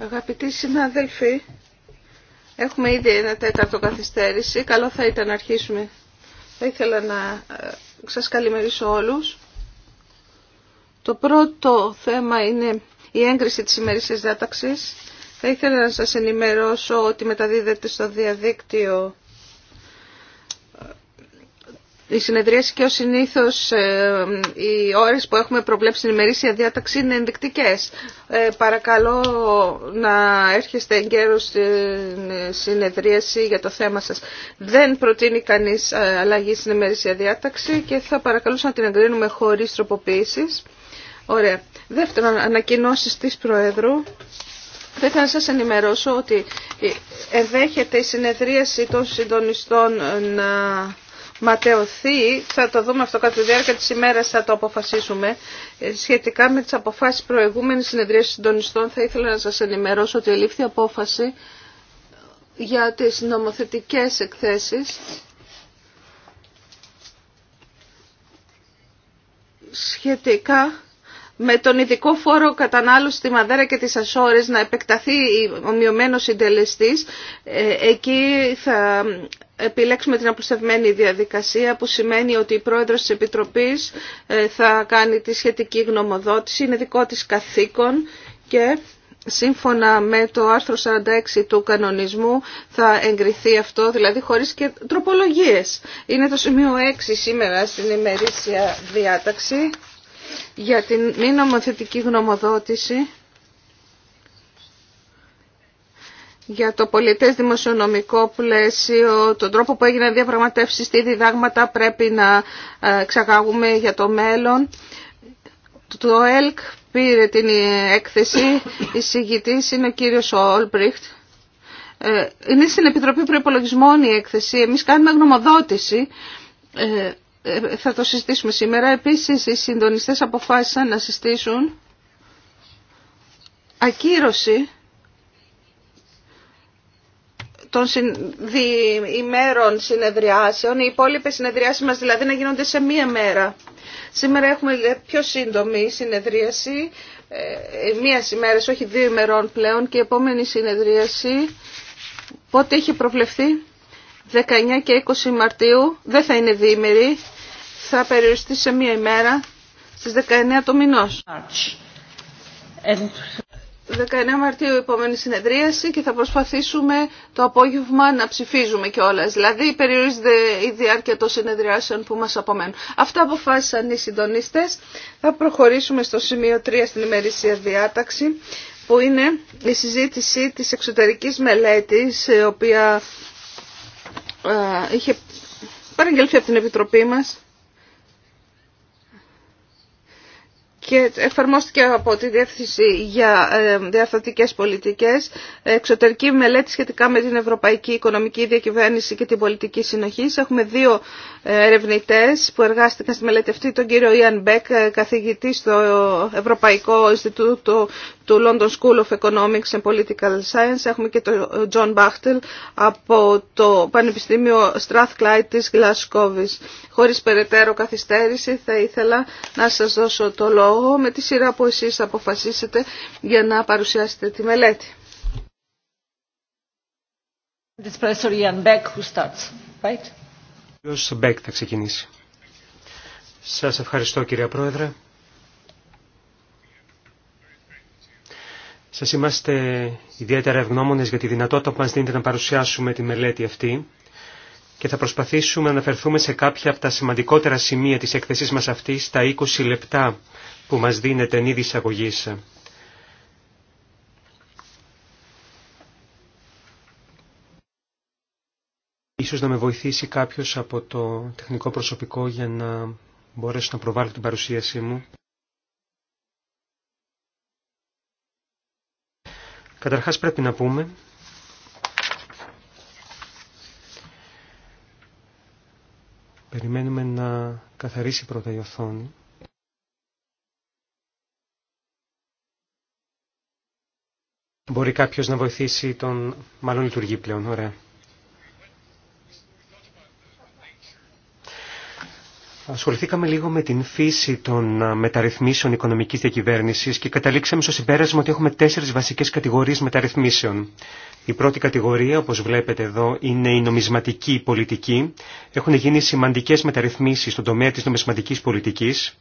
Αγαπητοί συνάδελφοι, έχουμε ήδη ένα τέταρτο καθυστέρηση. Καλό θα ήταν να αρχίσουμε. Θα ήθελα να ε, σας καλημερίσω όλους. Το πρώτο θέμα είναι η έγκριση της ημερήσης διάταξης. Θα ήθελα να σας ενημερώσω ότι μεταδίδεται στο διαδίκτυο οι συνεδρίες και ως συνήθως ε, οι ώρες που έχουμε προβλέψει στην ημερήσια διάταξη είναι ενδεικτικές. Ε, παρακαλώ να έρχεστε εγκαίρως στην συνεδρίαση για το θέμα σας. Δεν προτείνει κανείς ε, αλλαγή στην ημερήσια διάταξη και θα παρακαλούσα να την εγκρίνουμε χωρίς τροποποίησεις. Ωραία. Δεύτερον, ανακοινώσεις της Προέδρου. Θα ήθελα να σας ενημερώσω ότι ενδέχεται η συνεδρίαση των συντονιστών να ματαιωθεί, θα το δούμε αυτό κατά τη διάρκεια τη ημέρα θα το αποφασίσουμε. Ε, σχετικά με τις αποφάσεις προηγούμενης συνεδρία συντονιστών, θα ήθελα να σας ενημερώσω ότι ελήφθη απόφαση για τις νομοθετικές εκθέσεις σχετικά με τον ειδικό φόρο κατανάλωση στη Μαδέρα και τις Ασόρες να επεκταθεί ο μειωμένος συντελεστής. Ε, εκεί θα επιλέξουμε την απλουστευμένη διαδικασία που σημαίνει ότι η πρόεδρος της Επιτροπής ε, θα κάνει τη σχετική γνωμοδότηση, είναι δικό της καθήκον και σύμφωνα με το άρθρο 46 του κανονισμού θα εγκριθεί αυτό, δηλαδή χωρίς και τροπολογίες. Είναι το σημείο 6 σήμερα στην ημερήσια διάταξη για την μη νομοθετική γνωμοδότηση για το πολιτές δημοσιονομικό πλαίσιο, τον τρόπο που έγιναν διαπραγματεύσει, τι διδάγματα πρέπει να εξαγάγουμε για το μέλλον. Το ΕΛΚ πήρε την έκθεση, η συγγητής είναι ο κύριος Όλμπριχτ. Ε, είναι στην Επιτροπή Προϋπολογισμών η έκθεση, εμείς κάνουμε γνωμοδότηση. Ε, ε, θα το συζητήσουμε σήμερα. Επίσης, οι συντονιστές αποφάσισαν να συστήσουν ακύρωση των ημερών συνεδριάσεων, οι υπόλοιπε συνεδριάσει μας δηλαδή να γίνονται σε μία μέρα. Σήμερα έχουμε πιο σύντομη συνεδρίαση, ε, μία ημέρας, όχι δύο ημερών πλέον και η επόμενη συνεδρίαση πότε έχει προβλεφθεί 19 και 20 Μαρτίου, δεν θα είναι διήμερη, θα περιοριστεί σε μία ημέρα στις 19 του μηνός. 19 Μαρτίου η επόμενη συνεδρίαση και θα προσπαθήσουμε το απόγευμα να ψηφίζουμε κιόλα. Δηλαδή περιορίζεται η διάρκεια των συνεδριάσεων που μας απομένουν. Αυτά αποφάσισαν οι συντονίστες. Θα προχωρήσουμε στο σημείο 3 στην ημερήσια διάταξη που είναι η συζήτηση της εξωτερικής μελέτης η οποία ε, είχε παραγγελθεί από την Επιτροπή μας και εφαρμόστηκε από τη Διεύθυνση για ε, Διαρθρωτικές Πολιτικές εξωτερική μελέτη σχετικά με την Ευρωπαϊκή Οικονομική Διακυβέρνηση και την Πολιτική Συνοχή. Έχουμε δύο ε, ερευνητές που εργάστηκαν στη μελέτη αυτή, τον κύριο Ιαν Μπέκ, ε, καθηγητή στο Ευρωπαϊκό Ινστιτούτο του London School of Economics and Political Science. Έχουμε και τον Τζον Μπάχτελ από το Πανεπιστήμιο Strathclyde της Γλασκόβης. Χωρίς περαιτέρω καθυστέρηση θα ήθελα να σας δώσω το λόγο με τη σειρά που εσείς αποφασίσετε για να παρουσιάσετε τη μελέτη. Ο Μπέκ θα ξεκινήσει. Σας ευχαριστώ κύριε Πρόεδρε. Σας είμαστε ιδιαίτερα ευγνώμονες για τη δυνατότητα που μας δίνετε να παρουσιάσουμε τη μελέτη αυτή και θα προσπαθήσουμε να αναφερθούμε σε κάποια από τα σημαντικότερα σημεία της έκθεσής μας αυτής τα 20 λεπτά που μας δίνεται εν είδη εισαγωγής. Ίσως να με βοηθήσει κάποιος από το τεχνικό προσωπικό για να μπορέσω να προβάλλω την παρουσίασή μου. Καταρχάς πρέπει να πούμε Περιμένουμε να καθαρίσει πρώτα η οθόνη. Μπορεί κάποιος να βοηθήσει τον... Μάλλον λειτουργεί πλέον, ωραία. Ασχοληθήκαμε λίγο με την φύση των μεταρρυθμίσεων οικονομικής διακυβέρνησης και καταλήξαμε στο συμπέρασμα ότι έχουμε τέσσερις βασικές κατηγορίες μεταρρυθμίσεων. Η πρώτη κατηγορία, όπως βλέπετε εδώ, είναι η νομισματική πολιτική. Έχουν γίνει σημαντικές μεταρρυθμίσεις στον τομέα της νομισματικής πολιτικής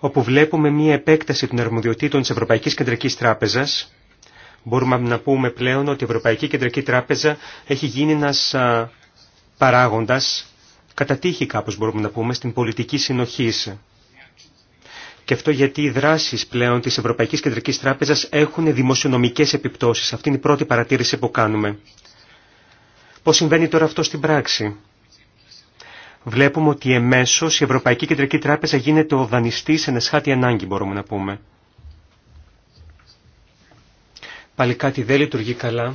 όπου βλέπουμε μία επέκταση των αρμοδιοτήτων της Ευρωπαϊκής Κεντρικής Τράπεζας. Μπορούμε να πούμε πλέον ότι η Ευρωπαϊκή Κεντρική Τράπεζα έχει γίνει ένας παράγοντας, τύχη κάπως μπορούμε να πούμε, στην πολιτική συνοχή. Και αυτό γιατί οι δράσεις πλέον της Ευρωπαϊκής Κεντρικής Τράπεζας έχουν δημοσιονομικές επιπτώσεις. Αυτή είναι η πρώτη παρατήρηση που κάνουμε. Πώς συμβαίνει τώρα αυτό στην πράξη βλέπουμε ότι εμέσως η Ευρωπαϊκή Κεντρική Τράπεζα γίνεται ο δανειστής σε εσχάτη ανάγκη μπορούμε να πούμε. Πάλι κάτι δεν λειτουργεί καλά.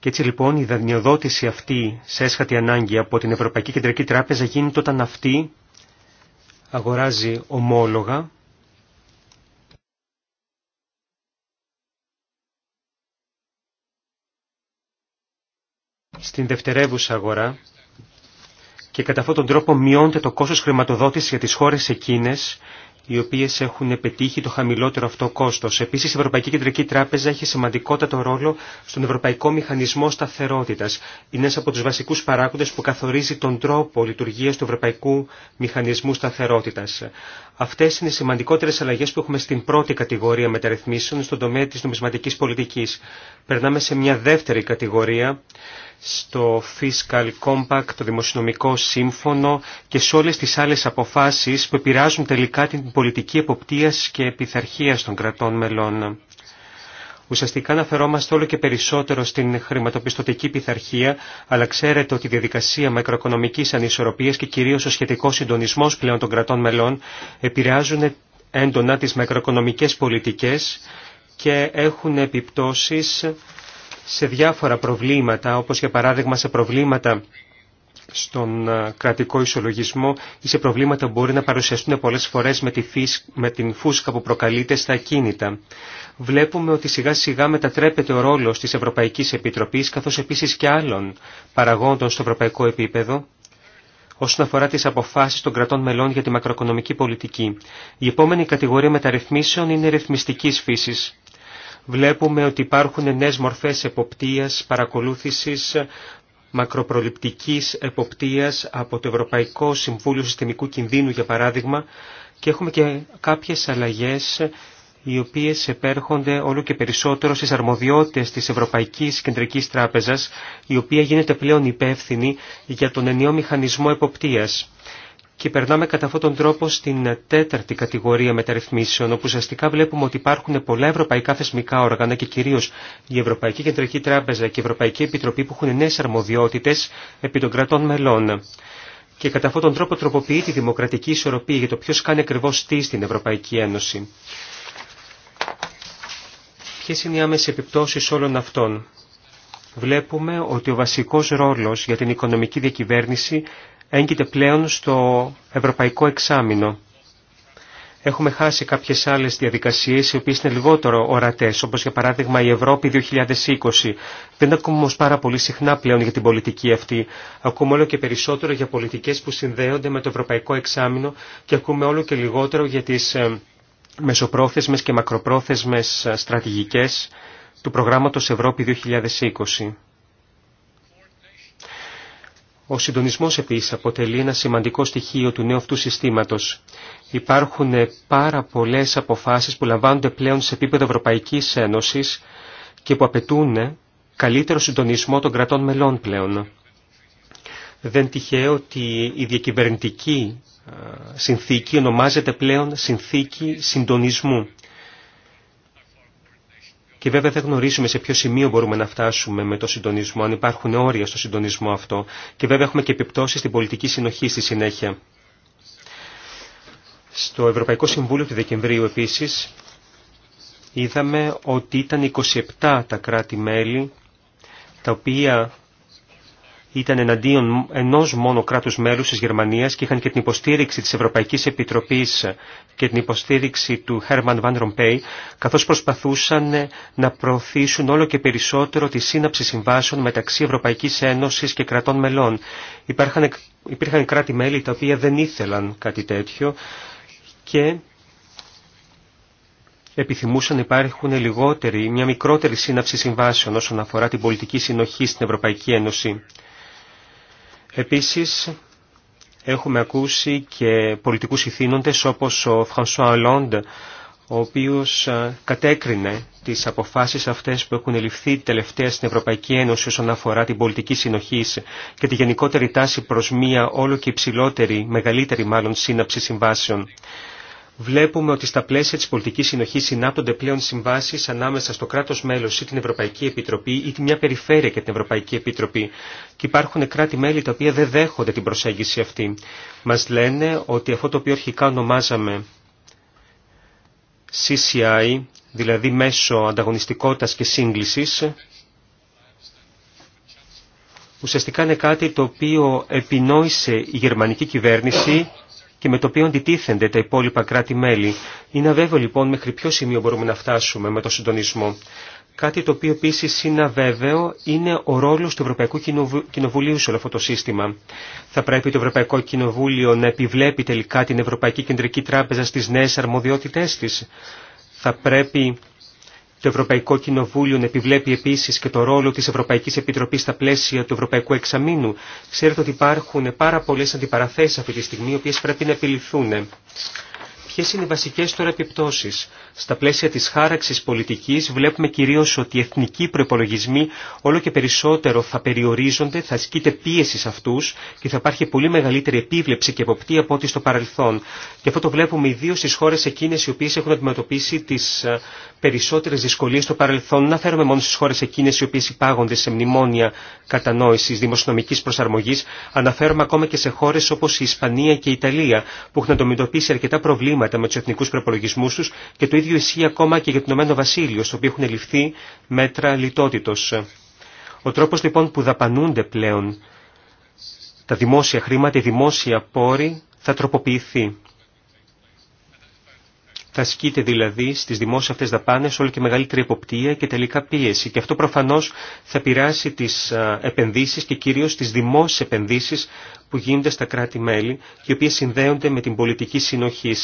Και έτσι λοιπόν η δανειοδότηση αυτή σε έσχατη ανάγκη από την Ευρωπαϊκή Κεντρική Τράπεζα γίνεται όταν αυτή αγοράζει ομόλογα στην δευτερεύουσα αγορά και κατά αυτόν τον τρόπο μειώνεται το κόστος χρηματοδότησης για τις χώρες εκείνες οι οποίες έχουν πετύχει το χαμηλότερο αυτό κόστος. Επίσης η Ευρωπαϊκή Κεντρική Τράπεζα έχει σημαντικότατο ρόλο στον Ευρωπαϊκό Μηχανισμό Σταθερότητας. Είναι ένας από τους βασικούς παράγοντες που καθορίζει τον τρόπο λειτουργίας του Ευρωπαϊκού Μηχανισμού Σταθερότητας. Αυτές είναι οι σημαντικότερες αλλαγές που έχουμε στην πρώτη κατηγορία μεταρρυθμίσεων στον τομέα της νομισματικής πολιτικής. Περνάμε σε μια δεύτερη κατηγορία στο Fiscal Compact, το Δημοσιονομικό Σύμφωνο και σε όλες τις άλλες αποφάσεις που επηρεάζουν τελικά την πολιτική εποπτείας και επιθαρχίας των κρατών μελών. Ουσιαστικά αναφερόμαστε όλο και περισσότερο στην χρηματοπιστωτική πειθαρχία, αλλά ξέρετε ότι η διαδικασία μακροοικονομικής ανισορροπίας και κυρίως ο σχετικός συντονισμός πλέον των κρατών μελών επηρεάζουν έντονα τις μακροοικονομικές πολιτικές και έχουν επιπτώσεις σε διάφορα προβλήματα, όπως για παράδειγμα σε προβλήματα στον ε, κρατικό ισολογισμό ή σε προβλήματα που μπορεί να παρουσιαστούν πολλές φορές με, τη με την φούσκα που προκαλείται στα ακίνητα. Βλέπουμε ότι σιγά σιγά μετατρέπεται ο ρόλος της Ευρωπαϊκής Επιτροπής καθώς επίσης και άλλων παραγόντων στο ευρωπαϊκό επίπεδο όσον αφορά τις αποφάσεις των κρατών μελών για τη μακροοικονομική πολιτική. Η επόμενη κατηγορία μεταρρυθμίσεων είναι ρυθμιστικής φύσης βλέπουμε ότι υπάρχουν νέες μορφές εποπτείας, παρακολούθησης, μακροπροληπτικής εποπτείας από το Ευρωπαϊκό Συμβούλιο Συστημικού Κινδύνου, για παράδειγμα, και έχουμε και κάποιες αλλαγές οι οποίες επέρχονται όλο και περισσότερο στις αρμοδιότητες της Ευρωπαϊκής Κεντρικής Τράπεζας, η οποία γίνεται πλέον υπεύθυνη για τον ενιαίο μηχανισμό εποπτείας. Και περνάμε κατά αυτόν τον τρόπο στην τέταρτη κατηγορία μεταρρυθμίσεων, όπου ουσιαστικά βλέπουμε ότι υπάρχουν πολλά ευρωπαϊκά θεσμικά όργανα και κυρίω η Ευρωπαϊκή Κεντρική Τράπεζα και η Ευρωπαϊκή Επιτροπή που έχουν νέε αρμοδιότητε επί των κρατών μελών. Και κατά αυτόν τον τρόπο τροποποιεί τη δημοκρατική ισορροπία για το ποιο κάνει ακριβώ τι στην Ευρωπαϊκή Ένωση. Ποιε είναι οι άμεσε επιπτώσει όλων αυτών. Βλέπουμε ότι ο βασικός ρόλος για την οικονομική διακυβέρνηση έγκυται πλέον στο ευρωπαϊκό εξάμεινο. Έχουμε χάσει κάποιες άλλες διαδικασίες οι οποίες είναι λιγότερο ορατές, όπως για παράδειγμα η Ευρώπη 2020. Δεν ακούμε όμως πάρα πολύ συχνά πλέον για την πολιτική αυτή. Ακούμε όλο και περισσότερο για πολιτικές που συνδέονται με το ευρωπαϊκό εξάμεινο και ακούμε όλο και λιγότερο για τις ε, μεσοπρόθεσμες και μακροπρόθεσμες ε, στρατηγικές του προγράμματος Ευρώπη 2020. Ο συντονισμός επίσης αποτελεί ένα σημαντικό στοιχείο του νέου αυτού συστήματος. Υπάρχουν πάρα πολλές αποφάσεις που λαμβάνονται πλέον σε επίπεδο Ευρωπαϊκής Ένωσης και που απαιτούν καλύτερο συντονισμό των κρατών μελών πλέον. Δεν τυχαίο ότι η διακυβερνητική ε, συνθήκη ονομάζεται πλέον συνθήκη συντονισμού. Και βέβαια δεν γνωρίζουμε σε ποιο σημείο μπορούμε να φτάσουμε με το συντονισμό, αν υπάρχουν όρια στο συντονισμό αυτό. Και βέβαια έχουμε και επιπτώσεις στην πολιτική συνοχή στη συνέχεια. Στο Ευρωπαϊκό Συμβούλιο του Δεκεμβρίου επίσης είδαμε ότι ήταν 27 τα κράτη-μέλη τα οποία ήταν εναντίον ενός μόνο κράτους μέλους της Γερμανίας και είχαν και την υποστήριξη της Ευρωπαϊκής Επιτροπής και την υποστήριξη του Herman Van Rompuy, καθώς προσπαθούσαν να προωθήσουν όλο και περισσότερο τη σύναψη συμβάσεων μεταξύ Ευρωπαϊκής Ένωσης και κρατών μελών. Υπήρχαν, υπήρχαν κράτη-μέλη τα οποία δεν ήθελαν κάτι τέτοιο και επιθυμούσαν να υπάρχουν λιγότεροι, μια μικρότερη σύναψη συμβάσεων όσον αφορά την πολιτική συνοχή στην Ευρωπαϊκή Ένωση. Επίσης, έχουμε ακούσει και πολιτικούς ηθήνοντες όπως ο Φρανσουά Αλόντ, ο οποίος ε, κατέκρινε τις αποφάσεις αυτές που έχουν ληφθεί τελευταία στην Ευρωπαϊκή Ένωση όσον αφορά την πολιτική συνοχή και τη γενικότερη τάση προς μία όλο και υψηλότερη, μεγαλύτερη μάλλον σύναψη συμβάσεων βλέπουμε ότι στα πλαίσια της πολιτικής συνοχής συνάπτονται πλέον συμβάσεις ανάμεσα στο κράτος μέλος ή την Ευρωπαϊκή Επιτροπή ή μια περιφέρεια και την Ευρωπαϊκή Επιτροπή και υπάρχουν κράτη-μέλη τα οποία δεν δέχονται την προσέγγιση αυτή. Μας λένε ότι αυτό το οποίο αρχικά ονομάζαμε CCI, δηλαδή μέσω ανταγωνιστικότητας και σύγκλησης, ουσιαστικά είναι κάτι το οποίο επινόησε η γερμανική κυβέρνηση και με το οποίο αντιτίθενται τα υπόλοιπα κράτη-μέλη. Είναι αβέβαιο λοιπόν μέχρι ποιο σημείο μπορούμε να φτάσουμε με το συντονισμό. Κάτι το οποίο επίση είναι αβέβαιο είναι ο ρόλο του Ευρωπαϊκού Κοινοβουλίου σε όλο αυτό το σύστημα. Θα πρέπει το Ευρωπαϊκό Κοινοβούλιο να επιβλέπει τελικά την Ευρωπαϊκή Κεντρική Τράπεζα στι νέε αρμοδιότητέ τη. Θα πρέπει το Ευρωπαϊκό Κοινοβούλιο επιβλέπει επίση και το ρόλο τη Ευρωπαϊκή Επιτροπής στα πλαίσια του Ευρωπαϊκού Εξαμήνου. Ξέρετε ότι υπάρχουν πάρα πολλέ αντιπαραθέσει αυτή τη στιγμή, οι οποίε πρέπει να επιληθούν. Ποιε είναι οι βασικέ τώρα επιπτώσει. Στα πλαίσια της χάραξης πολιτικής βλέπουμε κυρίως ότι οι εθνικοί προπολογισμοί όλο και περισσότερο θα περιορίζονται, θα ασκείται πίεση σε αυτούς και θα υπάρχει πολύ μεγαλύτερη επίβλεψη και εποπτεία από ό,τι στο παρελθόν. Και αυτό το βλέπουμε ιδίως στις χώρες εκείνες οι οποίες έχουν αντιμετωπίσει τις ε, περισσότερες δυσκολίες στο παρελθόν. Να φέρουμε μόνο στις χώρες εκείνες οι οποίες υπάγονται σε μνημόνια κατανόησης δημοσιονομικής προσαρμογής. Αναφέρομαι ακόμα και σε χώρε όπως η Ισπανία και η Ιταλία που έχουν αντιμετωπίσει αρκετά προβλήματα με τους εθνικούς προπολογισμούς τους και το ίδιο ισχύει ακόμα και για τον Ηνωμένο Βασίλειο, στο οποίο έχουν ληφθεί μέτρα λιτότητος. Ο τρόπος λοιπόν που δαπανούνται πλέον τα δημόσια χρήματα, οι δημόσια πόροι θα τροποποιηθεί. Θα ασκείται δηλαδή στι δημόσιε αυτέ δαπάνε όλο και μεγαλύτερη εποπτεία και τελικά πίεση. Και αυτό προφανώ θα πειράσει τι επενδύσει και κυρίω τι δημόσιε επενδύσει που γίνονται στα κράτη-μέλη και οι οποίε συνδέονται με την πολιτική συνοχή.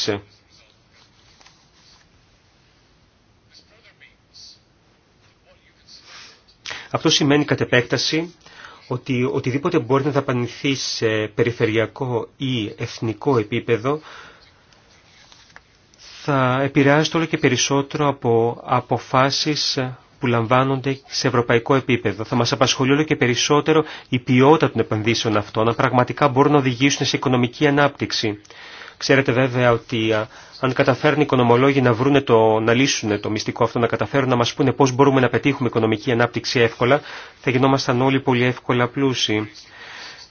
Αυτό σημαίνει κατ' επέκταση ότι οτιδήποτε μπορεί να δαπανηθεί σε περιφερειακό ή εθνικό επίπεδο θα επηρεάζεται όλο και περισσότερο από αποφάσεις που λαμβάνονται σε ευρωπαϊκό επίπεδο. Θα μας απασχολεί όλο και περισσότερο η ποιότητα των επενδύσεων αυτών, αν πραγματικά μπορούν να οδηγήσουν σε οικονομική ανάπτυξη. Ξέρετε βέβαια ότι αν καταφέρουν οι οικονομολόγοι να, βρούνε το, να λύσουν το μυστικό αυτό, να καταφέρουν να μας πούνε πώς μπορούμε να πετύχουμε οικονομική ανάπτυξη εύκολα, θα γινόμασταν όλοι πολύ εύκολα πλούσιοι.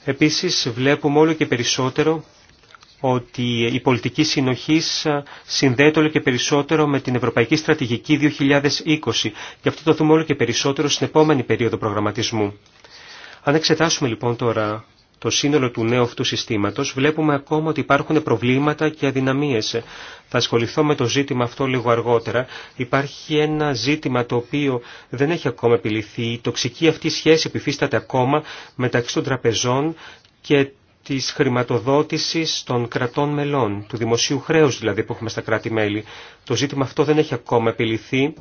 Επίσης βλέπουμε όλο και περισσότερο ότι η πολιτική συνοχή συνδέεται όλο και περισσότερο με την Ευρωπαϊκή Στρατηγική 2020 και αυτό το δούμε όλο και περισσότερο στην επόμενη περίοδο προγραμματισμού. Αν εξετάσουμε λοιπόν τώρα το σύνολο του νέου αυτού συστήματος, βλέπουμε ακόμα ότι υπάρχουν προβλήματα και αδυναμίες. Θα ασχοληθώ με το ζήτημα αυτό λίγο αργότερα. Υπάρχει ένα ζήτημα το οποίο δεν έχει ακόμα επιληθεί. Η τοξική αυτή σχέση επιφύσταται ακόμα μεταξύ των τραπεζών και της χρηματοδότησης των κρατών μελών, του δημοσίου χρέους δηλαδή που έχουμε στα κράτη-μέλη. Το ζήτημα αυτό δεν έχει ακόμα επιληθεί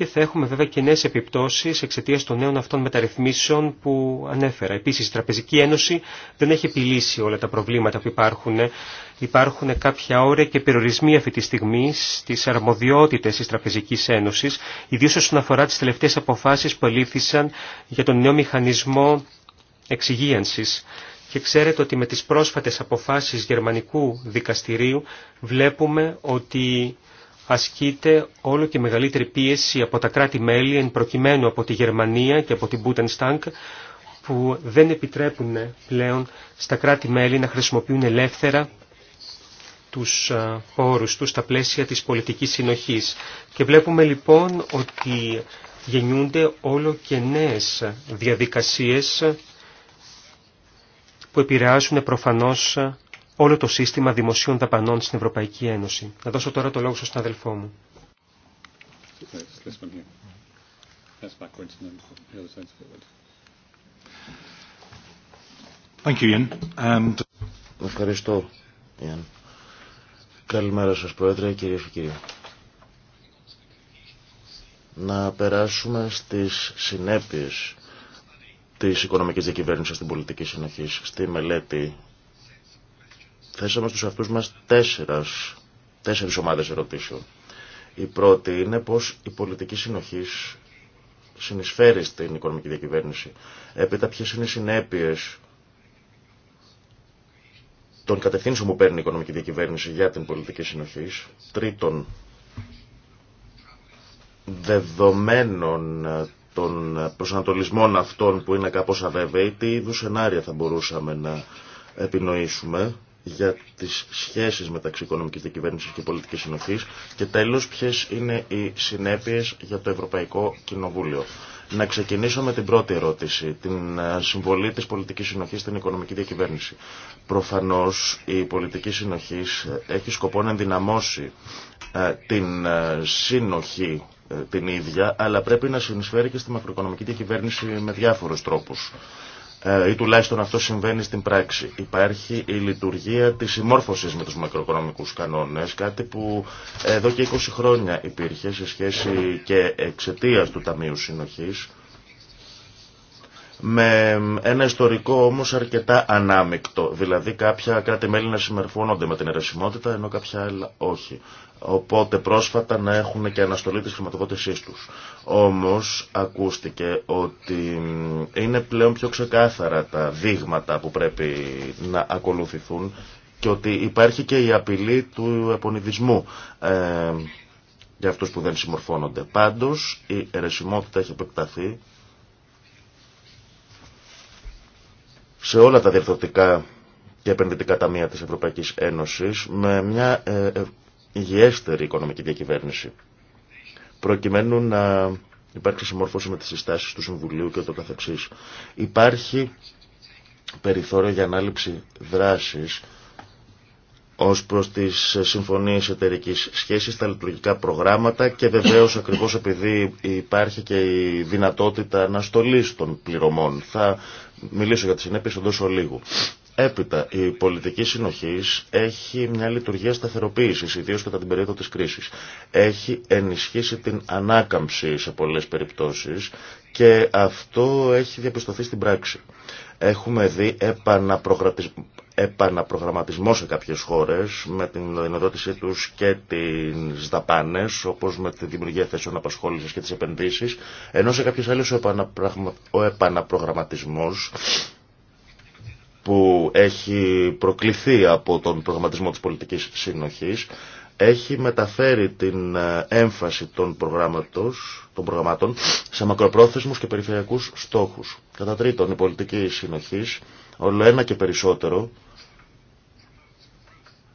και θα έχουμε βέβαια και νέε επιπτώσεις εξαιτία των νέων αυτών μεταρρυθμίσεων που ανέφερα. Επίση, η Τραπεζική Ένωση δεν έχει επιλύσει όλα τα προβλήματα που υπάρχουν. Υπάρχουν κάποια όρια και περιορισμοί αυτή τη στιγμή στις αρμοδιότητε τη Τραπεζικής Ένωση, ιδίω όσον αφορά τι τελευταίε αποφάσει που ελήφθησαν για τον νέο μηχανισμό εξυγίανση. Και ξέρετε ότι με τις πρόσφατες αποφάσεις γερμανικού δικαστηρίου βλέπουμε ότι ασκείται όλο και μεγαλύτερη πίεση από τα κράτη-μέλη, εν προκειμένου από τη Γερμανία και από την Bundestag, που δεν επιτρέπουν πλέον στα κράτη-μέλη να χρησιμοποιούν ελεύθερα τους πόρους τους στα πλαίσια της πολιτικής συνοχής. Και βλέπουμε λοιπόν ότι γεννιούνται όλο και νέες διαδικασίες που επηρεάζουν προφανώς όλο το σύστημα δημοσίων δαπανών στην Ευρωπαϊκή Ένωση. Να δώσω τώρα το λόγο στον αδελφό μου. Thank you, um, Ευχαριστώ, Ιαν. Καλημέρα σας, Πρόεδρε, κυρίες και κύριοι. Να περάσουμε στις συνέπειες της οικονομικής διακυβέρνησης στην πολιτική συνοχή. Στη μελέτη θέσαμε στους αυτούς μας τέσσερας, τέσσερις ομάδες ερωτήσεων. Η πρώτη είναι πως η πολιτική συνοχής συνεισφέρει στην οικονομική διακυβέρνηση. Έπειτα ποιε είναι οι συνέπειες των κατευθύνσεων που παίρνει η οικονομική διακυβέρνηση για την πολιτική συνοχής. Τρίτον, δεδομένων των προσανατολισμών αυτών που είναι κάπως αβέβαιοι, τι είδους σενάρια θα μπορούσαμε να επινοήσουμε για τι σχέσει μεταξύ οικονομική διακυβέρνηση και πολιτική συνοχή και τέλο ποιε είναι οι συνέπειε για το Ευρωπαϊκό Κοινοβούλιο. Να ξεκινήσω με την πρώτη ερώτηση, την ε, συμβολή της πολιτικής συνοχής στην οικονομική διακυβέρνηση. Προφανώς η πολιτική συνοχής ε, έχει σκοπό να ενδυναμώσει ε, την σύνοχη την ίδια, αλλά πρέπει να συνεισφέρει και στη μακροοικονομική διακυβέρνηση με διάφορους τρόπους. Ε, ή τουλάχιστον αυτό συμβαίνει στην πράξη. Υπάρχει η λειτουργία της συμμόρφωσης με τους μακροοικονομικούς κανόνες, κάτι που εδώ και 20 χρόνια υπήρχε σε σχέση και εξαιτία του Ταμείου Συνοχής, με ένα ιστορικό όμως αρκετά ανάμεικτο, δηλαδή κάποια κράτη-μέλη να συμμερφώνονται με την αιρεσιμότητα ενώ κάποια άλλα όχι οπότε πρόσφατα να έχουν και αναστολή της χρηματοδότησής τους. Όμως ακούστηκε ότι είναι πλέον πιο ξεκάθαρα τα δείγματα που πρέπει να ακολουθηθούν και ότι υπάρχει και η απειλή του επονιδισμού ε, για αυτούς που δεν συμμορφώνονται. Πάντως η αιρεσιμότητα έχει επεκταθεί σε όλα τα διευθυντικά και επενδυτικά ταμεία της Ευρωπαϊκής Ένωσης με μια ε, ε, υγιέστερη οικονομική διακυβέρνηση, προκειμένου να υπάρξει συμμόρφωση με τις συστάσεις του Συμβουλίου και το καθεξής. Υπάρχει περιθώριο για ανάληψη δράσης ως προς τις συμφωνίες εταιρική σχέσης, τα λειτουργικά προγράμματα και βεβαίως ακριβώς επειδή υπάρχει και η δυνατότητα αναστολής των πληρωμών. Θα μιλήσω για τις συνέπειε, θα δώσω λίγο. Έπειτα, η πολιτική συνοχή έχει μια λειτουργία σταθεροποίηση, ιδίω κατά την περίοδο τη κρίση. Έχει ενισχύσει την ανάκαμψη σε πολλέ περιπτώσει και αυτό έχει διαπιστωθεί στην πράξη. Έχουμε δει επαναπρογραμματισμό σε κάποιες χώρες με την δυνατότησή του και τι δαπάνε, όπω με τη δημιουργία θέσεων απασχόληση και τι επενδύσει, ενώ σε κάποιες άλλες ο επαναπρογραμματισμός που έχει προκληθεί από τον προγραμματισμό της πολιτικής συνοχής έχει μεταφέρει την ε, έμφαση των, των προγραμμάτων σε μακροπρόθεσμους και περιφερειακούς στόχους. Κατά τρίτον, η πολιτική συνοχής όλο ένα και περισσότερο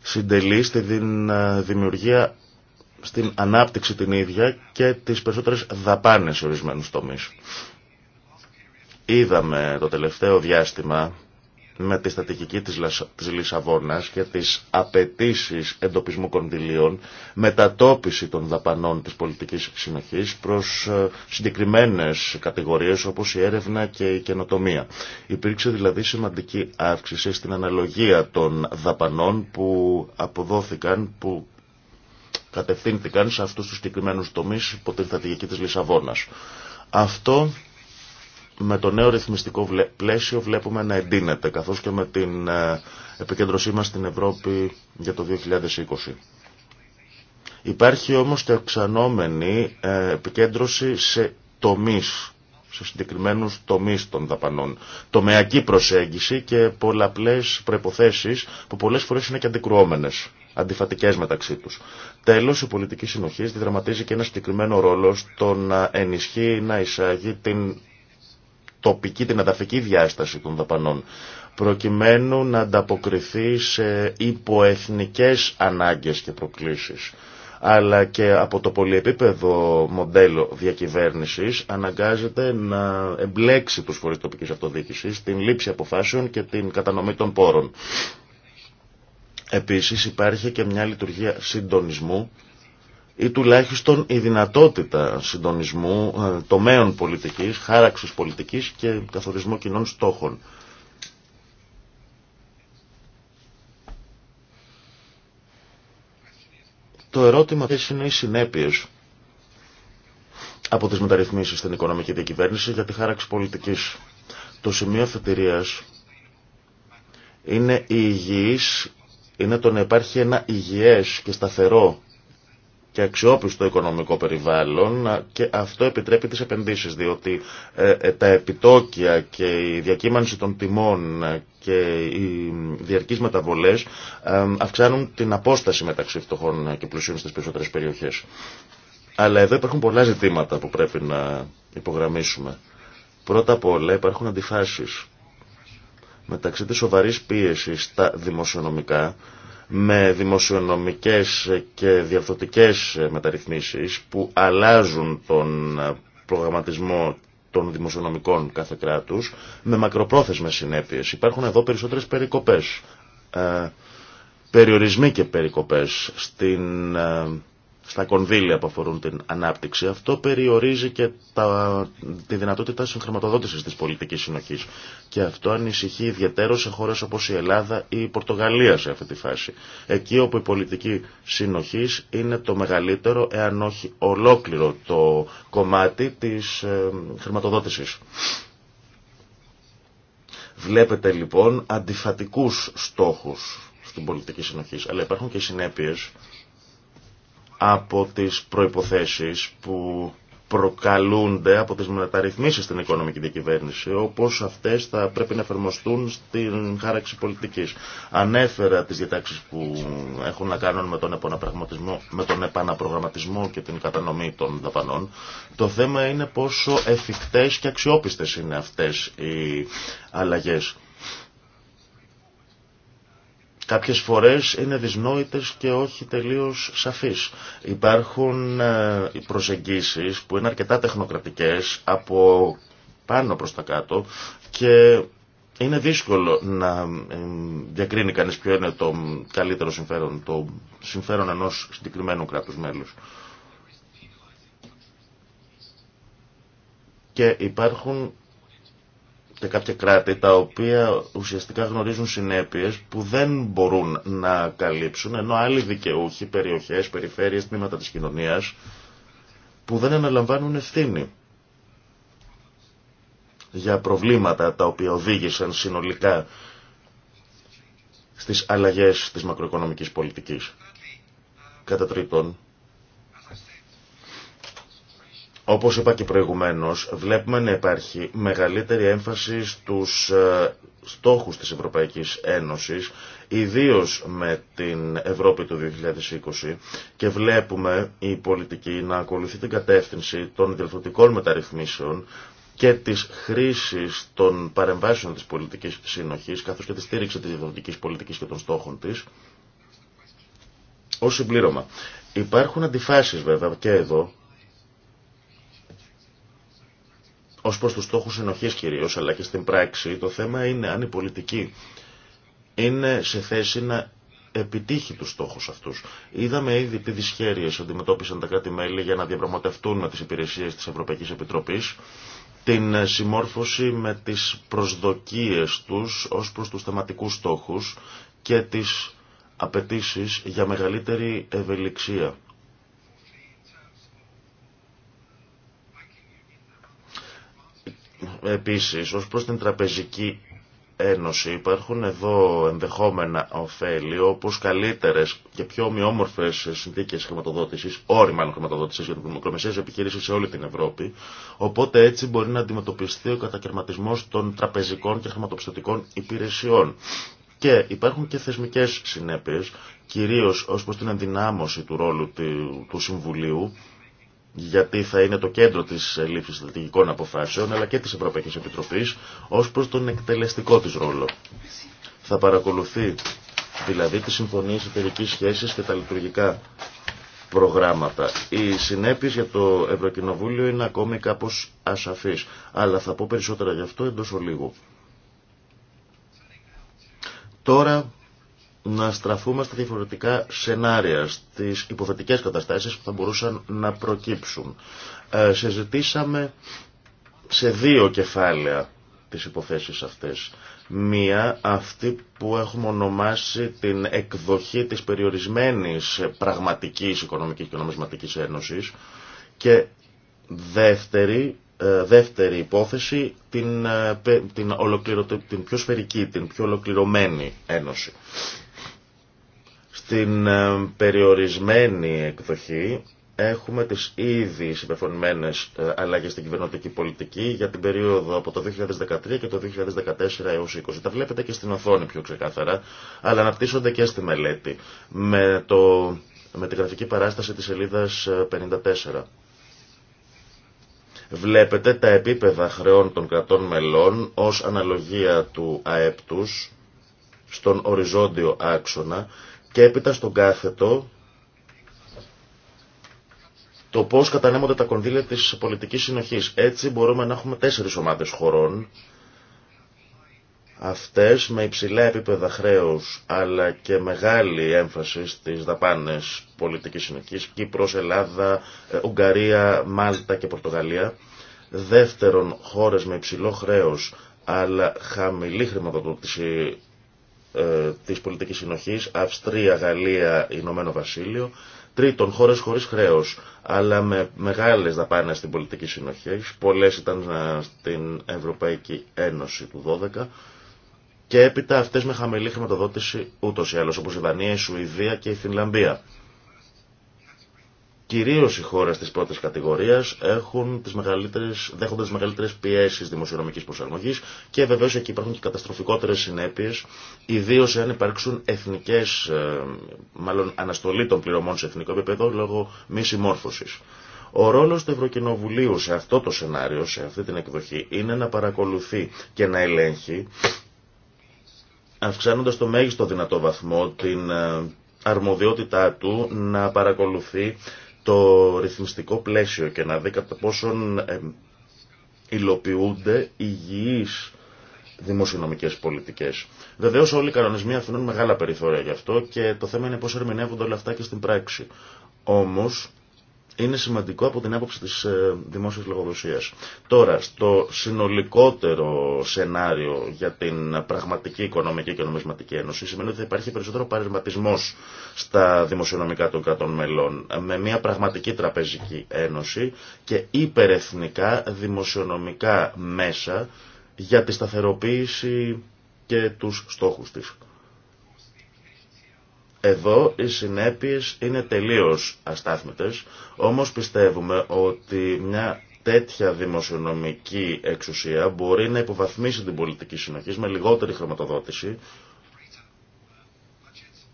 συντελεί στη ε, δημιουργία, στην ανάπτυξη την ίδια και τις περισσότερες δαπάνες σε ορισμένους τομείς. Είδαμε το τελευταίο διάστημα με τη στατικική της Λισαβόνας και τις απαιτήσει εντοπισμού κονδυλίων, μετατόπιση των δαπανών της πολιτικής συνοχής προς ε, συγκεκριμένες κατηγορίες όπως η έρευνα και η καινοτομία. Υπήρξε δηλαδή σημαντική αύξηση στην αναλογία των δαπανών που αποδόθηκαν, που κατευθύνθηκαν σε αυτούς τους συγκεκριμένους τομείς υπό την στρατηγική της Λισαβόνας. Αυτό με το νέο ρυθμιστικό πλαίσιο βλέπουμε να εντείνεται, καθώς και με την ε, επικέντρωσή μας στην Ευρώπη για το 2020. Υπάρχει όμως και αυξανόμενη ε, επικέντρωση σε τομείς, σε συγκεκριμένους τομείς των δαπανών. Τομεακή προσέγγιση και πολλαπλές προϋποθέσεις που πολλές φορές είναι και αντικρουόμενες αντιφατικέ μεταξύ του. Τέλο, η πολιτική συνοχή διδραματίζει και ένα συγκεκριμένο ρόλο στο να ενισχύει, να εισάγει την τοπική, την εδαφική διάσταση των δαπανών προκειμένου να ανταποκριθεί σε υποεθνικές ανάγκες και προκλήσεις αλλά και από το πολυεπίπεδο μοντέλο διακυβέρνησης αναγκάζεται να εμπλέξει τους φορείς τοπικής αυτοδιοίκησης την λήψη αποφάσεων και την κατανομή των πόρων. Επίσης υπάρχει και μια λειτουργία συντονισμού ή τουλάχιστον η δυνατότητα συντονισμού ε, τομέων πολιτικής, χάραξης πολιτικής και καθορισμό κοινών στόχων. Το ερώτημα ποιες είναι οι συνέπειες από τις μεταρρυθμίσεις στην οικονομική διακυβέρνηση για τη χάραξη πολιτικής. Το σημείο αφετηρίας είναι η υγιής, είναι το να υπάρχει ένα υγιές και σταθερό και αξιόπιστο οικονομικό περιβάλλον και αυτό επιτρέπει τις επενδύσεις διότι ε, ε, τα επιτόκια και η διακύμανση των τιμών και οι διαρκείς μεταβολές ε, αυξάνουν την απόσταση μεταξύ φτωχών και πλουσίων στις περισσότερες περιοχές. Αλλά εδώ υπάρχουν πολλά ζητήματα που πρέπει να υπογραμμίσουμε. Πρώτα απ' όλα υπάρχουν αντιφάσεις μεταξύ της σοβαρής πίεσης στα δημοσιονομικά με δημοσιονομικές και διαφθορτικές μεταρρυθμίσεις που αλλάζουν τον προγραμματισμό των δημοσιονομικών κάθε κράτους με μακροπρόθεσμες συνέπειες. Υπάρχουν εδώ περισσότερες περικοπές, ε, περιορισμοί και περικοπές στην ε, στα κονδύλια που αφορούν την ανάπτυξη. Αυτό περιορίζει και τα, τη δυνατότητα συγχρηματοδότησης της πολιτικής συνοχής. Και αυτό ανησυχεί ιδιαίτερο σε χώρες όπως η Ελλάδα ή η Πορτογαλία σε αυτή τη φάση. Εκεί όπου η πολιτική συνοχής είναι το μεγαλύτερο, εάν όχι ολόκληρο το κομμάτι της ε, χρηματοδότησης. Βλέπετε λοιπόν αντιφατικούς στόχους στην πολιτική συνοχή. Αλλά υπάρχουν και συνέπειες από τις προϋποθέσεις που προκαλούνται από τις μεταρρυθμίσεις στην οικονομική διακυβέρνηση, όπως αυτές θα πρέπει να εφαρμοστούν στην χάραξη πολιτικής. Ανέφερα τις διατάξεις που έχουν να κάνουν με τον, με τον επαναπρογραμματισμό και την κατανομή των δαπανών. Το θέμα είναι πόσο εφικτές και αξιόπιστες είναι αυτές οι αλλαγές κάποιες φορές είναι δυσνόητες και όχι τελείως σαφείς. Υπάρχουν ε, προσεγγίσεις που είναι αρκετά τεχνοκρατικές από πάνω προς τα κάτω και είναι δύσκολο να ε, διακρίνει κανείς ποιο είναι το καλύτερο συμφέρον, το συμφέρον ενός συγκεκριμένου κράτους μέλους. Και υπάρχουν και κάποια κράτη τα οποία ουσιαστικά γνωρίζουν συνέπειες που δεν μπορούν να καλύψουν ενώ άλλοι δικαιούχοι, περιοχές, περιφέρειες, τμήματα της κοινωνίας που δεν αναλαμβάνουν ευθύνη για προβλήματα τα οποία οδήγησαν συνολικά στις αλλαγές της μακροοικονομικής πολιτικής. Κατά τρίτον, όπως είπα και προηγουμένως, βλέπουμε να υπάρχει μεγαλύτερη έμφαση στους ε, στόχους της Ευρωπαϊκής Ένωσης, ιδίως με την Ευρώπη του 2020 και βλέπουμε η πολιτική να ακολουθεί την κατεύθυνση των διευθυντικών μεταρρυθμίσεων και της χρήσης των παρεμβάσεων της πολιτικής συνοχής καθώς και τη στήριξη της διορθωτικής πολιτικής και των στόχων της ως συμπλήρωμα. Υπάρχουν αντιφάσεις βέβαια και εδώ Ω προ τους στόχους ενοχής κυρίω αλλά και στην πράξη, το θέμα είναι αν η πολιτική είναι σε θέση να επιτύχει τους στόχους αυτούς. Είδαμε ήδη τι δυσχέρειες αντιμετώπισαν τα κράτη-μέλη για να διαπραγματευτούν με τις υπηρεσίε τη Ευρωπαϊκής Επιτροπής την συμμόρφωση με τις προσδοκίες τους ως προ του θεματικού στόχου και τι απαιτήσει για μεγαλύτερη ευελιξία Επίσης, ως προς την Τραπεζική Ένωση υπάρχουν εδώ ενδεχόμενα ωφέλη όπως καλύτερες και πιο ομοιόμορφες συνθήκες χρηματοδότησης, όριμα χρηματοδότησης για τις μικρομεσαίες επιχειρήσεις σε όλη την Ευρώπη. Οπότε έτσι μπορεί να αντιμετωπιστεί ο κατακαιρματισμός των τραπεζικών και χρηματοπιστωτικών υπηρεσιών. Και υπάρχουν και θεσμικές συνέπειες, κυρίως ως προς την ενδυνάμωση του ρόλου του Συμβουλίου, γιατί θα είναι το κέντρο της ε, λήψη στρατηγικών αποφάσεων, αλλά και της Ευρωπαϊκής Επιτροπής, ως προς τον εκτελεστικό της ρόλο. Θα παρακολουθεί δηλαδή τι συμφωνίε εταιρική σχέση και τα λειτουργικά προγράμματα. Οι συνέπειε για το Ευρωκοινοβούλιο είναι ακόμη κάπως ασαφεί, αλλά θα πω περισσότερα γι' αυτό εντό ολίγου. Τώρα να στραφούμε στα διαφορετικά σενάρια, στις υποθετικές καταστάσεις που θα μπορούσαν να προκύψουν. Ε, συζητήσαμε σε δύο κεφάλαια τις υποθέσεις αυτές. Μία, αυτή που έχουμε ονομάσει την εκδοχή της περιορισμένης πραγματικής οικονομικής και νομισματικής ένωσης και δεύτερη, ε, δεύτερη υπόθεση την, ε, την, την πιο σφαιρική, την πιο ολοκληρωμένη ένωση. Στην ε, περιορισμένη εκδοχή έχουμε τις ήδη συμπεφωνημένες ε, αλλαγές στην κυβερνοτική πολιτική για την περίοδο από το 2013 και το 2014 έως 20. Τα βλέπετε και στην οθόνη πιο ξεκάθαρα, αλλά αναπτύσσονται και στη μελέτη με, το, με τη γραφική παράσταση της σελίδας 54. Ε, βλέπετε τα επίπεδα χρεών των κρατών μελών ως αναλογία του ΑΕΠ τους στον οριζόντιο άξονα και έπειτα στον κάθετο το πώς κατανέμονται τα κονδύλια της πολιτικής συνοχής. Έτσι μπορούμε να έχουμε τέσσερις ομάδες χωρών, αυτές με υψηλά επίπεδα χρέους αλλά και μεγάλη έμφαση στις δαπάνες πολιτικής συνοχής, Κύπρος, Ελλάδα, ε, Ουγγαρία, Μάλτα και Πορτογαλία. Δεύτερον, χώρες με υψηλό χρέος αλλά χαμηλή χρηματοδότηση ε, της πολιτικής συνοχής, Αυστρία, Γαλλία, Ηνωμένο Βασίλειο, Τρίτον, χώρε χωρί χρέο, αλλά με μεγάλε δαπάνε στην πολιτική συνοχή. Πολλέ ήταν ε, στην Ευρωπαϊκή Ένωση του 12 και έπειτα αυτέ με χαμηλή χρηματοδότηση ούτω ή άλλω, όπω η Δανία, η Σουηδία και η Φινλανδία κυρίως οι χώρες της πρώτης κατηγορίας έχουν τις μεγαλύτερες, δέχονται τις μεγαλύτερες πιέσεις δημοσιονομικής προσαρμογής και βεβαίως εκεί υπάρχουν και καταστροφικότερες συνέπειες, ιδίως εάν υπάρξουν εθνικές, ε, μάλλον αναστολή των πληρωμών σε εθνικό επίπεδο λόγω μη συμμόρφωσης. Ο ρόλος του Ευρωκοινοβουλίου σε αυτό το σενάριο, σε αυτή την εκδοχή, είναι να παρακολουθεί και να ελέγχει, αυξάνοντα το μέγιστο δυνατό βαθμό την ε, αρμοδιότητά του να παρακολουθεί το ρυθμιστικό πλαίσιο και να δει κατά πόσον ε, υλοποιούνται υγιείς δημοσιονομικές πολιτικές. Βεβαίως όλοι οι κανονισμοί αφήνουν μεγάλα περιθώρια γι' αυτό και το θέμα είναι πώς ερμηνεύονται όλα αυτά και στην πράξη. Όμως είναι σημαντικό από την άποψη της ε, δημόσιας λογοδοσίας. Τώρα, στο συνολικότερο σενάριο για την πραγματική οικονομική και νομισματική ένωση σημαίνει ότι θα υπάρχει περισσότερο παρεσματισμό στα δημοσιονομικά των κρατών μελών με μια πραγματική τραπεζική ένωση και υπερεθνικά δημοσιονομικά μέσα για τη σταθεροποίηση και τους στόχους της. Εδώ οι συνέπειες είναι τελείως αστάθμητες, όμως πιστεύουμε ότι μια τέτοια δημοσιονομική εξουσία μπορεί να υποβαθμίσει την πολιτική συνοχή με λιγότερη χρηματοδότηση,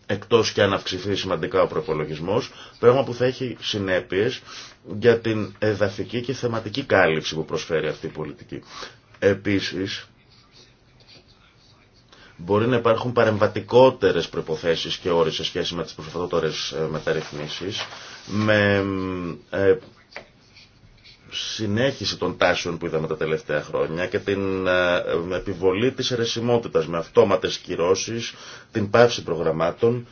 εκτός και αν αυξηθεί σημαντικά ο προπολογισμό, πράγμα που θα έχει συνέπειες για την εδαφική και θεματική κάλυψη που προσφέρει αυτή η πολιτική. Επίσης, Μπορεί να υπάρχουν παρεμβατικότερες προϋποθέσεις και όρες σε σχέση με τις προσφατότερες ε, μεταρρυθμίσεις, με ε, συνέχιση των τάσεων που είδαμε τα τελευταία χρόνια και την ε, επιβολή της αιρεσιμότητας με αυτόματες κυρώσεις, την πάυση προγραμμάτων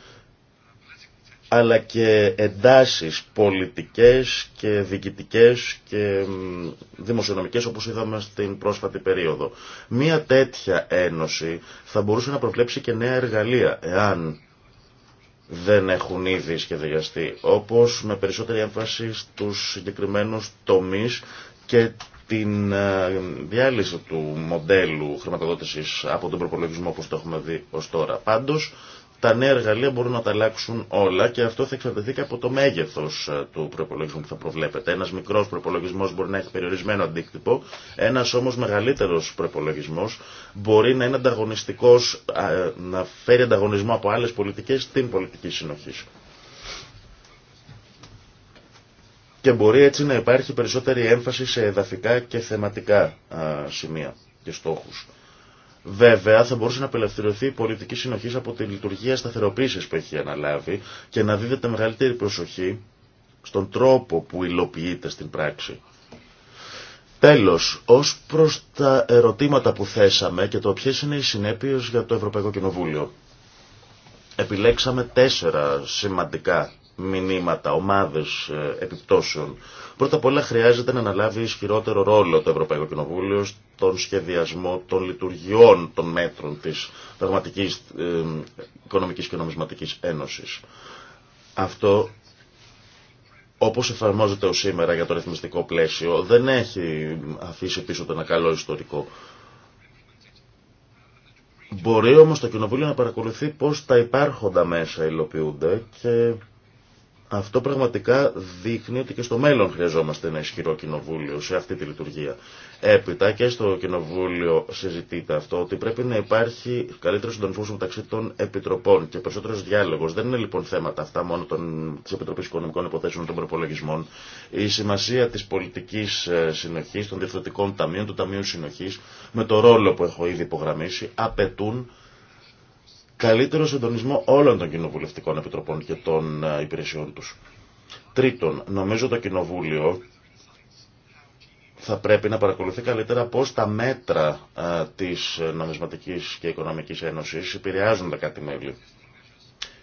αλλά και εντάσεις πολιτικές και διοικητικές και δημοσιονομικές όπως είδαμε στην πρόσφατη περίοδο. Μία τέτοια ένωση θα μπορούσε να προβλέψει και νέα εργαλεία εάν δεν έχουν ήδη σχεδιαστεί όπως με περισσότερη έμφαση στους συγκεκριμένους τομείς και την ε, διάλυση του μοντέλου χρηματοδότησης από τον προπολογισμό όπως το έχουμε δει ως τώρα. Πάντως, τα νέα εργαλεία μπορούν να τα αλλάξουν όλα και αυτό θα εξαρτηθεί και από το μέγεθο ε, του προπολογισμού που θα προβλέπετε. Ένα μικρό προπολογισμό μπορεί να έχει περιορισμένο αντίκτυπο, ένα όμω μεγαλύτερο προπολογισμό μπορεί να είναι ανταγωνιστικό, να φέρει ανταγωνισμό από άλλε πολιτικέ στην πολιτική συνοχή. Και μπορεί έτσι να υπάρχει περισσότερη έμφαση σε εδαφικά και θεματικά σημεία και στόχους. Βέβαια, θα μπορούσε να απελευθερωθεί η πολιτική συνοχή από τη λειτουργία σταθεροποίηση που έχει αναλάβει και να δίδεται μεγαλύτερη προσοχή στον τρόπο που υλοποιείται στην πράξη. Τέλος, ως προς τα ερωτήματα που θέσαμε και το ποιες είναι οι συνέπειες για το Ευρωπαϊκό Κοινοβούλιο. Επιλέξαμε τέσσερα σημαντικά μηνύματα, ομάδες ε, επιπτώσεων. Πρώτα απ' όλα χρειάζεται να αναλάβει ισχυρότερο ρόλο το Ευρωπαϊκό Κοινοβούλιο τον σχεδιασμό των λειτουργιών των μέτρων της πραγματικής ε, οικονομικής και νομισματικής ένωσης. Αυτό όπως εφαρμόζεται ως σήμερα για το ρυθμιστικό πλαίσιο δεν έχει αφήσει πίσω το ένα καλό ιστορικό. Μπορεί όμως το Κοινοβούλιο να παρακολουθεί πώς τα υπάρχοντα μέσα υλοποιούνται και αυτό πραγματικά δείχνει ότι και στο μέλλον χρειαζόμαστε ένα ισχυρό κοινοβούλιο σε αυτή τη λειτουργία. Έπειτα και στο κοινοβούλιο συζητείται αυτό ότι πρέπει να υπάρχει καλύτερο συντονισμό μεταξύ των επιτροπών και περισσότερο διάλογο. Δεν είναι λοιπόν θέματα αυτά μόνο τη Επιτροπή Οικονομικών Υποθέσεων των Προπολογισμών. Η σημασία τη πολιτική ε, συνοχή, των διευθυντικών ταμείων, του Ταμείου Συνοχή, με το ρόλο που έχω ήδη υπογραμμίσει, απαιτούν καλύτερο συντονισμό όλων των κοινοβουλευτικών επιτροπών και των ε, υπηρεσιών τους. Τρίτον, νομίζω το Κοινοβούλιο θα πρέπει να παρακολουθεί καλύτερα πώς τα μέτρα ε, της Νομισματικής και Οικονομικής Ένωσης επηρεάζουν τα κάτι μέλη.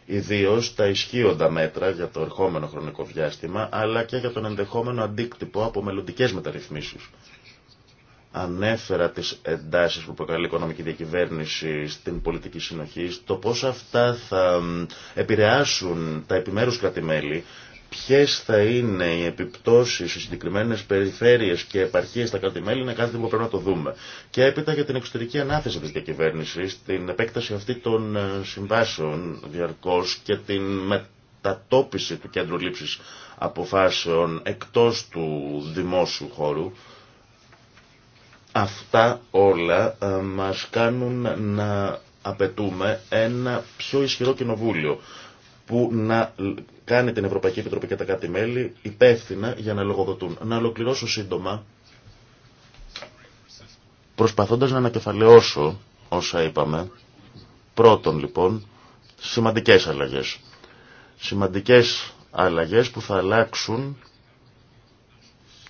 Ιδίως τα ισχύοντα μέτρα για το ερχόμενο χρονικό διάστημα, αλλά και για τον ενδεχόμενο αντίκτυπο από μελλοντικέ μεταρρυθμίσεις ανέφερα τις εντάσεις που προκαλεί η οικονομική διακυβέρνηση στην πολιτική συνοχή, το πώς αυτά θα επηρεάσουν τα επιμέρους κρατημέλη, ποιες θα είναι οι επιπτώσεις στις συγκεκριμένες περιφέρειες και επαρχίες στα κρατημέλη είναι κάτι που πρέπει να το δούμε. Και έπειτα για την εξωτερική ανάθεση της διακυβέρνησης, την επέκταση αυτή των ε, συμβάσεων διαρκώς και την μετατόπιση του κέντρου λήψης αποφάσεων εκτός του δημόσιου χώρου, Αυτά όλα ε, μας κάνουν να απαιτούμε ένα πιο ισχυρό κοινοβούλιο που να κάνει την Ευρωπαϊκή Επιτροπή και τα κάτι μέλη υπεύθυνα για να λογοδοτούν. Να ολοκληρώσω σύντομα προσπαθώντας να ανακεφαλαιώσω όσα είπαμε. Πρώτον λοιπόν, σημαντικές αλλαγές. Σημαντικές αλλαγές που θα αλλάξουν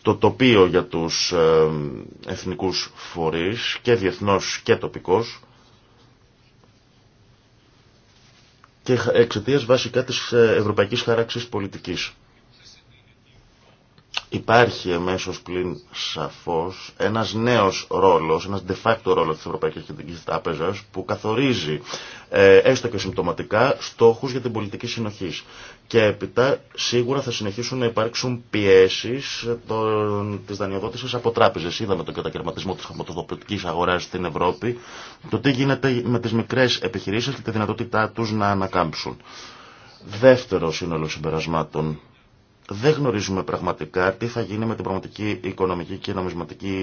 το τοπίο για τους ε, εθνικούς φορείς και διεθνώς και τοπικός και εξαιτίας βασικά της ε, ευρωπαϊκής χαράξης πολιτικής. Υπάρχει εμέσω πλην σαφώ ένα νέο ρόλο, ένα de facto ρόλο τη Ευρωπαϊκή Κεντρική Τράπεζα που καθορίζει ε, έστω και συμπτωματικά στόχου για την πολιτική συνοχή. Και έπειτα σίγουρα θα συνεχίσουν να υπάρξουν πιέσει τη δανειοδότηση από τράπεζε. Είδαμε τον κατακαιρματισμό τη χρηματοδοτική αγορά στην Ευρώπη, το τι γίνεται με τι μικρέ επιχειρήσει και τη δυνατότητά του να ανακάμψουν. Δεύτερο σύνολο συμπερασμάτων δεν γνωρίζουμε πραγματικά τι θα γίνει με την πραγματική οικονομική και νομισματική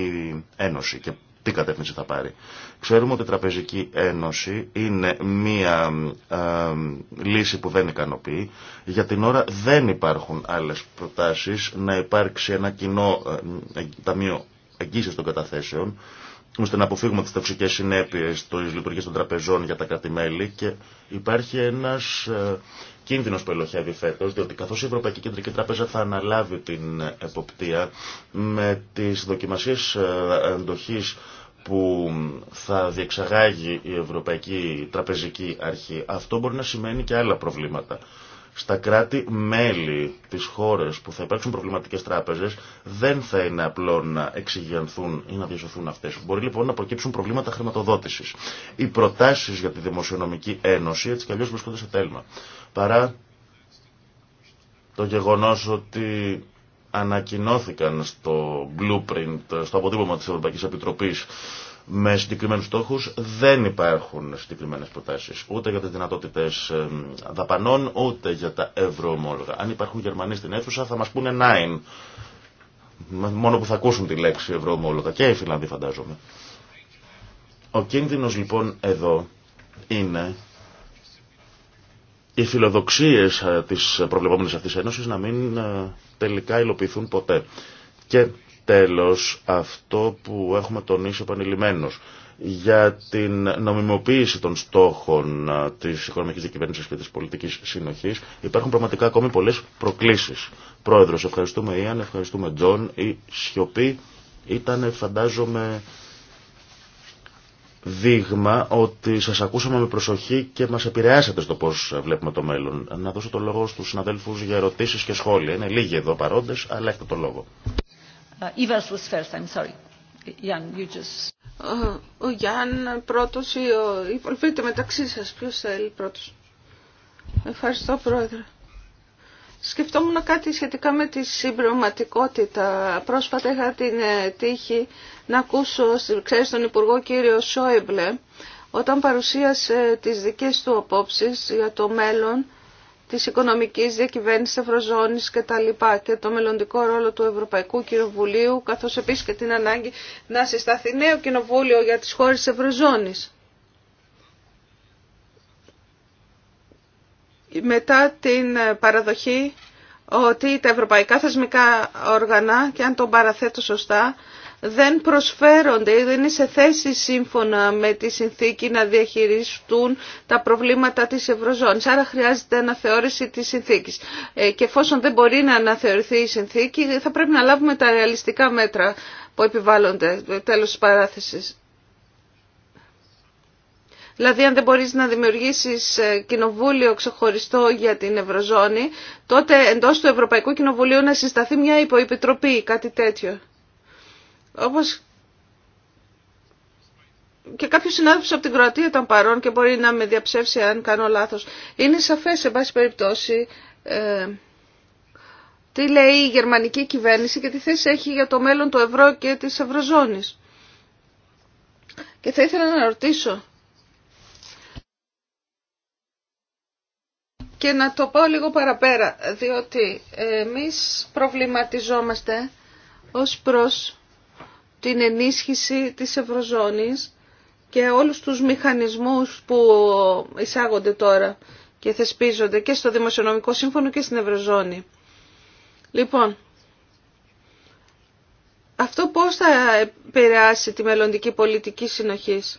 ένωση και τι κατεύθυνση θα πάρει. Ξέρουμε ότι η Τραπεζική Ένωση είναι μία ε, λύση που δεν ικανοποιεί. Για την ώρα δεν υπάρχουν άλλες προτάσεις να υπάρξει ένα κοινό ε, ταμείο εγγύησης των καταθέσεων ώστε να αποφύγουμε τις τοξικές συνέπειες της λειτουργίας των τραπεζών για τα κρατημέλη και υπάρχει ένας ε, κίνδυνο που ελοχεύει φέτο, διότι καθώ η Ευρωπαϊκή Κεντρική Τράπεζα θα αναλάβει την εποπτεία με τι δοκιμασίε ε, αντοχή που θα διεξαγάγει η Ευρωπαϊκή Τραπεζική Αρχή, αυτό μπορεί να σημαίνει και άλλα προβλήματα. Στα κράτη-μέλη της χώρες που θα υπάρξουν προβληματικές τράπεζες δεν θα είναι απλό να εξηγιανθούν ή να διασωθούν αυτές. Μπορεί λοιπόν να προκύψουν προβλήματα χρηματοδότησης. Οι προτάσεις για τη Δημοσιονομική Ένωση έτσι κι αλλιώς σε τέλμα παρά το γεγονός ότι ανακοινώθηκαν στο blueprint, στο αποτύπωμα της Ευρωπαϊκής Επιτροπής με συγκεκριμένους στόχους δεν υπάρχουν συγκεκριμένες προτάσεις ούτε για τις δυνατότητες δαπανών ούτε για τα ευρωομόλογα. Αν υπάρχουν Γερμανοί στην αίθουσα θα μας πούνε nein, Μόνο που θα ακούσουν τη λέξη ευρωομόλογα και οι Φιλανδοί φαντάζομαι. Ο κίνδυνος λοιπόν εδώ είναι οι φιλοδοξίες ε, της προβλεπόμενης αυτής ένωσης να μην ε, τελικά υλοποιηθούν ποτέ. Και τέλος αυτό που έχουμε τονίσει επανειλημμένως για την νομιμοποίηση των στόχων ε, της οικονομικής διακυβέρνησης και της πολιτικής συνοχής υπάρχουν πραγματικά ακόμη πολλές προκλήσεις. Πρόεδρος, ευχαριστούμε Ιαν, ευχαριστούμε Τζον. Η σιωπή ήταν φαντάζομαι δείγμα ότι σας ακούσαμε με προσοχή και μας επηρεάσατε στο πώς βλέπουμε το μέλλον. Να δώσω το λόγο στους συναδέλφους για ερωτήσεις και σχόλια. Είναι λίγοι εδώ παρόντες, αλλά έχετε το λόγο. Ε, ο Γιάνν πρώτος ή ο... Υπολφείτε μεταξύ σας ποιος θέλει πρώτος. Ευχαριστώ πρόεδρε. Σκεφτόμουν κάτι σχετικά με τη συμπληρωματικότητα. Πρόσφατα είχα την ε, τύχη να ακούσω, ξέρεις, τον Υπουργό κύριο Σόιμπλε, όταν παρουσίασε τις δικές του απόψεις για το μέλλον της οικονομικής διακυβέρνησης Ευρωζώνης και τα και το μελλοντικό ρόλο του Ευρωπαϊκού Κοινοβουλίου καθώς επίσης και την ανάγκη να συσταθεί νέο κοινοβούλιο για τις χώρες Ευρωζώνης. μετά την ε, παραδοχή ότι τα ευρωπαϊκά θεσμικά όργανα, και αν τον παραθέτω σωστά, δεν προσφέρονται ή δεν είναι σε θέση σύμφωνα με τη συνθήκη να διαχειριστούν τα προβλήματα της Ευρωζώνης. Άρα χρειάζεται αναθεώρηση της συνθήκης. Ε, και εφόσον δεν μπορεί να αναθεωρηθεί η συνθήκη, θα πρέπει να λάβουμε τα ρεαλιστικά μέτρα που επιβάλλονται τέλος της παράθεσης. Δηλαδή αν δεν μπορείς να δημιουργήσεις ε, κοινοβούλιο ξεχωριστό για την Ευρωζώνη, τότε εντός του Ευρωπαϊκού Κοινοβουλίου να συσταθεί μια υποεπιτροπή, κάτι τέτοιο. Όπως και κάποιο συνάδελφο από την Κροατία ήταν παρόν και μπορεί να με διαψεύσει αν κάνω λάθο. Είναι σαφέ σε πάση περιπτώσει, ε, τι λέει η γερμανική κυβέρνηση και τι θέση έχει για το μέλλον του ευρώ και της ευρωζώνης. Και θα ήθελα να ρωτήσω, και να το πάω λίγο παραπέρα, διότι εμείς προβληματιζόμαστε ως προς την ενίσχυση της Ευρωζώνης και όλους τους μηχανισμούς που εισάγονται τώρα και θεσπίζονται και στο Δημοσιονομικό Σύμφωνο και στην Ευρωζώνη. Λοιπόν, αυτό πώς θα επηρεάσει τη μελλοντική πολιτική συνοχής.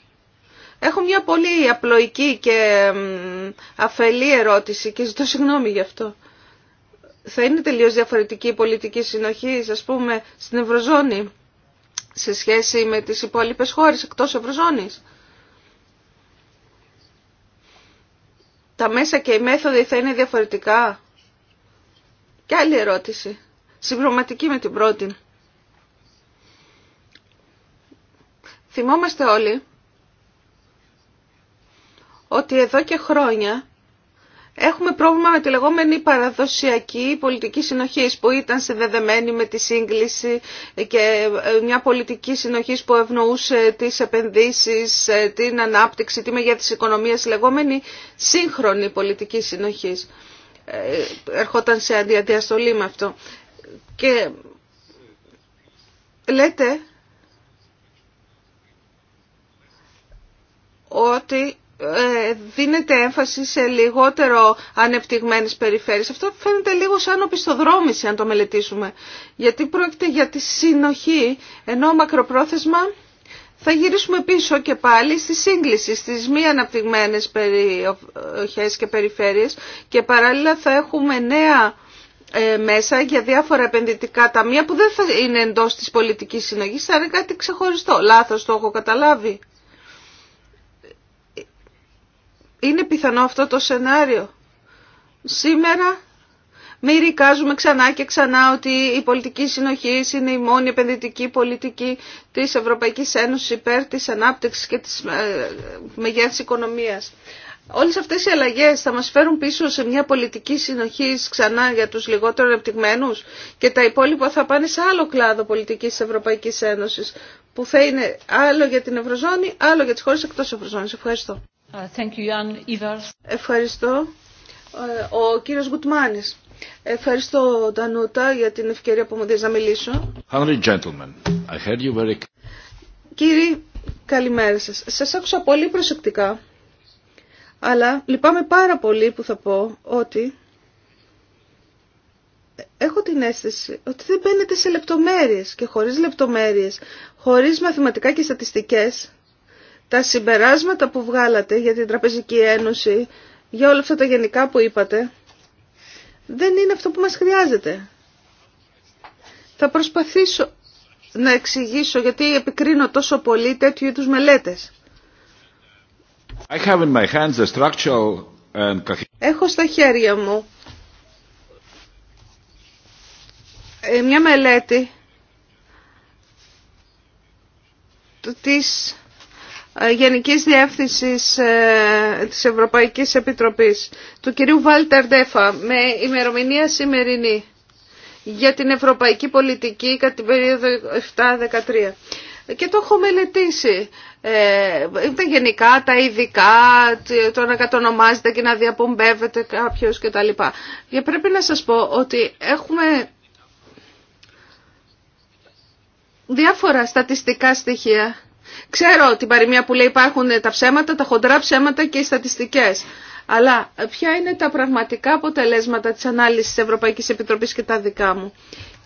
Έχω μια πολύ απλοϊκή και αφελή ερώτηση και ζητώ συγγνώμη γι' αυτό. Θα είναι τελείως διαφορετική η πολιτική συνοχή, ας πούμε, στην Ευρωζώνη σε σχέση με τις υπόλοιπες χώρες εκτός Ευρωζώνης. Τα μέσα και οι μέθοδοι θα είναι διαφορετικά. Και άλλη ερώτηση, συμπληρωματική με την πρώτη. Θυμόμαστε όλοι ότι εδώ και χρόνια έχουμε πρόβλημα με τη λεγόμενη παραδοσιακή πολιτική συνοχή που ήταν συνδεδεμένη με τη σύγκληση και ε, μια πολιτική συνοχή που ευνοούσε τις επενδύσεις, ε, την ανάπτυξη, τη μεγέθυνση οικονομίας, λεγόμενη σύγχρονη πολιτική συνοχή. Ε, ερχόταν σε αντιαδιαστολή με αυτό. Και λέτε ότι ε, δίνεται έμφαση σε λιγότερο ανεπτυγμένες περιφέρειες. Αυτό φαίνεται λίγο σαν οπισθοδρόμηση αν το μελετήσουμε. Γιατί πρόκειται για τη συνοχή, ενώ μακροπρόθεσμα θα γυρίσουμε πίσω και πάλι στη σύγκληση στις μη αναπτυγμένες περιοχές και περιφέρειες και παράλληλα θα έχουμε νέα ε, μέσα για διάφορα επενδυτικά ταμεία που δεν θα είναι εντός της πολιτικής συνοχής, θα είναι κάτι ξεχωριστό. Λάθος το έχω καταλάβει. Είναι πιθανό αυτό το σενάριο. Σήμερα μυρικάζουμε ξανά και ξανά ότι η πολιτική συνοχή είναι η μόνη επενδυτική πολιτική της Ευρωπαϊκής Ένωσης υπέρ της ανάπτυξης και της ε, μεγέθυνσης οικονομίας. Όλες αυτές οι αλλαγές θα μας φέρουν πίσω σε μια πολιτική συνοχή ξανά για τους λιγότερο ανεπτυγμένους και τα υπόλοιπα θα πάνε σε άλλο κλάδο πολιτικής της Ευρωπαϊκής Ένωσης που θα είναι άλλο για την Ευρωζώνη, άλλο για τις χώρες εκτός Ευρωζώνης. Ευχαριστώ. Uh, Ευχαριστώ. Ε, ο κύριος Γκουτμάνης. Ευχαριστώ, Ντανούτα, για την ευκαιρία που μου δίνεις να μιλήσω. Κύριοι, καλημέρα σας. Σας άκουσα πολύ προσεκτικά, αλλά λυπάμαι πάρα πολύ που θα πω ότι έχω την αίσθηση ότι δεν μπαίνετε σε λεπτομέρειες και χωρίς λεπτομέρειες, χωρίς μαθηματικά και στατιστικές, τα συμπεράσματα που βγάλατε για την Τραπεζική Ένωση, για όλα αυτά τα γενικά που είπατε, δεν είναι αυτό που μας χρειάζεται. Θα προσπαθήσω να εξηγήσω γιατί επικρίνω τόσο πολύ τέτοιου είδους μελέτες. Um, Έχω στα χέρια μου ε, μια μελέτη της ε, Γενικής Διεύθυνσης ε, της Ευρωπαϊκής Επιτροπής του κυρίου Βάλτερ Ντέφα με ημερομηνία σημερινή για την ευρωπαϊκή πολιτική κατά την περίοδο 7-13. Και το έχω μελετήσει. Ε, τα γενικά, τα ειδικά, το να κατονομάζεται και να διαπομπεύεται κάποιος κτλ. Και πρέπει να σας πω ότι έχουμε διάφορα στατιστικά στοιχεία Ξέρω την παροιμία που λέει υπάρχουν ε, τα ψέματα, τα χοντρά ψέματα και οι στατιστικές. Αλλά ε, ποια είναι τα πραγματικά αποτελέσματα της ανάλυσης της Ευρωπαϊκής Επιτροπής και τα δικά μου.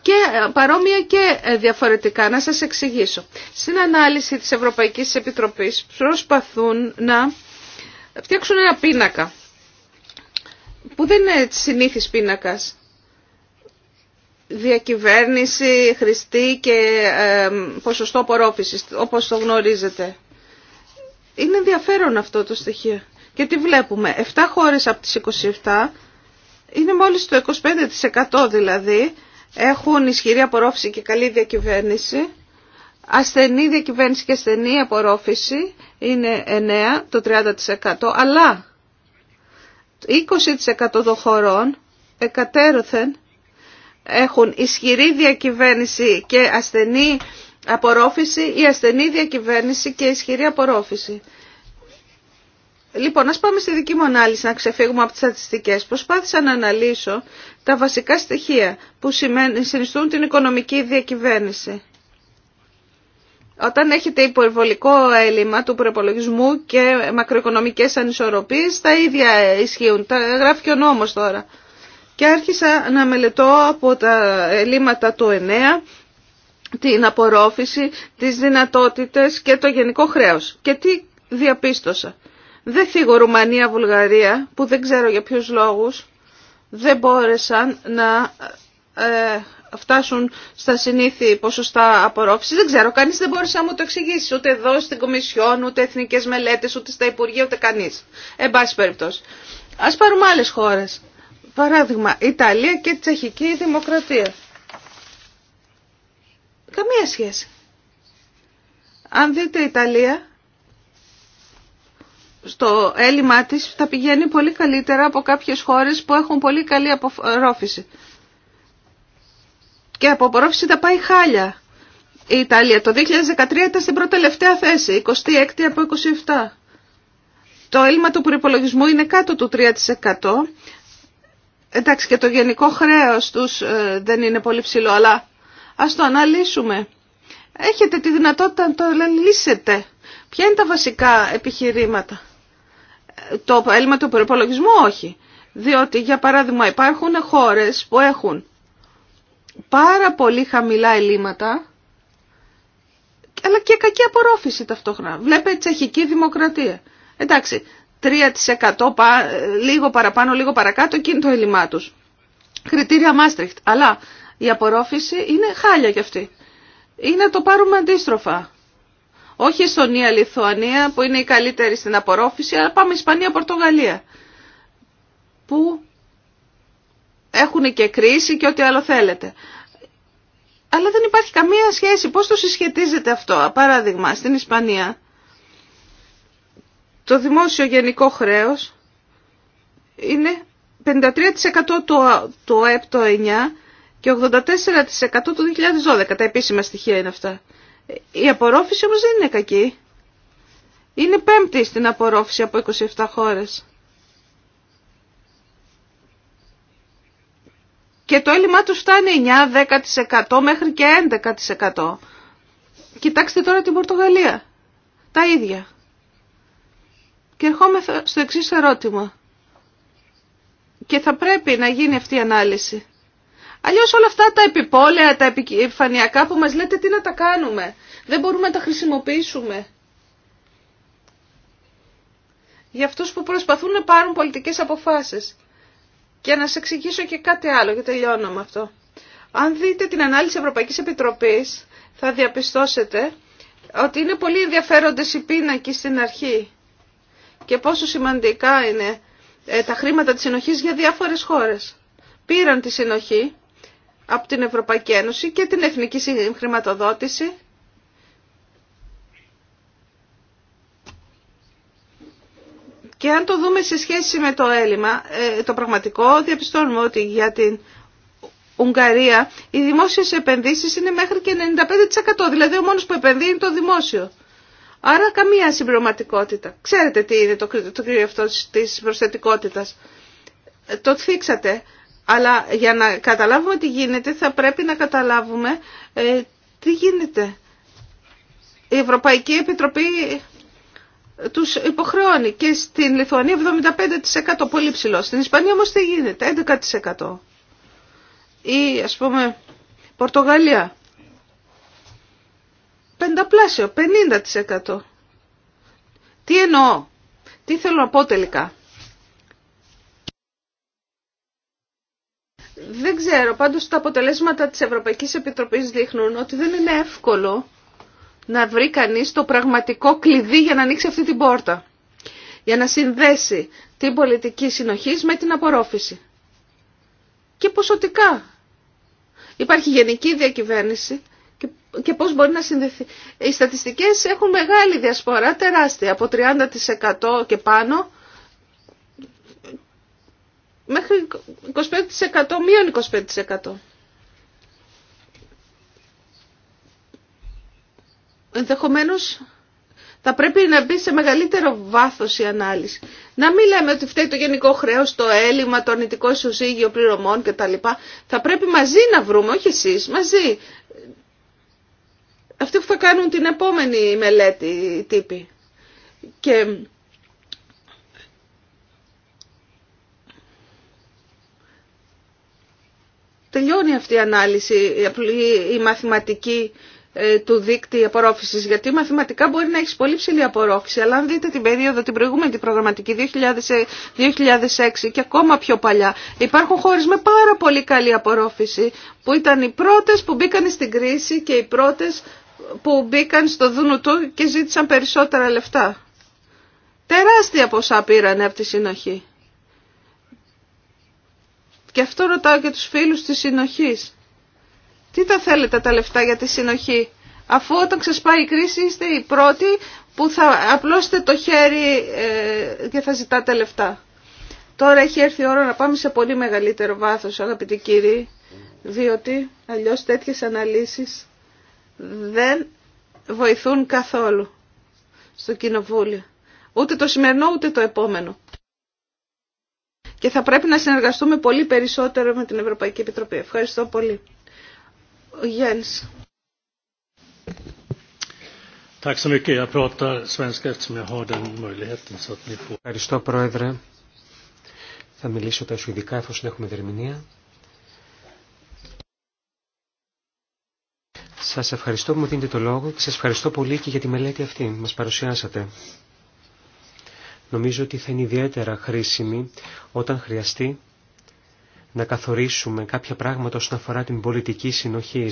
Και ε, παρόμοια και διαφορετικά, να σας εξηγήσω. Στην ανάλυση της Ευρωπαϊκής Επιτροπής προσπαθούν να φτιάξουν ένα πίνακα που δεν είναι πίνακας διακυβέρνηση χρηστή και ποσοστό απορρόφησης, όπως το γνωρίζετε. Είναι ενδιαφέρον αυτό το στοιχείο. Και τι βλέπουμε, 7 χώρες από τις 27, είναι μόλις το 25% δηλαδή, έχουν ισχυρή απορρόφηση και καλή διακυβέρνηση. Ασθενή διακυβέρνηση και ασθενή απορρόφηση είναι 9, το 30%, αλλά 20% των χωρών εκατέρωθεν έχουν ισχυρή διακυβέρνηση και ασθενή απορρόφηση ή ασθενή διακυβέρνηση και ισχυρή απορρόφηση. Λοιπόν, ας πάμε στη δική μου ανάλυση να ξεφύγουμε από τις στατιστικές. Προσπάθησα να αναλύσω τα βασικά στοιχεία που συνιστούν την οικονομική διακυβέρνηση. Όταν έχετε υπερβολικό έλλειμμα του προπολογισμού και μακροοικονομικές ανισορροπίες, τα ίδια ισχύουν. Τα γράφει και ο νόμος τώρα και άρχισα να μελετώ από τα ελλείμματα του 9 την απορρόφηση, τις δυνατότητες και το γενικό χρέος. Και τι διαπίστωσα. Δεν θίγω Ρουμανία, Βουλγαρία, που δεν ξέρω για ποιους λόγους δεν μπόρεσαν να ε, φτάσουν στα συνήθη ποσοστά απορρόφησης. Δεν ξέρω, κανείς δεν μπόρεσε να μου το εξηγήσει, ούτε εδώ στην Κομισιόν, ούτε εθνικές μελέτες, ούτε στα Υπουργεία, ούτε κανείς. Εν πάση περιπτώσει. Ας πάρουμε άλλες χώρες. Παράδειγμα, Ιταλία και Τσεχική Δημοκρατία. Καμία σχέση. Αν δείτε Ιταλία, στο έλλειμμα της θα πηγαίνει πολύ καλύτερα από κάποιες χώρες που έχουν πολύ καλή απορρόφηση. Και από απορρόφηση θα πάει χάλια. Η Ιταλία το 2013 ήταν στην προτελευταία θέση, 26η από 27. Το έλλειμμα του προπολογισμού είναι κάτω του 3%. Εντάξει και το γενικό χρέος τους ε, δεν είναι πολύ ψηλό, αλλά ας το αναλύσουμε. Έχετε τη δυνατότητα να το λύσετε. Ποια είναι τα βασικά επιχειρήματα. Ε, το έλλειμμα του προπολογισμού όχι. Διότι για παράδειγμα υπάρχουν χώρες που έχουν πάρα πολύ χαμηλά ελλείμματα αλλά και κακή απορρόφηση ταυτόχρονα. Βλέπετε τσεχική δημοκρατία. Εντάξει, 3% λίγο παραπάνω, λίγο παρακάτω και είναι το έλλειμμά του. Κριτήρια Μάστριχτ. Αλλά η απορρόφηση είναι χάλια κι αυτή. Είναι να το πάρουμε αντίστροφα. Όχι Εστονία, Λιθουανία που είναι η καλύτερη στην απορρόφηση, αλλά πάμε Ισπανία, Πορτογαλία. Που έχουν και κρίση και ό,τι άλλο θέλετε. Αλλά δεν υπάρχει καμία σχέση. Πώς το συσχετίζεται αυτό. Παράδειγμα, στην Ισπανία το δημόσιο γενικό χρέος είναι 53% το ΕΠ το 9 και 84% το 2012. Τα επίσημα στοιχεία είναι αυτά. Η απορρόφηση όμως δεν είναι κακή. Είναι πέμπτη στην απορρόφηση από 27 χώρες. Και το έλλειμμα του φτάνει 9-10% μέχρι και 11%. Κοιτάξτε τώρα την Πορτογαλία. Τα ίδια. Και ερχόμεθα στο εξή ερώτημα. Και θα πρέπει να γίνει αυτή η ανάλυση. Αλλιώς όλα αυτά τα επιπόλαια, τα επιφανειακά που μας λέτε τι να τα κάνουμε. Δεν μπορούμε να τα χρησιμοποιήσουμε. Για αυτού που προσπαθούν να πάρουν πολιτικές αποφάσεις. Και να σα εξηγήσω και κάτι άλλο, γιατί τελειώνω με αυτό. Αν δείτε την ανάλυση Ευρωπαϊκής Επιτροπής, θα διαπιστώσετε ότι είναι πολύ ενδιαφέροντες οι πίνακοι στην αρχή και πόσο σημαντικά είναι ε, τα χρήματα της συνοχής για διάφορες χώρες. Πήραν τη συνοχή από την Ευρωπαϊκή Ένωση και την Εθνική Χρηματοδότηση Και αν το δούμε σε σχέση με το έλλειμμα, ε, το πραγματικό, διαπιστώνουμε ότι για την Ουγγαρία οι δημόσιες επενδύσεις είναι μέχρι και 95%. Δηλαδή ο μόνος που επενδύει είναι το δημόσιο. Άρα καμία συμπληρωματικότητα. Ξέρετε τι είναι το κρύο αυτό της προσθετικότητας. Ε, το θίξατε. Αλλά για να καταλάβουμε τι γίνεται θα πρέπει να καταλάβουμε ε, τι γίνεται. Η Ευρωπαϊκή Επιτροπή ε, τους υποχρεώνει και στην Λιθουανία 75% πολύ ψηλό. Στην Ισπανία όμως τι γίνεται, 11%. Ή ας πούμε Πορτογαλία πενταπλάσιο, 50%. Τι εννοώ, τι θέλω να πω τελικά. Δεν ξέρω, πάντως τα αποτελέσματα της Ευρωπαϊκής Επιτροπής δείχνουν ότι δεν είναι εύκολο να βρει κανείς το πραγματικό κλειδί για να ανοίξει αυτή την πόρτα. Για να συνδέσει την πολιτική συνοχή με την απορρόφηση. Και ποσοτικά. Υπάρχει γενική διακυβέρνηση και πώς μπορεί να συνδεθεί. Οι στατιστικές έχουν μεγάλη διασπορά, τεράστια, από 30% και πάνω μέχρι 25% μείον 25%. Ενδεχομένως θα πρέπει να μπει σε μεγαλύτερο βάθος η ανάλυση. Να μην λέμε ότι φταίει το γενικό χρέος, το έλλειμμα, το αρνητικό ισοζύγιο πληρωμών κτλ. Θα πρέπει μαζί να βρούμε, όχι εσείς, μαζί αυτοί που θα κάνουν την επόμενη μελέτη τύπη. Και τελειώνει αυτή η ανάλυση, η, μαθηματική ε, του δίκτυου απορρόφησης, γιατί μαθηματικά μπορεί να έχει πολύ ψηλή απορρόφηση, αλλά αν δείτε την περίοδο, την προηγούμενη την προγραμματική 2000, 2006 ε, και ακόμα πιο παλιά, υπάρχουν χώρες με πάρα πολύ καλή απορρόφηση, που ήταν οι πρώτες που μπήκαν στην κρίση και οι πρώτες που μπήκαν στο δούνο του και ζήτησαν περισσότερα λεφτά. Τεράστια ποσά πήρανε από τη συνοχή. Και αυτό ρωτάω και τους φίλους της συνοχής. Τι τα θέλετε τα λεφτά για τη συνοχή, αφού όταν ξεσπάει η κρίση είστε οι πρώτοι που θα απλώσετε το χέρι ε, και θα ζητάτε λεφτά. Τώρα έχει έρθει η ώρα να πάμε σε πολύ μεγαλύτερο βάθος αγαπητοί κύριοι, διότι αλλιώς τέτοιες αναλύσεις δεν βοηθούν καθόλου στο κοινοβούλιο. Ούτε το σημερινό ούτε το επόμενο. Και θα πρέπει να συνεργαστούμε πολύ περισσότερο με την Ευρωπαϊκή Επιτροπή. Ευχαριστώ πολύ. Ο Γιάννης. Ευχαριστώ Πρόεδρε. Θα μιλήσω τα Σουηδικά εφόσον έχουμε δερμηνία. Σας ευχαριστώ που μου δίνετε το λόγο και σας ευχαριστώ πολύ και για τη μελέτη αυτή που μας παρουσιάσατε. Νομίζω ότι θα είναι ιδιαίτερα χρήσιμη όταν χρειαστεί να καθορίσουμε κάποια πράγματα όσον αφορά την πολιτική συνοχή.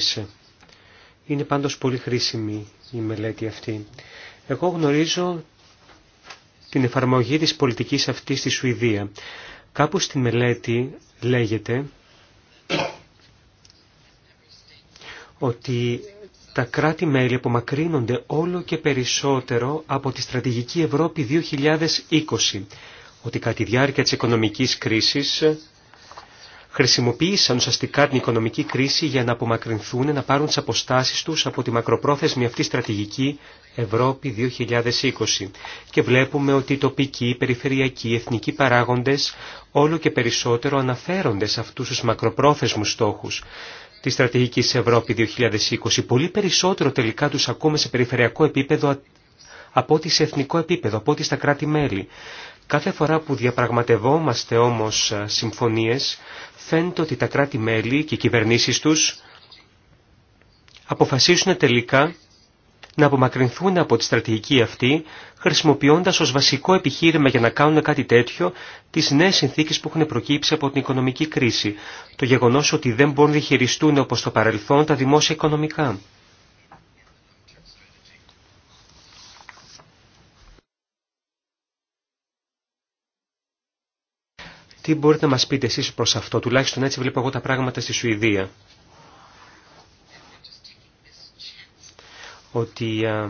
Είναι πάντως πολύ χρήσιμη η μελέτη αυτή. Εγώ γνωρίζω την εφαρμογή της πολιτικής αυτής στη Σουηδία. Κάπου στη μελέτη λέγεται ότι τα κράτη-μέλη απομακρύνονται όλο και περισσότερο από τη στρατηγική Ευρώπη 2020, ότι κατά τη διάρκεια της οικονομικής κρίσης χρησιμοποίησαν ουσιαστικά την οικονομική κρίση για να απομακρυνθούν, να πάρουν τις αποστάσεις τους από τη μακροπρόθεσμη αυτή στρατηγική Ευρώπη 2020. Και βλέπουμε ότι οι τοπικοί, οι περιφερειακοί, οι εθνικοί παράγοντες όλο και περισσότερο αναφέρονται σε αυτούς τους μακροπρόθεσμους στόχους της στρατηγικής Ευρώπη 2020. Πολύ περισσότερο τελικά τους ακούμε σε περιφερειακό επίπεδο από ό,τι σε εθνικό επίπεδο, από ό,τι στα κράτη-μέλη. Κάθε φορά που διαπραγματευόμαστε όμως συμφωνίες, φαίνεται ότι τα κράτη-μέλη και οι κυβερνήσεις τους αποφασίσουν τελικά να απομακρυνθούν από τη στρατηγική αυτή, χρησιμοποιώντας ως βασικό επιχείρημα για να κάνουν κάτι τέτοιο τις νέες συνθήκες που έχουν προκύψει από την οικονομική κρίση, το γεγονός ότι δεν μπορούν να διχειριστούν όπως το παρελθόν τα δημόσια οικονομικά. Τι μπορείτε να μας πείτε εσείς προς αυτό, τουλάχιστον έτσι βλέπω εγώ τα πράγματα στη Σουηδία. ότι ε,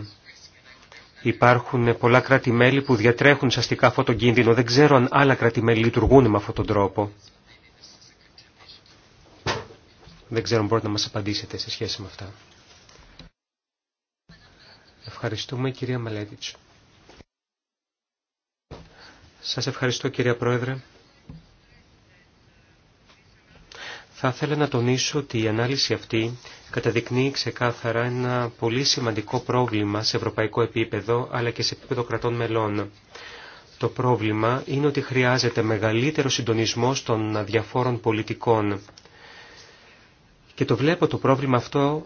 υπάρχουν πολλά κράτη-μέλη που διατρέχουν σαστικά αυτόν τον κίνδυνο. Δεν ξέρω αν άλλα κράτη-μέλη λειτουργούν με αυτόν τον τρόπο. Δεν ξέρω αν μπορείτε να μας απαντήσετε σε σχέση με αυτά. Ευχαριστούμε κυρία Μαλέτιτς. Σας ευχαριστώ κυρία Πρόεδρε. Θα ήθελα να τονίσω ότι η ανάλυση αυτή καταδεικνύει ξεκάθαρα ένα πολύ σημαντικό πρόβλημα σε ευρωπαϊκό επίπεδο αλλά και σε επίπεδο κρατών μελών. Το πρόβλημα είναι ότι χρειάζεται μεγαλύτερο συντονισμό των διαφόρων πολιτικών. Και το βλέπω το πρόβλημα αυτό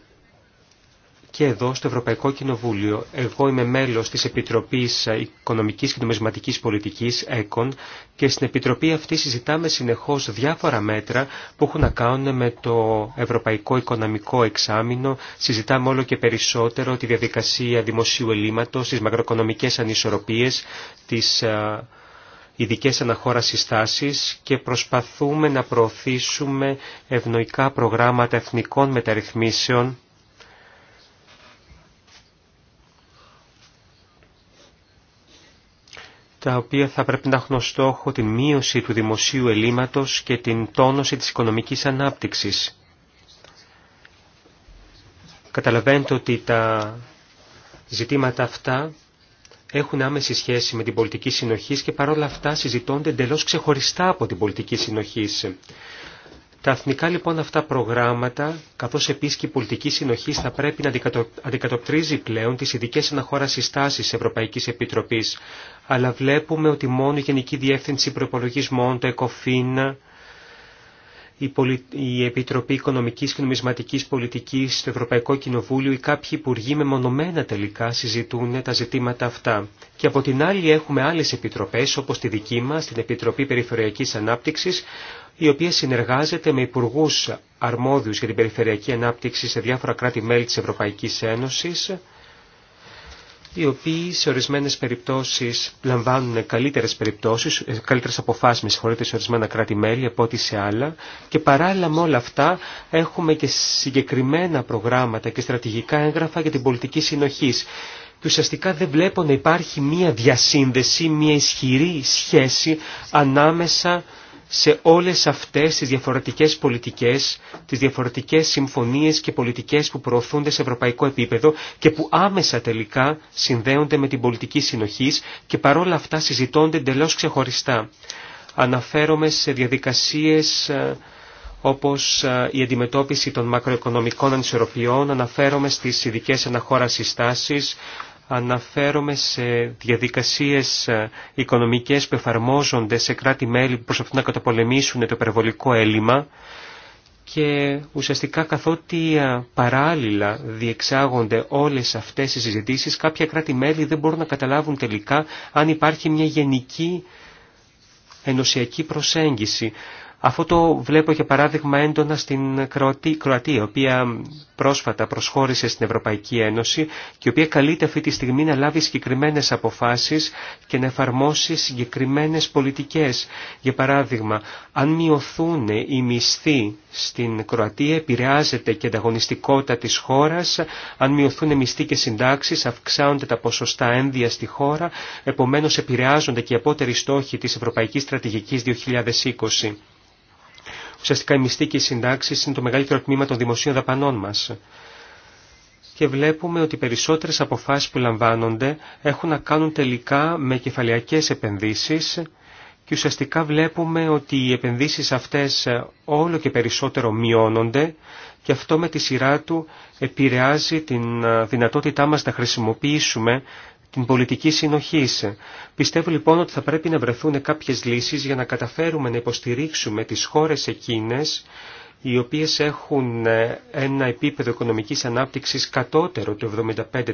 και εδώ στο Ευρωπαϊκό Κοινοβούλιο. Εγώ είμαι μέλος της Επιτροπής Οικονομικής και Νομισματικής Πολιτικής, ΕΚΟΝ, και στην Επιτροπή αυτή συζητάμε συνεχώς διάφορα μέτρα που έχουν να κάνουν με το Ευρωπαϊκό Οικονομικό Εξάμεινο. Συζητάμε όλο και περισσότερο τη διαδικασία δημοσίου ελλείμματος, τις μακροοικονομικές ανισορροπίες, τις ειδικέ αναχώρασεις τάσει και προσπαθούμε να προωθήσουμε ευνοϊκά προγράμματα εθνικών μεταρρυθμίσεων τα οποία θα πρέπει να έχουν ως στόχο την μείωση του δημοσίου ελλείμματος και την τόνωση της οικονομικής ανάπτυξης. Καταλαβαίνετε ότι τα ζητήματα αυτά έχουν άμεση σχέση με την πολιτική συνοχή και παρόλα αυτά συζητώνται εντελώ ξεχωριστά από την πολιτική συνοχή. Τα εθνικά λοιπόν αυτά προγράμματα, καθώς επίσης και η πολιτική συνοχή θα πρέπει να αντικατοπτρίζει πλέον τις ειδικές αναχώρα συστάσεις Ευρωπαϊκής Επιτροπής, αλλά βλέπουμε ότι μόνο η Γενική Διεύθυνση Προπολογισμών, το ΕΚΟΦΗΝΑ η Επιτροπή Οικονομικής και Νομισματικής Πολιτικής, το Ευρωπαϊκό Κοινοβούλιο ή κάποιοι υπουργοί μεμονωμένα τελικά συζητούν τα ζητήματα αυτά. Και από την άλλη έχουμε άλλες επιτροπές όπως τη δική μας, την Επιτροπή Περιφερειακής Ανάπτυξης, η οποία συνεργάζεται με υπουργού αρμόδιους για την περιφερειακή ανάπτυξη σε διάφορα κράτη-μέλη της Ευρωπαϊκής Ένωσης, οι οποίοι σε ορισμένες περιπτώσεις λαμβάνουν καλύτερες, περιπτώσεις, ε, καλύτερες αποφάσεις, με σε ορισμένα κράτη-μέλη από ό,τι σε άλλα και παράλληλα με όλα αυτά έχουμε και συγκεκριμένα προγράμματα και στρατηγικά έγγραφα για την πολιτική συνοχής και ουσιαστικά δεν βλέπω να υπάρχει μία διασύνδεση, μία ισχυρή σχέση ανάμεσα σε όλες αυτές τις διαφορετικές πολιτικές, τις διαφορετικές συμφωνίες και πολιτικές που προωθούνται σε ευρωπαϊκό επίπεδο και που άμεσα τελικά συνδέονται με την πολιτική συνοχής και παρόλα αυτά συζητώνται εντελώ ξεχωριστά. Αναφέρομαι σε διαδικασίες ε, όπως ε, η αντιμετώπιση των μακροοικονομικών ανισορροπιών, αναφέρομαι στις ειδικέ αναχώρα συστάσεις, αναφέρομαι σε διαδικασίες ε, οικονομικές που εφαρμόζονται σε κράτη-μέλη που προσπαθούν να καταπολεμήσουν το περιβολικό έλλειμμα και ουσιαστικά καθότι ε, παράλληλα διεξάγονται όλες αυτές οι συζητήσεις, κάποια κράτη-μέλη δεν μπορούν να καταλάβουν τελικά αν υπάρχει μια γενική ενωσιακή προσέγγιση. Αυτό το βλέπω για παράδειγμα έντονα στην Κροατία, η οποία πρόσφατα προσχώρησε στην Ευρωπαϊκή Ένωση και η οποία καλείται αυτή τη στιγμή να λάβει συγκεκριμένες αποφάσεις και να εφαρμόσει συγκεκριμένες πολιτικές. Για παράδειγμα, αν μειωθούν οι μισθοί στην Κροατία, επηρεάζεται και η ανταγωνιστικότητα της χώρας, αν μειωθούν μισθοί και συντάξεις, αυξάνονται τα ποσοστά ένδια στη χώρα, επομένως επηρεάζονται και οι απότεροι στόχοι της Ευρωπαϊκής Στρατηγικής 2020. Ουσιαστικά οι μισθοί και οι συντάξει είναι το μεγαλύτερο τμήμα των δημοσίων δαπανών μα. Και βλέπουμε ότι περισσότερε αποφάσει που λαμβάνονται έχουν να κάνουν τελικά με κεφαλαιακέ επενδύσει και ουσιαστικά βλέπουμε ότι οι επενδύσεις αυτές όλο και περισσότερο μειώνονται και αυτό με τη σειρά του επηρεάζει την ε, δυνατότητά μας να χρησιμοποιήσουμε την πολιτική συνοχή. Πιστεύω λοιπόν ότι θα πρέπει να βρεθούν κάποιες λύσεις για να καταφέρουμε να υποστηρίξουμε τις χώρες εκείνες οι οποίες έχουν ε, ένα επίπεδο οικονομικής ανάπτυξης κατώτερο του 75%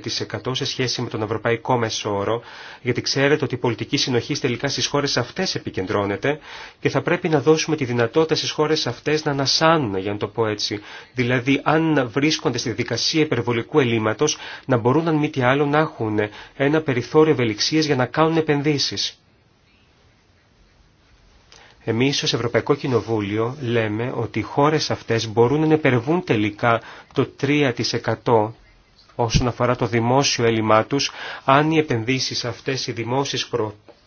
σε σχέση με τον ευρωπαϊκό όρο, γιατί ξέρετε ότι η πολιτική συνοχή τελικά στις χώρες αυτές επικεντρώνεται και θα πρέπει να δώσουμε τη δυνατότητα στις χώρες αυτές να ανασάνουν, για να το πω έτσι. Δηλαδή, αν βρίσκονται στη δικασία υπερβολικού ελλείμματος, να μπορούν αν μη τι άλλο να έχουν ένα περιθώριο ευελιξίες για να κάνουν επενδύσεις. Εμείς ως Ευρωπαϊκό Κοινοβούλιο λέμε ότι οι χώρες αυτές μπορούν να υπερβούν τελικά το 3% όσον αφορά το δημόσιο έλλειμμά τους, αν οι επενδύσεις αυτές οι δημόσιες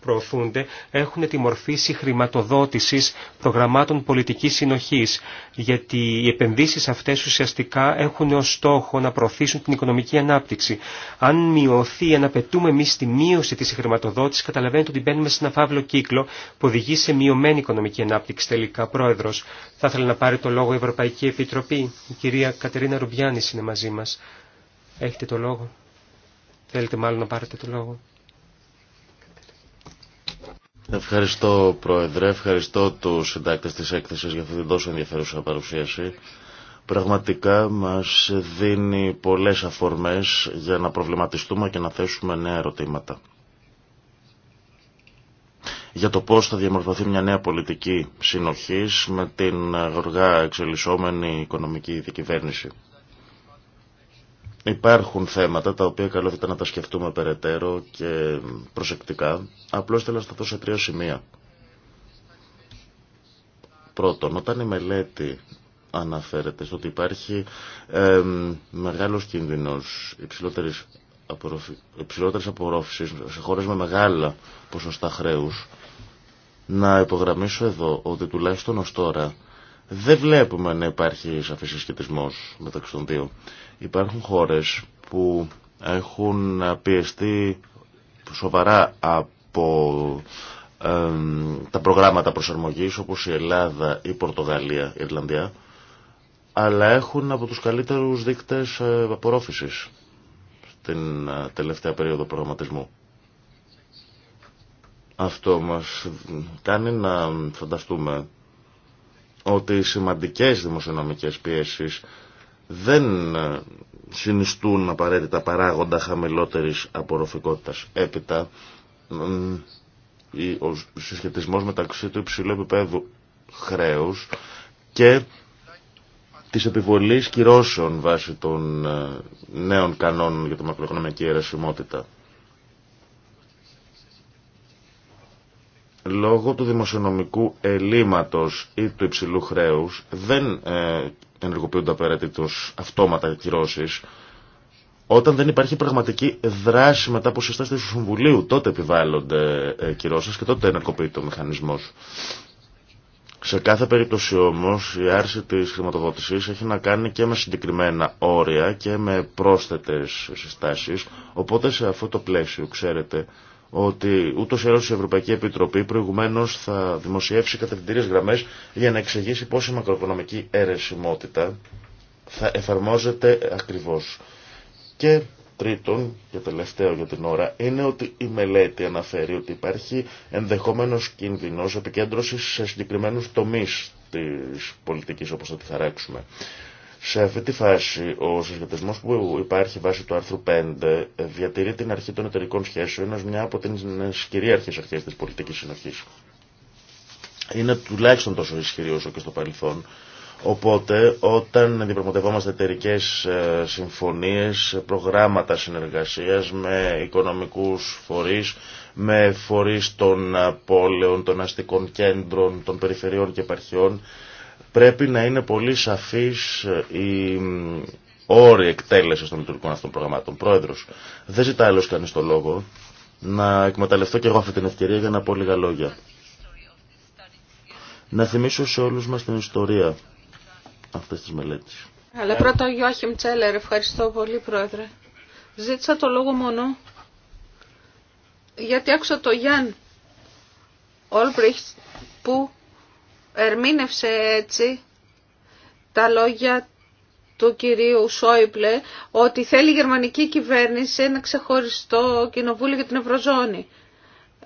προωθούνται έχουν τη μορφή συγχρηματοδότησης προγραμμάτων πολιτικής συνοχής, γιατί οι επενδύσεις αυτές ουσιαστικά έχουν ως στόχο να προωθήσουν την οικονομική ανάπτυξη. Αν μειωθεί, αν απαιτούμε εμεί τη μείωση της συγχρηματοδότησης, καταλαβαίνετε ότι μπαίνουμε σε ένα φαύλο κύκλο που οδηγεί σε μειωμένη οικονομική ανάπτυξη τελικά. Πρόεδρος, θα ήθελα να πάρει το λόγο η Ευρωπαϊκή Επιτροπή. Η κυρία Κατερίνα Ρουμπιάνης είναι μαζί μας. Έχετε το λόγο. Θέλετε μάλλον να πάρετε το λόγο. Ευχαριστώ Πρόεδρε, ευχαριστώ τους συντάκτες της έκθεσης για αυτή την τόσο ενδιαφέρουσα παρουσίαση. Πραγματικά μας δίνει πολλές αφορμές για να προβληματιστούμε και να θέσουμε νέα ερωτήματα. Για το πώς θα διαμορφωθεί μια νέα πολιτική συνοχής με την αργά εξελισσόμενη οικονομική διακυβέρνηση. Υπάρχουν θέματα τα οποία καλό ήταν να τα σκεφτούμε περαιτέρω και προσεκτικά. Απλώς θέλω να σταθώ σε τρία σημεία. Πρώτον, όταν η μελέτη αναφέρεται στο ότι υπάρχει ε, μεγάλος κίνδυνος υψηλότερης, σε χώρες με μεγάλα ποσοστά χρέους, να υπογραμμίσω εδώ ότι τουλάχιστον ως τώρα δεν βλέπουμε να υπάρχει σαφή συσχετισμό μεταξύ των δύο. Υπάρχουν χώρες που έχουν πιεστεί σοβαρά από τα προγράμματα προσαρμογής όπως η Ελλάδα, η Πορτογαλία, η Ιρλανδία αλλά έχουν από τους καλύτερους δείκτες ε, απορρόφησης στην ε, τελευταία περίοδο προγραμματισμού. Αυτό μας κάνει να φανταστούμε ότι οι σημαντικές δημοσιονομικές πίεσεις δεν ε, συνιστούν απαραίτητα παράγοντα χαμηλότερης απορροφικότητας. Έπειτα, ο συσχετισμός μεταξύ του υψηλού επίπεδου χρέους και της επιβολής κυρώσεων βάσει των ε, νέων κανόνων για τη μακροοικονομική αιρεσιμότητα. λόγω του δημοσιονομικού ελλείμματος ή του υψηλού χρέους δεν ε, ενεργοποιούνται απαραίτητος αυτόματα κυρώσεις όταν δεν υπάρχει πραγματική δράση μετά από συστάσει του Συμβουλίου, τότε επιβάλλονται ε, κυρώσει και τότε ενεργοποιείται ο μηχανισμό. Σε κάθε περίπτωση όμω η του υψηλου χρεους δεν ενεργοποιουνται απαραιτητος αυτοματα κυρωσεις οταν δεν υπαρχει πραγματικη δραση μετα απο συστασεις του συμβουλιου τοτε επιβαλλονται ε κυρωσει και τοτε ενεργοποιειται ο μηχανισμος σε καθε περιπτωση ομως η αρση της χρηματοδότησης έχει να κάνει και με συγκεκριμένα όρια και με πρόσθετες συστάσεις. Οπότε σε αυτό το πλαίσιο, ξέρετε, ότι ούτω ή η Ευρωπαϊκή Επιτροπή προηγουμένω θα δημοσιεύσει κατευθυντήριε γραμμέ για να εξηγήσει πώ η μακροοικονομική αιρεσιμότητα θα εφαρμόζεται ακριβώ. Και τρίτον, και τελευταίο για την ώρα, είναι ότι η μελέτη αναφέρει ότι υπάρχει ενδεχόμενο κίνδυνο επικέντρωση σε συγκεκριμένου τομεί τη πολιτική όπω θα τη χαράξουμε. Σε αυτή τη φάση, ο συσχετισμό που υπάρχει βάσει του άρθρου 5 διατηρεί την αρχή των εταιρικών σχέσεων ω μια από τι κυρίαρχε αρχέ τη πολιτική συνοχή. Είναι τουλάχιστον τόσο ισχυρή όσο και στο παρελθόν. Οπότε, όταν διαπραγματευόμαστε εταιρικέ ε, συμφωνίε, προγράμματα συνεργασία με οικονομικού φορεί, με φορεί των ε, πόλεων, των αστικών κέντρων, των περιφερειών και επαρχιών, Πρέπει να είναι πολύ σαφής ε, η όρη εκτέλεση των λειτουργικών αυτών προγραμμάτων. Πρόεδρος, δεν ζητά άλλο κανεί το λόγο. Να εκμεταλλευτώ και εγώ αυτή την ευκαιρία για να πω λίγα λόγια. Να θυμίσω σε όλους μας την ιστορία αυτές τις μελέτες Αλλά πρώτα ο Γιώχημ Τσέλερ, ευχαριστώ πολύ πρόεδρε. Ζήτησα το λόγο μόνο γιατί άκουσα το Γιάνν Όλμπριχτ που ερμήνευσε έτσι τα λόγια του κυρίου Σόιπλε ότι θέλει η γερμανική κυβέρνηση ένα ξεχωριστό κοινοβούλιο για την Ευρωζώνη.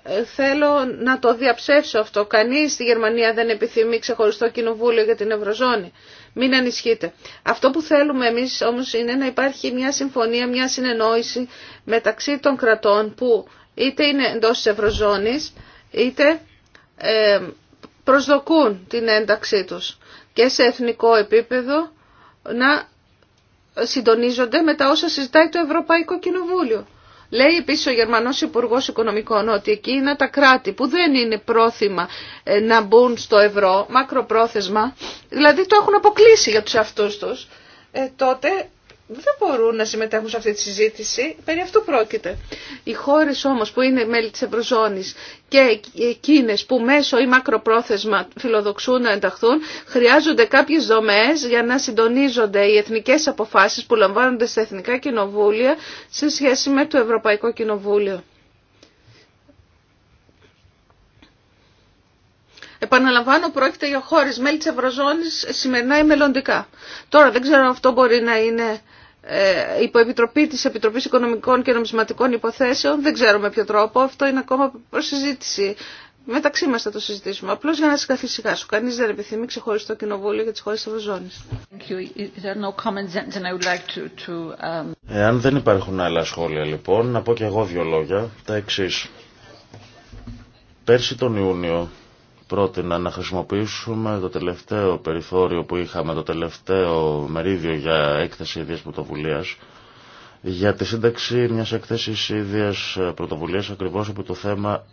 Ε, θέλω να το διαψεύσω αυτό. Κανείς στη Γερμανία δεν επιθυμεί ξεχωριστό κοινοβούλιο για την Ευρωζώνη. Μην ανησυχείτε. Αυτό που θέλουμε εμείς όμως είναι να υπάρχει μια συμφωνία, μια συνεννόηση μεταξύ των κρατών που είτε είναι εντός της Ευρωζώνης είτε ε, προσδοκούν την ένταξή τους και σε εθνικό επίπεδο να συντονίζονται με τα όσα συζητάει το Ευρωπαϊκό Κοινοβούλιο. Λέει επίσης ο Γερμανός Υπουργό Οικονομικών ότι εκείνα τα κράτη που δεν είναι πρόθυμα ε, να μπουν στο ευρώ, μακροπρόθεσμα, δηλαδή το έχουν αποκλείσει για τους αυτούς τους, ε, τότε δεν μπορούν να συμμετέχουν σε αυτή τη συζήτηση. Περί αυτού πρόκειται. Οι χώρες όμως που είναι μέλη τη Ευρωζώνη και εκείνε που μέσω ή μακροπρόθεσμα φιλοδοξούν να ενταχθούν, χρειάζονται κάποιες δομέ για να συντονίζονται οι εθνικές αποφάσεις που λαμβάνονται στα εθνικά κοινοβούλια σε σχέση με το Ευρωπαϊκό Κοινοβούλιο. Επαναλαμβάνω, πρόκειται για χώρε μέλη τη Ευρωζώνη σημερινά ή μελλοντικά. Τώρα δεν ξέρω αν αυτό μπορεί να είναι ε, επιτροπή τη Επιτροπή Οικονομικών και Νομισματικών Υποθέσεων. Δεν ξέρω με ποιο τρόπο. Αυτό είναι ακόμα προ συζήτηση. Μεταξύ μα θα το συζητήσουμε. Απλώ για να σα καθησυχάσω. Κανεί δεν επιθυμεί ξεχωριστό κοινοβούλιο για τι χώρε τη Ευρωζώνη. Εάν δεν υπάρχουν άλλα σχόλια, λοιπόν, να πω και εγώ δύο λόγια. Τα εξή. Πέρσι τον Ιούνιο, πρότεινα να χρησιμοποιήσουμε το τελευταίο περιθώριο που είχαμε, το τελευταίο μερίδιο για έκθεση ίδιας πρωτοβουλία για τη σύνταξη μιας έκθεσης ίδιας πρωτοβουλίας ακριβώς από το θέμα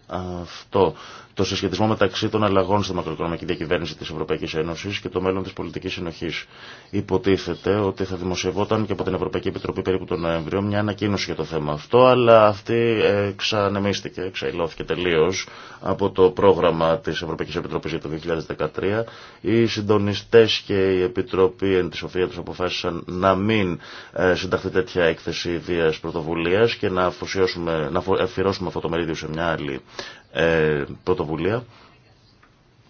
αυτό το συσχετισμό μεταξύ των αλλαγών στη μακροοικονομική διακυβέρνηση τη Ευρωπαϊκή Ένωση και το μέλλον τη πολιτική συνοχή. Υποτίθεται ότι θα δημοσιευόταν και από την Ευρωπαϊκή Επιτροπή περίπου τον Νοέμβριο μια ανακοίνωση για το θέμα αυτό, αλλά αυτή ε, ξανεμίστηκε, ξαϊλώθηκε τελείω από το πρόγραμμα τη Ευρωπαϊκή Επιτροπή για το 2013. Οι συντονιστέ και η Επιτροπή εν τη Σοφία του αποφάσισαν να μην ε, συνταχθεί τέτοια έκθεση ιδία πρωτοβουλία και να αφιερώσουμε αυτό το μερίδιο σε μια άλλη ε, πρωτοβουλία.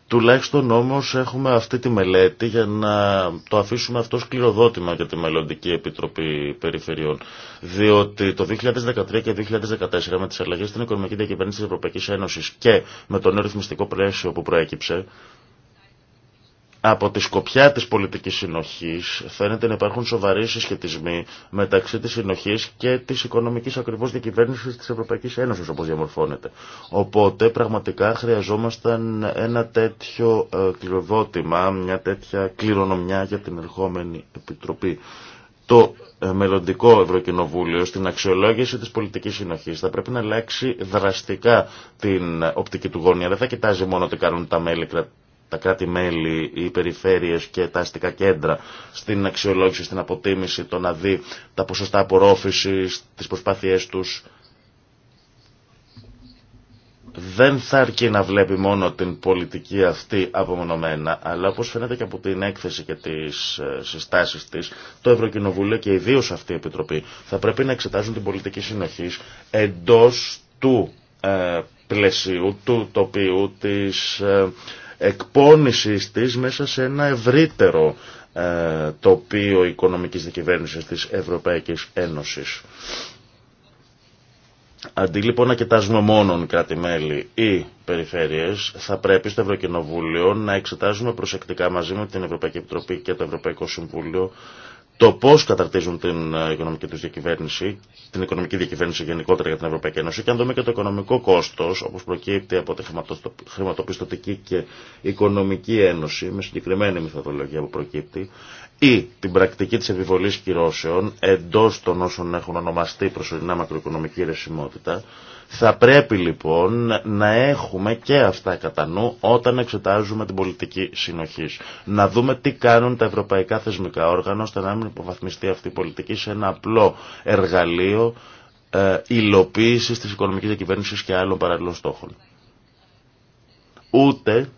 Τουλάχιστον όμως έχουμε αυτή τη μελέτη για να το αφήσουμε αυτό σκληροδότημα για τη Μελλοντική Επιτροπή Περιφερειών. Διότι το 2013 και 2014 με τις αλλαγές στην οικονομική διακυβέρνηση της Ευρωπαϊκής Ένωσης και με το νέο ρυθμιστικό πλαίσιο που προέκυψε από τη σκοπιά της πολιτικής συνοχής φαίνεται να υπάρχουν σοβαροί συσχετισμοί μεταξύ της συνοχής και της οικονομικής ακριβώς διακυβέρνησης της Ευρωπαϊκής Ένωσης όπως διαμορφώνεται. Οπότε πραγματικά χρειαζόμασταν ένα τέτοιο ε, κληροδότημα, μια τέτοια κληρονομιά για την ερχόμενη Επιτροπή. Το ε, μελλοντικό Ευρωκοινοβούλιο στην αξιολόγηση της πολιτικής συνοχής θα πρέπει να αλλάξει δραστικά την ε, οπτική του γωνία. Δεν θα κοιτάζει μόνο τι κάνουν τα μέλη τα κράτη-μέλη, οι περιφέρειες και τα αστικά κέντρα στην αξιολόγηση, στην αποτίμηση, το να δει τα ποσοστά απορρόφησης, τις προσπάθειές τους. Δεν θα αρκεί να βλέπει μόνο την πολιτική αυτή απομονωμένα, αλλά όπως φαίνεται και από την έκθεση και τις ε, συστάσεις της, το Ευρωκοινοβούλιο και ιδίως αυτή η Επιτροπή θα πρέπει να εξετάζουν την πολιτική συνοχής εντός του ε, πλαισίου του τοπίου της ε, εκπόνησης της μέσα σε ένα ευρύτερο ε, τοπίο οικονομικής δικυβέρνησης της Ευρωπαϊκής Ένωσης. Αντί λοιπόν να κοιτάζουμε μόνον κράτη-μέλη ή περιφέρειες, θα πρέπει στο Ευρωκοινοβούλιο να εξετάζουμε προσεκτικά μαζί με την Ευρωπαϊκή Επιτροπή και το Ευρωπαϊκό Συμβούλιο το πώ καταρτίζουν την ε, οικονομική του διακυβέρνηση, την οικονομική διακυβέρνηση γενικότερα για την Ευρωπαϊκή Ένωση και αν δούμε και το οικονομικό κόστο, όπω προκύπτει από τη χρηματοπιστωτική και οικονομική ένωση, με συγκεκριμένη μυθοδολογία που προκύπτει, ή την πρακτική τη επιβολή κυρώσεων εντό των όσων έχουν ονομαστεί προσωρινά μακροοικονομική ρεσιμότητα, θα πρέπει λοιπόν να έχουμε και αυτά κατά νου όταν εξετάζουμε την πολιτική συνοχή. Να δούμε τι κάνουν τα ευρωπαϊκά θεσμικά όργανα ώστε να μην υποβαθμιστεί αυτή η πολιτική σε ένα απλό εργαλείο ε, υλοποίηση τη οικονομική διακυβέρνηση και άλλων παραλληλών στόχων. Ούτε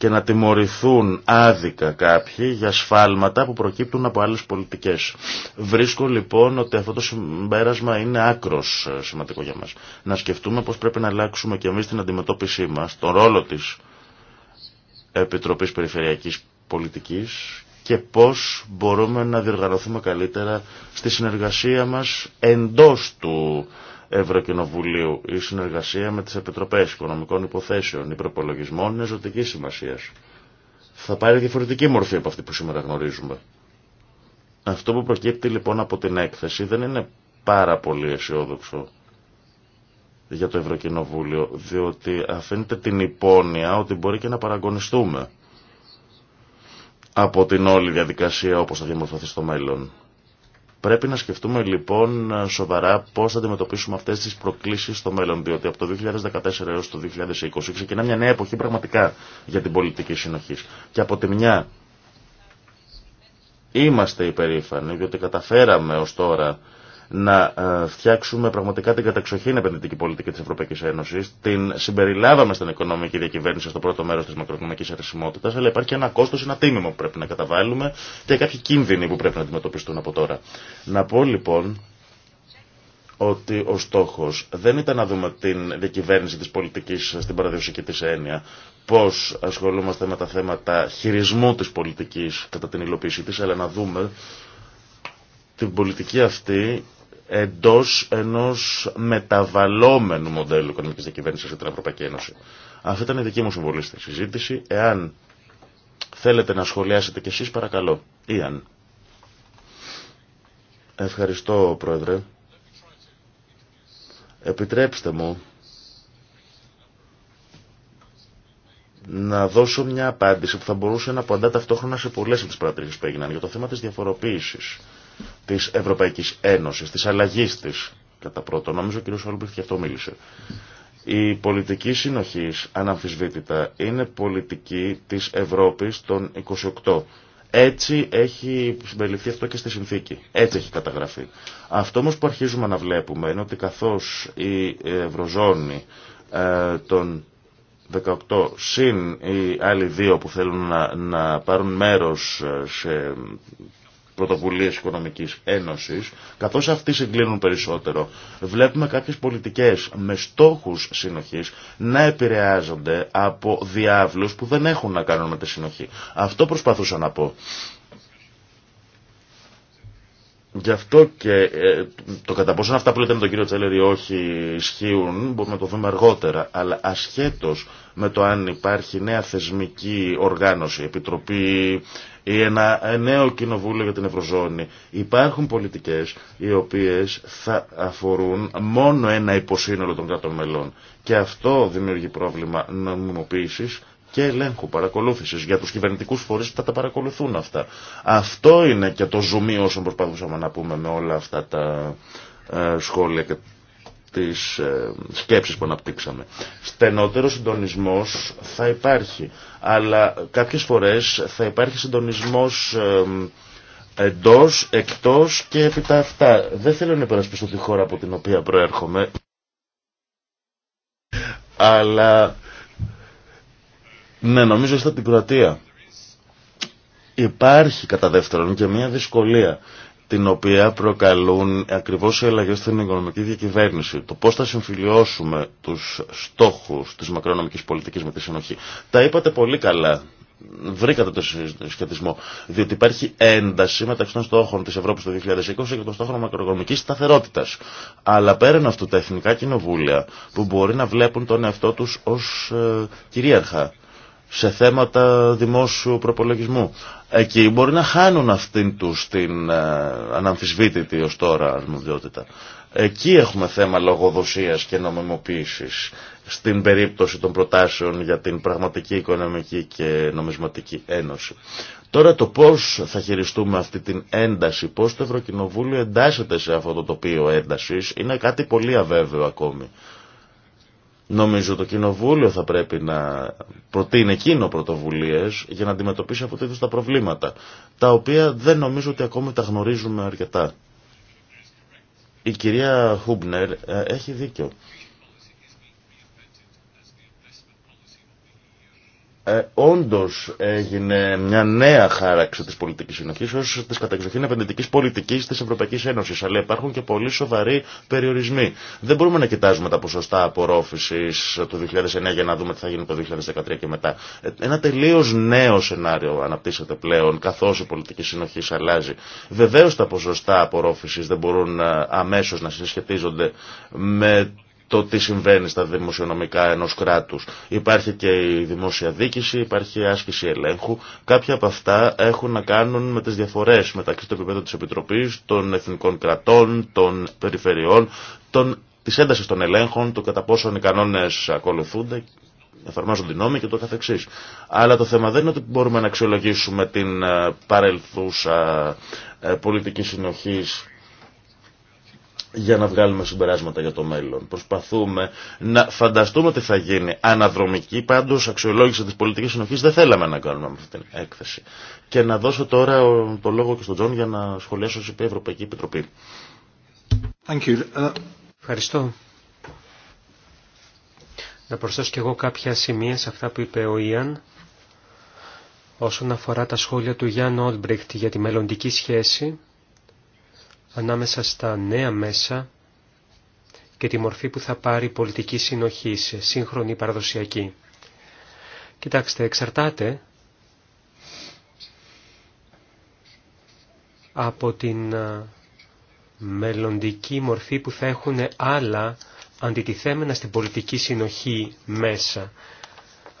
και να τιμωρηθούν άδικα κάποιοι για σφάλματα που προκύπτουν από άλλες πολιτικές. Βρίσκω λοιπόν ότι αυτό το συμπέρασμα είναι άκρος ε, σημαντικό για μας. Να σκεφτούμε πώς πρέπει να αλλάξουμε και εμείς την αντιμετώπιση μας, τον ρόλο της Επιτροπής Περιφερειακής Πολιτικής και πώς μπορούμε να διοργανωθούμε καλύτερα στη συνεργασία μας εντός του Ευρωκοινοβουλίου. Η συνεργασία με τις Επιτροπές Οικονομικών Υποθέσεων, ή προπολογισμών είναι ζωτική σημασία. Θα πάρει διαφορετική μορφή από αυτή που σήμερα γνωρίζουμε. Αυτό που προκύπτει λοιπόν από την έκθεση δεν είναι πάρα πολύ αισιόδοξο για το Ευρωκοινοβούλιο, διότι αφήνεται την υπόνοια ότι μπορεί και να παραγωνιστούμε από την όλη διαδικασία όπως θα διαμορφωθεί στο μέλλον. Πρέπει να σκεφτούμε λοιπόν σοβαρά πώς θα αντιμετωπίσουμε αυτές τις προκλήσεις στο μέλλον, διότι από το 2014 έως το 2020 ξεκινά μια νέα εποχή πραγματικά για την πολιτική συνοχή. Και από τη μια είμαστε υπερήφανοι, διότι καταφέραμε ως τώρα να ε, φτιάξουμε πραγματικά την καταξοχήν επενδυτική πολιτική τη Ευρωπαϊκή Ένωση. Την συμπεριλάβαμε στην οικονομική διακυβέρνηση στο πρώτο μέρο τη μακροοικονομική αρισιμότητα, αλλά υπάρχει και ένα κόστος, ένα τίμημα που πρέπει να καταβάλουμε και κάποιοι κίνδυνοι που πρέπει να αντιμετωπιστούν από τώρα. Να πω λοιπόν ότι ο στόχο δεν ήταν να δούμε την διακυβέρνηση τη πολιτική στην παραδοσιακή της έννοια, πώ ασχολούμαστε με τα θέματα χειρισμού τη πολιτική κατά την υλοποίησή τη, αλλά να δούμε την πολιτική αυτή Εντό ενός μεταβαλλόμενου μοντέλου οικονομική διακυβέρνηση για την Ευρωπαϊκή Ένωση. Αυτή ήταν η δική μου συμβολή στη συζήτηση. Εάν θέλετε να σχολιάσετε κι εσείς παρακαλώ. Ή Ευχαριστώ Πρόεδρε. Επιτρέψτε μου να δώσω μια απάντηση που θα μπορούσε να απαντά ταυτόχρονα σε πολλές από τις παρατηρήσεις που έγιναν για το θέμα της διαφοροποίησης της Ευρωπαϊκής Ένωσης, της αλλαγής της κατά πρώτο. Νομίζω ο κ. Σόλμπριχτ και αυτό μίλησε. Η πολιτική συνοχής, αναμφισβήτητα, είναι πολιτική της Ευρώπης των 28. Έτσι έχει συμπεριληφθεί αυτό και στη συνθήκη. Έτσι έχει καταγραφεί. Αυτό όμως που αρχίζουμε να βλέπουμε είναι ότι καθώς η Ευρωζώνη ε, των 18 συν οι άλλοι δύο που θέλουν να, να πάρουν μέρος ε, σε πρωτοβουλίες οικονομικής ένωσης, καθώς αυτοί συγκλίνουν περισσότερο, βλέπουμε κάποιες πολιτικές με στόχους συνοχής να επηρεάζονται από διάβλους που δεν έχουν να κάνουν με τη συνοχή. Αυτό προσπαθούσα να πω. Γι' αυτό και ε, το κατά πόσο αυτά που λέτε με τον κύριο Τσέλερη όχι ισχύουν μπορούμε να το δούμε αργότερα. Αλλά ασχέτως με το αν υπάρχει νέα θεσμική οργάνωση, επιτροπή ή ένα ε, νέο κοινοβούλιο για την Ευρωζώνη, υπάρχουν πολιτικές οι οποίες θα αφορούν μόνο ένα υποσύνολο των κρατών μελών. Και αυτό δημιουργεί πρόβλημα νομιμοποίησης και ελέγχου παρακολούθηση για του κυβερνητικού φορεί που θα τα παρακολουθούν αυτά. Αυτό είναι και το ζουμί όσων προσπαθούσαμε να πούμε με όλα αυτά τα ε, σχόλια και τι ε, σκέψεις που αναπτύξαμε. Στενότερο συντονισμό θα υπάρχει, αλλά κάποιε φορέ θα υπάρχει συντονισμός εντός, εκτός και επί τα αυτά. Δεν θέλω να υπερασπιστώ τη χώρα από την οποία προέρχομαι, αλλά ναι, νομίζω είστε την Κροατία. Υπάρχει κατά δεύτερον και μια δυσκολία την οποία προκαλούν ακριβώς οι αλλαγές στην οικονομική διακυβέρνηση. Το πώς θα συμφιλιώσουμε τους στόχους της μακροοικονομικής πολιτικής με τη συνοχή. Τα είπατε πολύ καλά. Βρήκατε το σχετισμό. Διότι υπάρχει ένταση μεταξύ των στόχων της Ευρώπης το 2020 και των στόχων μακροοικονομικής σταθερότητας. Αλλά πέραν αυτού τα εθνικά κοινοβούλια που μπορεί να βλέπουν τον εαυτό τους ως ε, κυρίαρχα σε θέματα δημόσιου προπολογισμού. Εκεί μπορεί να χάνουν αυτήν τους την ε, αναμφισβήτητη ως τώρα αρμοδιότητα. Εκεί έχουμε θέμα λογοδοσίας και νομιμοποίησης στην περίπτωση των προτάσεων για την πραγματική οικονομική και νομισματική ένωση. Τώρα το πώς θα χειριστούμε αυτή την ένταση, πώς το Ευρωκοινοβούλιο εντάσσεται σε αυτό το τοπίο έντασης, είναι κάτι πολύ αβέβαιο ακόμη. Νομίζω το Κοινοβούλιο θα πρέπει να προτείνει εκείνο πρωτοβουλίε για να αντιμετωπίσει αυτού τα προβλήματα, τα οποία δεν νομίζω ότι ακόμη τα γνωρίζουμε αρκετά. Η κυρία Χούμπνερ ε, έχει δίκιο. ε, Όντω έγινε μια νέα χάραξη τη πολιτική συνοχή ω τη καταξοχήν επενδυτική πολιτική τη Ευρωπαϊκή Ένωση. Αλλά υπάρχουν και πολύ σοβαροί περιορισμοί. Δεν μπορούμε να κοιτάζουμε τα ποσοστά απορρόφηση του 2009 για να δούμε τι θα γίνει το 2013 και μετά. Ε, ένα τελείω νέο σενάριο αναπτύσσεται πλέον καθώ η πολιτική συνοχή αλλάζει. Βεβαίω τα ποσοστά απορρόφηση δεν μπορούν ε, αμέσω να συσχετίζονται με το τι συμβαίνει στα δημοσιονομικά ενός κράτους. Υπάρχει και η δημόσια δίκηση, υπάρχει η άσκηση ελέγχου. Κάποια από αυτά έχουν να κάνουν με τις διαφορές μεταξύ του επίπεδου της Επιτροπής, των εθνικών κρατών, των περιφερειών, των, της έντασης των ελέγχων, του κατά πόσο οι κανόνες ακολουθούνται εφαρμόζονται νόμοι και το καθεξής. Αλλά το θέμα δεν είναι ότι μπορούμε να αξιολογήσουμε την ε, παρελθούσα ε, πολιτική συνοχής για να βγάλουμε συμπεράσματα για το μέλλον. Προσπαθούμε να φανταστούμε ότι θα γίνει αναδρομική, πάντως αξιολόγηση της πολιτικής συνοχής δεν θέλαμε να κάνουμε με αυτή την έκθεση. Και να δώσω τώρα το λόγο και στον Τζον για να σχολιάσω η Ευρωπαϊκή Επιτροπή. Thank you. Ε, Ευχαριστώ. Να προσθέσω κι εγώ κάποια σημεία σε αυτά που είπε ο Ιαν όσον αφορά τα σχόλια του Γιάννου Όλμπριχτ για τη μελλοντική σχέση ανάμεσα στα νέα μέσα και τη μορφή που θα πάρει πολιτική συνοχή σε σύγχρονη παραδοσιακή. Κοιτάξτε, εξαρτάται από την μελλοντική μορφή που θα έχουν άλλα αντιτιθέμενα στην πολιτική συνοχή μέσα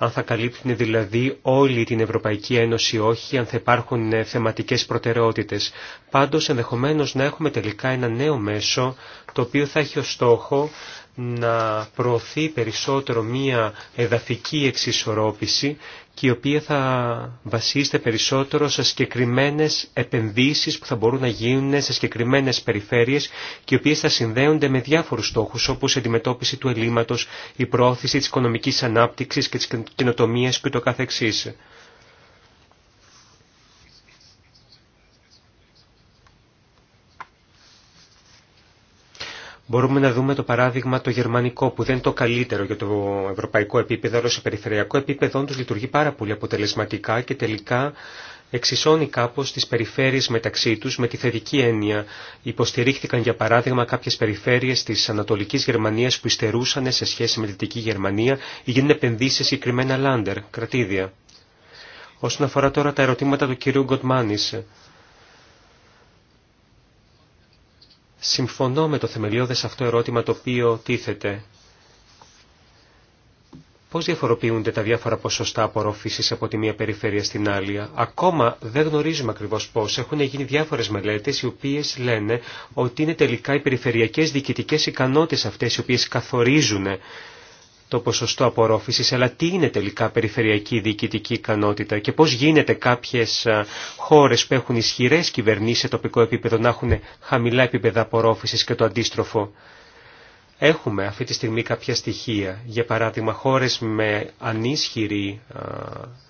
αν θα καλύπτουν δηλαδή όλη την Ευρωπαϊκή Ένωση όχι, αν θα υπάρχουν ε, θεματικές προτεραιότητες. Πάντως ενδεχομένως να έχουμε τελικά ένα νέο μέσο το οποίο θα έχει ως στόχο να προωθεί περισσότερο μία εδαφική εξισορρόπηση και η οποία θα βασίζεται περισσότερο σε συγκεκριμένε επενδύσεις που θα μπορούν να γίνουν σε συγκεκριμένε περιφέρειες και οι οποίες θα συνδέονται με διάφορους στόχους όπως η αντιμετώπιση του ελλείμματος, η προώθηση της οικονομικής ανάπτυξης και της καινοτομίας και το καθεξής. Μπορούμε να δούμε το παράδειγμα το γερμανικό που δεν είναι το καλύτερο για το ευρωπαϊκό επίπεδο, αλλά σε περιφερειακό επίπεδο όντως λειτουργεί πάρα πολύ αποτελεσματικά και τελικά εξισώνει κάπως τις περιφέρειες μεταξύ τους με τη θετική έννοια. Υποστηρίχθηκαν για παράδειγμα κάποιες περιφέρειες της Ανατολικής Γερμανίας που υστερούσαν σε σχέση με τη Δυτική Γερμανία ή γίνουν επενδύσεις σε συγκεκριμένα λάντερ, κρατήδια. Όσον αφορά τώρα τα ερωτήματα του κυρίου Γκοτμάνης, Συμφωνώ με το θεμελιώδες αυτό ερώτημα το οποίο τίθεται. Πώς διαφοροποιούνται τα διάφορα ποσοστά απορροφήσεις από τη μία περιφέρεια στην άλλη. Ακόμα δεν γνωρίζουμε ακριβώς πώς. Έχουν γίνει διάφορες μελέτες οι οποίες λένε ότι είναι τελικά οι περιφερειακές διοικητικές ικανότητες αυτές οι οποίες καθορίζουν το ποσοστό απορρόφησης, αλλά τι είναι τελικά περιφερειακή διοικητική ικανότητα και πώς γίνεται κάποιες ε, χώρες που έχουν ισχυρές κυβερνήσεις σε τοπικό επίπεδο να έχουν χαμηλά επίπεδα απορρόφησης και το αντίστροφο. Έχουμε αυτή τη στιγμή κάποια στοιχεία, για παράδειγμα χώρες με ανίσχυρη ε,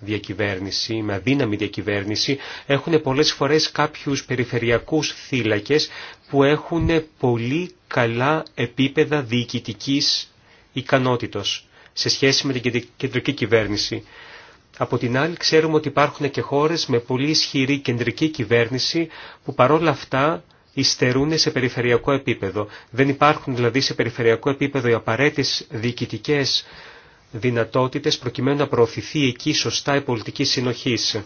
διακυβέρνηση, με αδύναμη διακυβέρνηση, έχουν πολλές φορές κάποιους περιφερειακούς θύλακες που έχουν πολύ καλά επίπεδα διοικητικής ικανότητος σε σχέση με την κεντρική κυβέρνηση. Από την άλλη ξέρουμε ότι υπάρχουν και χώρες με πολύ ισχυρή κεντρική κυβέρνηση που παρόλα αυτά υστερούν σε περιφερειακό επίπεδο. Δεν υπάρχουν δηλαδή σε περιφερειακό επίπεδο οι απαραίτητες διοικητικές δυνατότητες προκειμένου να προωθηθεί εκεί σωστά η πολιτική συνοχής.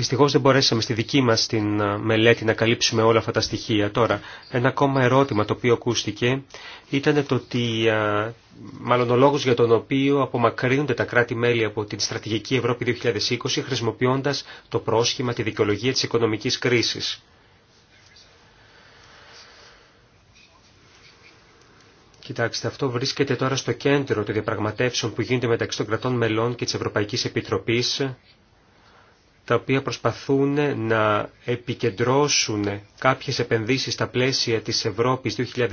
Δυστυχώ δεν μπορέσαμε στη δική μας την ε, μελέτη να καλύψουμε όλα αυτά τα στοιχεία. Τώρα, ένα ακόμα ερώτημα το οποίο ακούστηκε ήταν το ότι, ε, μάλλον ο λόγος για τον οποίο απομακρύνονται τα κράτη-μέλη από την στρατηγική Ευρώπη 2020 χρησιμοποιώντας το πρόσχημα τη δικαιολογία της οικονομικής κρίσης. Κοιτάξτε, αυτό βρίσκεται τώρα στο κέντρο των διαπραγματεύσεων που γίνονται μεταξύ των κρατών μελών και της Ευρωπαϊκής Επιτροπής τα οποία προσπαθούν να επικεντρώσουν κάποιες επενδύσεις στα πλαίσια της Ευρώπης 2020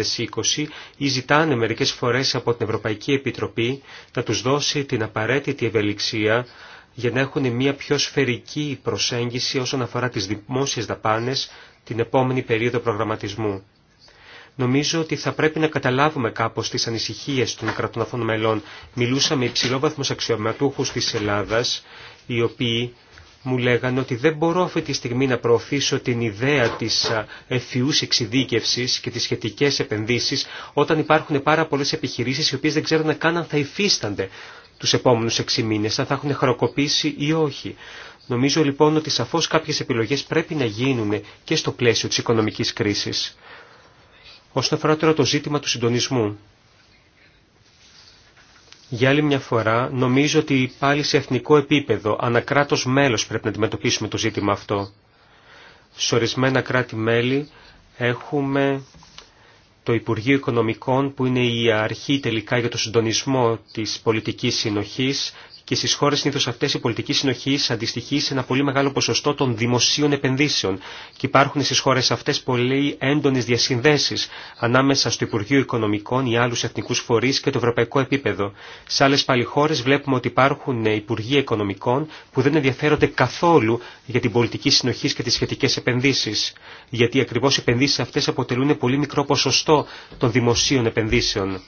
ή ζητάνε μερικές φορές από την Ευρωπαϊκή Επιτροπή να τους δώσει την απαραίτητη ευελιξία για να έχουν μια πιο σφαιρική προσέγγιση όσον αφορά τις δημόσιες δαπάνες την επόμενη περίοδο προγραμματισμού. Νομίζω ότι θα πρέπει να καταλάβουμε κάπως τις ανησυχίες των κρατών μελών. Μιλούσαμε υψηλόβαθμους αξιωματούχους της Ελλάδας, οι οποίοι μου λέγανε ότι δεν μπορώ αυτή τη στιγμή να προωθήσω την ιδέα της ευφυούς εξειδίκευσης και τις σχετικές επενδύσεις όταν υπάρχουν πάρα πολλές επιχειρήσεις οι οποίες δεν ξέρουν καν αν θα υφίστανται τους επόμενους έξι μήνες, αν θα έχουν χαροκοπήσει ή όχι. Νομίζω λοιπόν ότι σαφώς κάποιες επιλογές πρέπει να γίνουν και στο πλαίσιο της οικονομικής κρίσης. Όσον αφορά τώρα το ζήτημα του συντονισμού, για άλλη μια φορά, νομίζω ότι πάλι σε εθνικό επίπεδο, ανακράτος μέλος πρέπει να αντιμετωπίσουμε το ζήτημα αυτό. Σε ορισμένα κράτη-μέλη έχουμε το Υπουργείο Οικονομικών που είναι η αρχή τελικά για το συντονισμό της πολιτικής συνοχής και στι χώρε συνήθω αυτέ η πολιτική συνοχή αντιστοιχεί σε ένα πολύ μεγάλο ποσοστό των δημοσίων επενδύσεων και υπάρχουν στι χώρε αυτέ πολύ έντονε διασυνδέσει ανάμεσα στο Υπουργείο Οικονομικών ή άλλου εθνικού φορεί και το ευρωπαϊκό επίπεδο. Σε άλλε πάλι χώρε βλέπουμε ότι υπάρχουν Υπουργοί Οικονομικών που δεν ενδιαφέρονται καθόλου για την πολιτική συνοχή και τι σχετικέ επενδύσει. Γιατί ακριβώ οι επενδύσει αυτέ αποτελούν πολύ μικρό ποσοστό των δημοσίων επενδύσεων.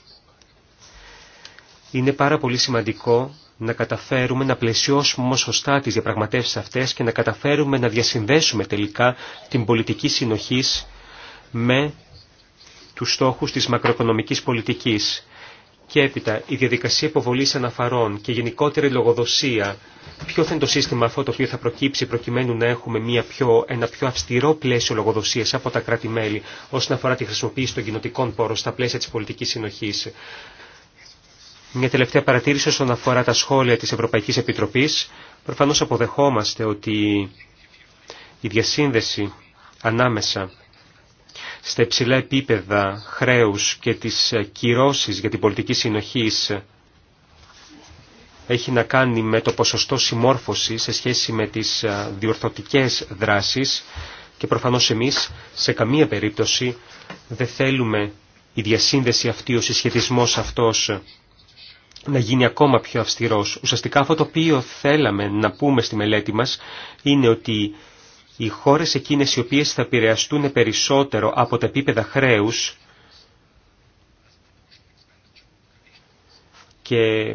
Είναι πάρα πολύ σημαντικό να καταφέρουμε να πλαισιώσουμε όμως σωστά τις διαπραγματεύσεις αυτές και να καταφέρουμε να διασυνδέσουμε τελικά την πολιτική συνοχής με τους στόχους της μακροοικονομικής πολιτικής. Και έπειτα η διαδικασία υποβολή αναφαρών και γενικότερη λογοδοσία. Ποιο θα είναι το σύστημα αυτό το οποίο θα προκύψει προκειμένου να έχουμε μια πιο, ένα πιο αυστηρό πλαίσιο λογοδοσία από τα κράτη-μέλη όσον αφορά τη χρησιμοποίηση των κοινοτικών πόρων στα πλαίσια τη πολιτική συνοχή. Μια τελευταία παρατήρηση όσον αφορά τα σχόλια της Ευρωπαϊκής Επιτροπής. Προφανώς αποδεχόμαστε ότι η διασύνδεση ανάμεσα στα υψηλά επίπεδα χρέους και τις κυρώσεις για την πολιτική συνοχή έχει να κάνει με το ποσοστό συμμόρφωση σε σχέση με τις διορθωτικές δράσεις και προφανώς εμείς σε καμία περίπτωση δεν θέλουμε η διασύνδεση αυτή, ο συσχετισμός αυτός να γίνει ακόμα πιο αυστηρός. Ουσιαστικά αυτό το οποίο θέλαμε να πούμε στη μελέτη μας είναι ότι οι χώρες εκείνες οι οποίες θα επηρεαστούν περισσότερο από τα επίπεδα χρέους και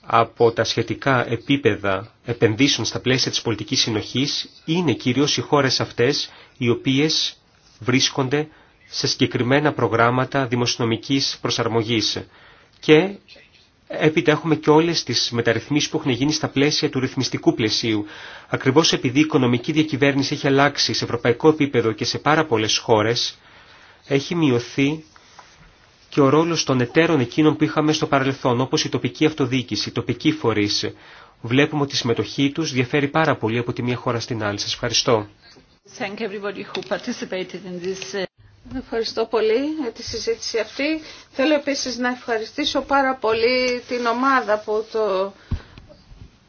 από τα σχετικά επίπεδα επενδύσεων στα πλαίσια της πολιτικής συνοχής είναι κυρίως οι χώρες αυτές οι οποίες βρίσκονται σε συγκεκριμένα προγράμματα δημοσιονομικής προσαρμογής και έπειτα έχουμε και όλες τις μεταρρυθμίσεις που έχουν γίνει στα πλαίσια του ρυθμιστικού πλαισίου. Ακριβώς επειδή η οικονομική διακυβέρνηση έχει αλλάξει σε ευρωπαϊκό επίπεδο και σε πάρα πολλές χώρες, έχει μειωθεί και ο ρόλος των εταίρων εκείνων που είχαμε στο παρελθόν, όπως η τοπική αυτοδιοίκηση, οι τοπικοί φορείς. Βλέπουμε ότι η συμμετοχή τους διαφέρει πάρα πολύ από τη μία χώρα στην άλλη. Σας ευχαριστώ. Ευχαριστώ πολύ για τη συζήτηση αυτή. Θέλω επίσης να ευχαριστήσω πάρα πολύ την ομάδα που το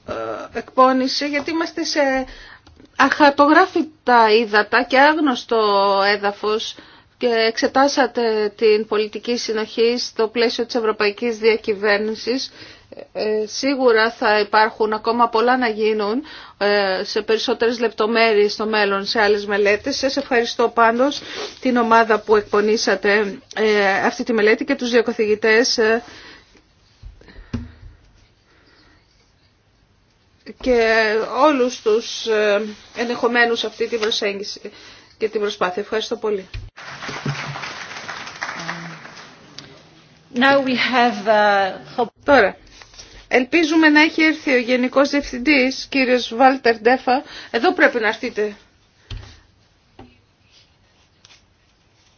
ε, εκπώνησε, γιατί είμαστε σε αχατογράφητα ύδατα και άγνωστο έδαφος και εξετάσατε την πολιτική συνοχή στο πλαίσιο της ευρωπαϊκής διακυβέρνησης ε, σίγουρα θα υπάρχουν ακόμα πολλά να γίνουν ε, σε περισσότερες λεπτομέρειες στο μέλλον σε άλλες μελέτες. Σας ευχαριστώ πάντως την ομάδα που εκπονήσατε ε, αυτή τη μελέτη και τους δύο καθηγητές και όλους τους ενεχομένους αυτή την προσέγγιση και την προσπάθεια. Ευχαριστώ πολύ. Τώρα Ελπίζουμε να έχει έρθει ο Γενικός Διευθυντής, κύριος Βάλτερ Ντέφα. Εδώ πρέπει να έρθείτε.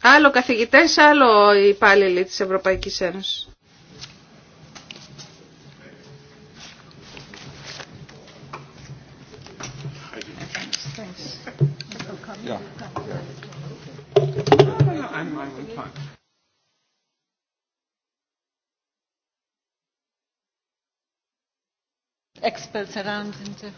Άλλο καθηγητές, άλλο υπάλληλοι της Ευρωπαϊκής Ένωσης. Yeah. experts around and uh,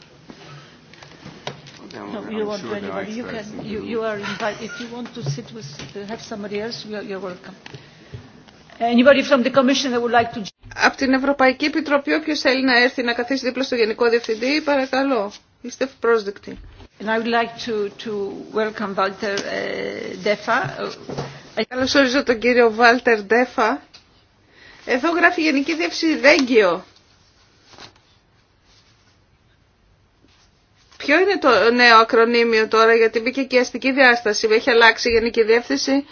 no, you I'm want anybody. You can. You, you are invited. If you want to sit with, uh, have somebody else, you are, you're welcome. Anybody from the Commission that would like to. Από την Ευρωπαϊκή Επιτροπή, όποιο θέλει να έρθει να καθίσει δίπλα στο Γενικό Διευθυντή, παρακαλώ. Είστε πρόσδεκτοι. And I would like to, to welcome Walter Defa. Καλώς ορίζω τον κύριο Βάλτερ Ντέφα. Εδώ γράφει Γενική Διευθυντή Δέγγιο. Ποιο είναι το νέο ακρονίμιο τώρα, γιατί μπήκε και η αστική διάσταση, έχει αλλάξει η Γενική Διεύθυνση.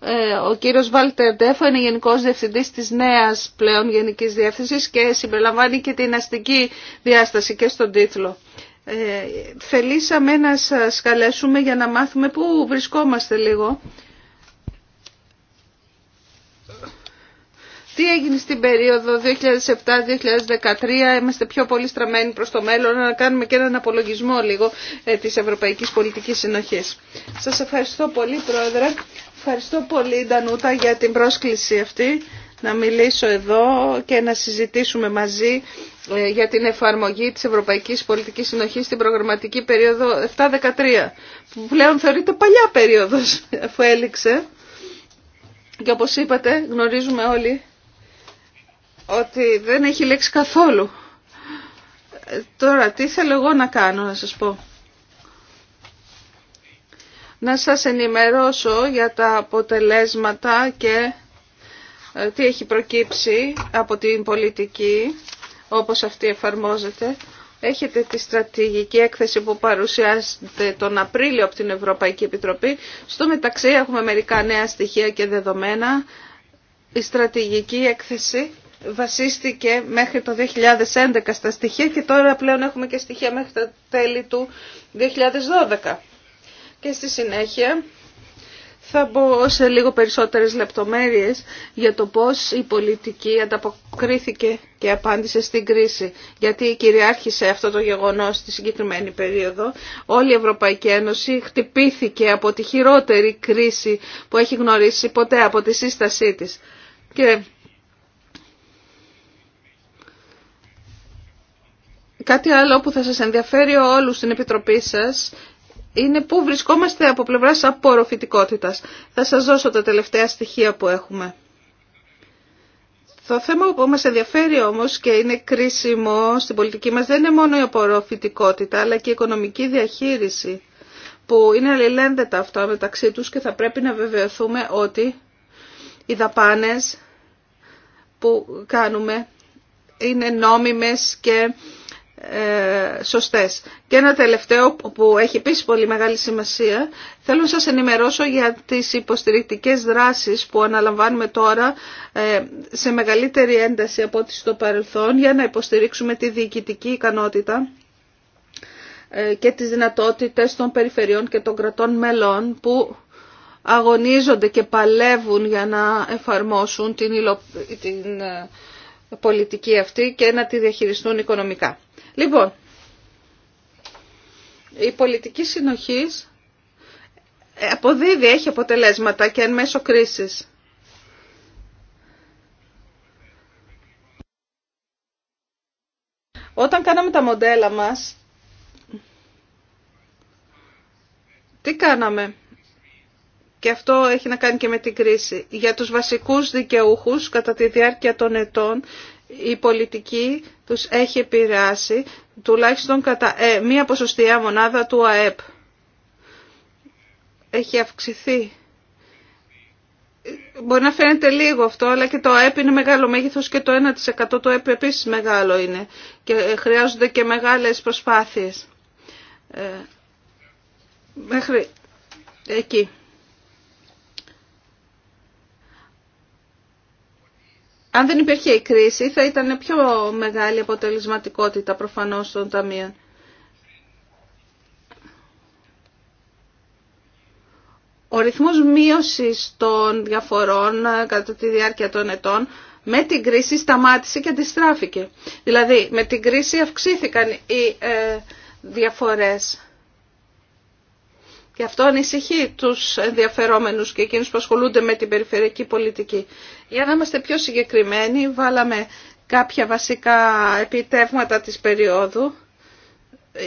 Ε, ο κύριος Βάλτερ Ντέφο είναι Γενικός Διευθυντής της νέας πλέον Γενικής Διεύθυνσης και συμπεριλαμβάνει και την αστική διάσταση και στον τίτλο. Ε, θελήσαμε να σας καλέσουμε για να μάθουμε πού βρισκόμαστε λίγο Τι έγινε στην περίοδο 2007-2013, είμαστε πιο πολύ στραμμένοι προς το μέλλον, να κάνουμε και έναν απολογισμό λίγο ε, της Ευρωπαϊκής Πολιτικής Συνοχής. Σας ευχαριστώ πολύ Πρόεδρε, ευχαριστώ πολύ Ντανούτα για την πρόσκληση αυτή να μιλήσω εδώ και να συζητήσουμε μαζί ε, για την εφαρμογή της Ευρωπαϊκής Πολιτικής Συνοχής στην προγραμματική περίοδο 7-13, που πλέον θεωρείται παλιά περίοδος αφού έληξε. Και όπως είπατε γνωρίζουμε όλοι ότι δεν έχει λέξει καθόλου. Ε, τώρα, τι θέλω εγώ να κάνω, να σας πω. Να σας ενημερώσω για τα αποτελέσματα και ε, τι έχει προκύψει από την πολιτική, όπως αυτή εφαρμόζεται. Έχετε τη στρατηγική έκθεση που παρουσιάζεται τον Απρίλιο από την Ευρωπαϊκή Επιτροπή. Στο μεταξύ έχουμε μερικά νέα στοιχεία και δεδομένα. Η στρατηγική έκθεση βασίστηκε μέχρι το 2011 στα στοιχεία και τώρα πλέον έχουμε και στοιχεία μέχρι τα τέλη του 2012. Και στη συνέχεια θα μπω σε λίγο περισσότερες λεπτομέρειες για το πώς η πολιτική ανταποκρίθηκε και απάντησε στην κρίση. Γιατί κυριάρχησε αυτό το γεγονός στη συγκεκριμένη περίοδο. Όλη η Ευρωπαϊκή Ένωση χτυπήθηκε από τη χειρότερη κρίση που έχει γνωρίσει ποτέ από τη σύστασή της. Και Κάτι άλλο που θα σας ενδιαφέρει όλους στην Επιτροπή σας είναι πού βρισκόμαστε από πλευράς απορροφητικότητας. Θα σας δώσω τα τελευταία στοιχεία που έχουμε. Το θέμα που μας ενδιαφέρει όμως και είναι κρίσιμο στην πολιτική μας δεν είναι μόνο η απορροφητικότητα αλλά και η οικονομική διαχείριση που είναι αλληλένδετα αυτά μεταξύ τους και θα πρέπει να βεβαιωθούμε ότι οι δαπάνες που κάνουμε είναι νόμιμες και ε, σωστές. Και ένα τελευταίο που έχει επίση πολύ μεγάλη σημασία, θέλω να σας ενημερώσω για τις υποστηρικτικές δράσεις που αναλαμβάνουμε τώρα ε, σε μεγαλύτερη ένταση από ό,τι στο παρελθόν για να υποστηρίξουμε τη διοικητική ικανότητα ε, και τις δυνατότητες των περιφερειών και των κρατών μελών που αγωνίζονται και παλεύουν για να εφαρμόσουν την, την πολιτική αυτή και να τη διαχειριστούν οικονομικά. Λοιπόν, η πολιτική συνοχής αποδίδει, έχει αποτελέσματα και εν μέσω κρίσης. Όταν κάναμε τα μοντέλα μας, τι κάναμε. Και αυτό έχει να κάνει και με την κρίση. Για τους βασικούς δικαιούχους, κατά τη διάρκεια των ετών, η πολιτική τους έχει επηρεάσει τουλάχιστον κατά ε, μία ποσοστιαία μονάδα του ΑΕΠ. Έχει αυξηθεί. Μπορεί να φαίνεται λίγο αυτό, αλλά και το ΑΕΠ είναι μεγάλο μέγεθος και το 1% του ΑΕΠ επίσης μεγάλο είναι και ε, χρειάζονται και μεγάλες προσπάθειες. Ε, μέχρι εκεί. Αν δεν υπήρχε η κρίση θα ήταν πιο μεγάλη αποτελεσματικότητα προφανώς των ταμείων. Ο ρυθμός μείωσης των διαφορών ε, κατά τη διάρκεια των ετών με την κρίση σταμάτησε και αντιστράφηκε. Δηλαδή με την κρίση αυξήθηκαν οι ε, διαφορές. Και αυτό ανησυχεί τους ενδιαφερόμενους και εκείνους που ασχολούνται με την περιφερειακή πολιτική. Για να είμαστε πιο συγκεκριμένοι, βάλαμε κάποια βασικά επιτεύγματα της περίοδου.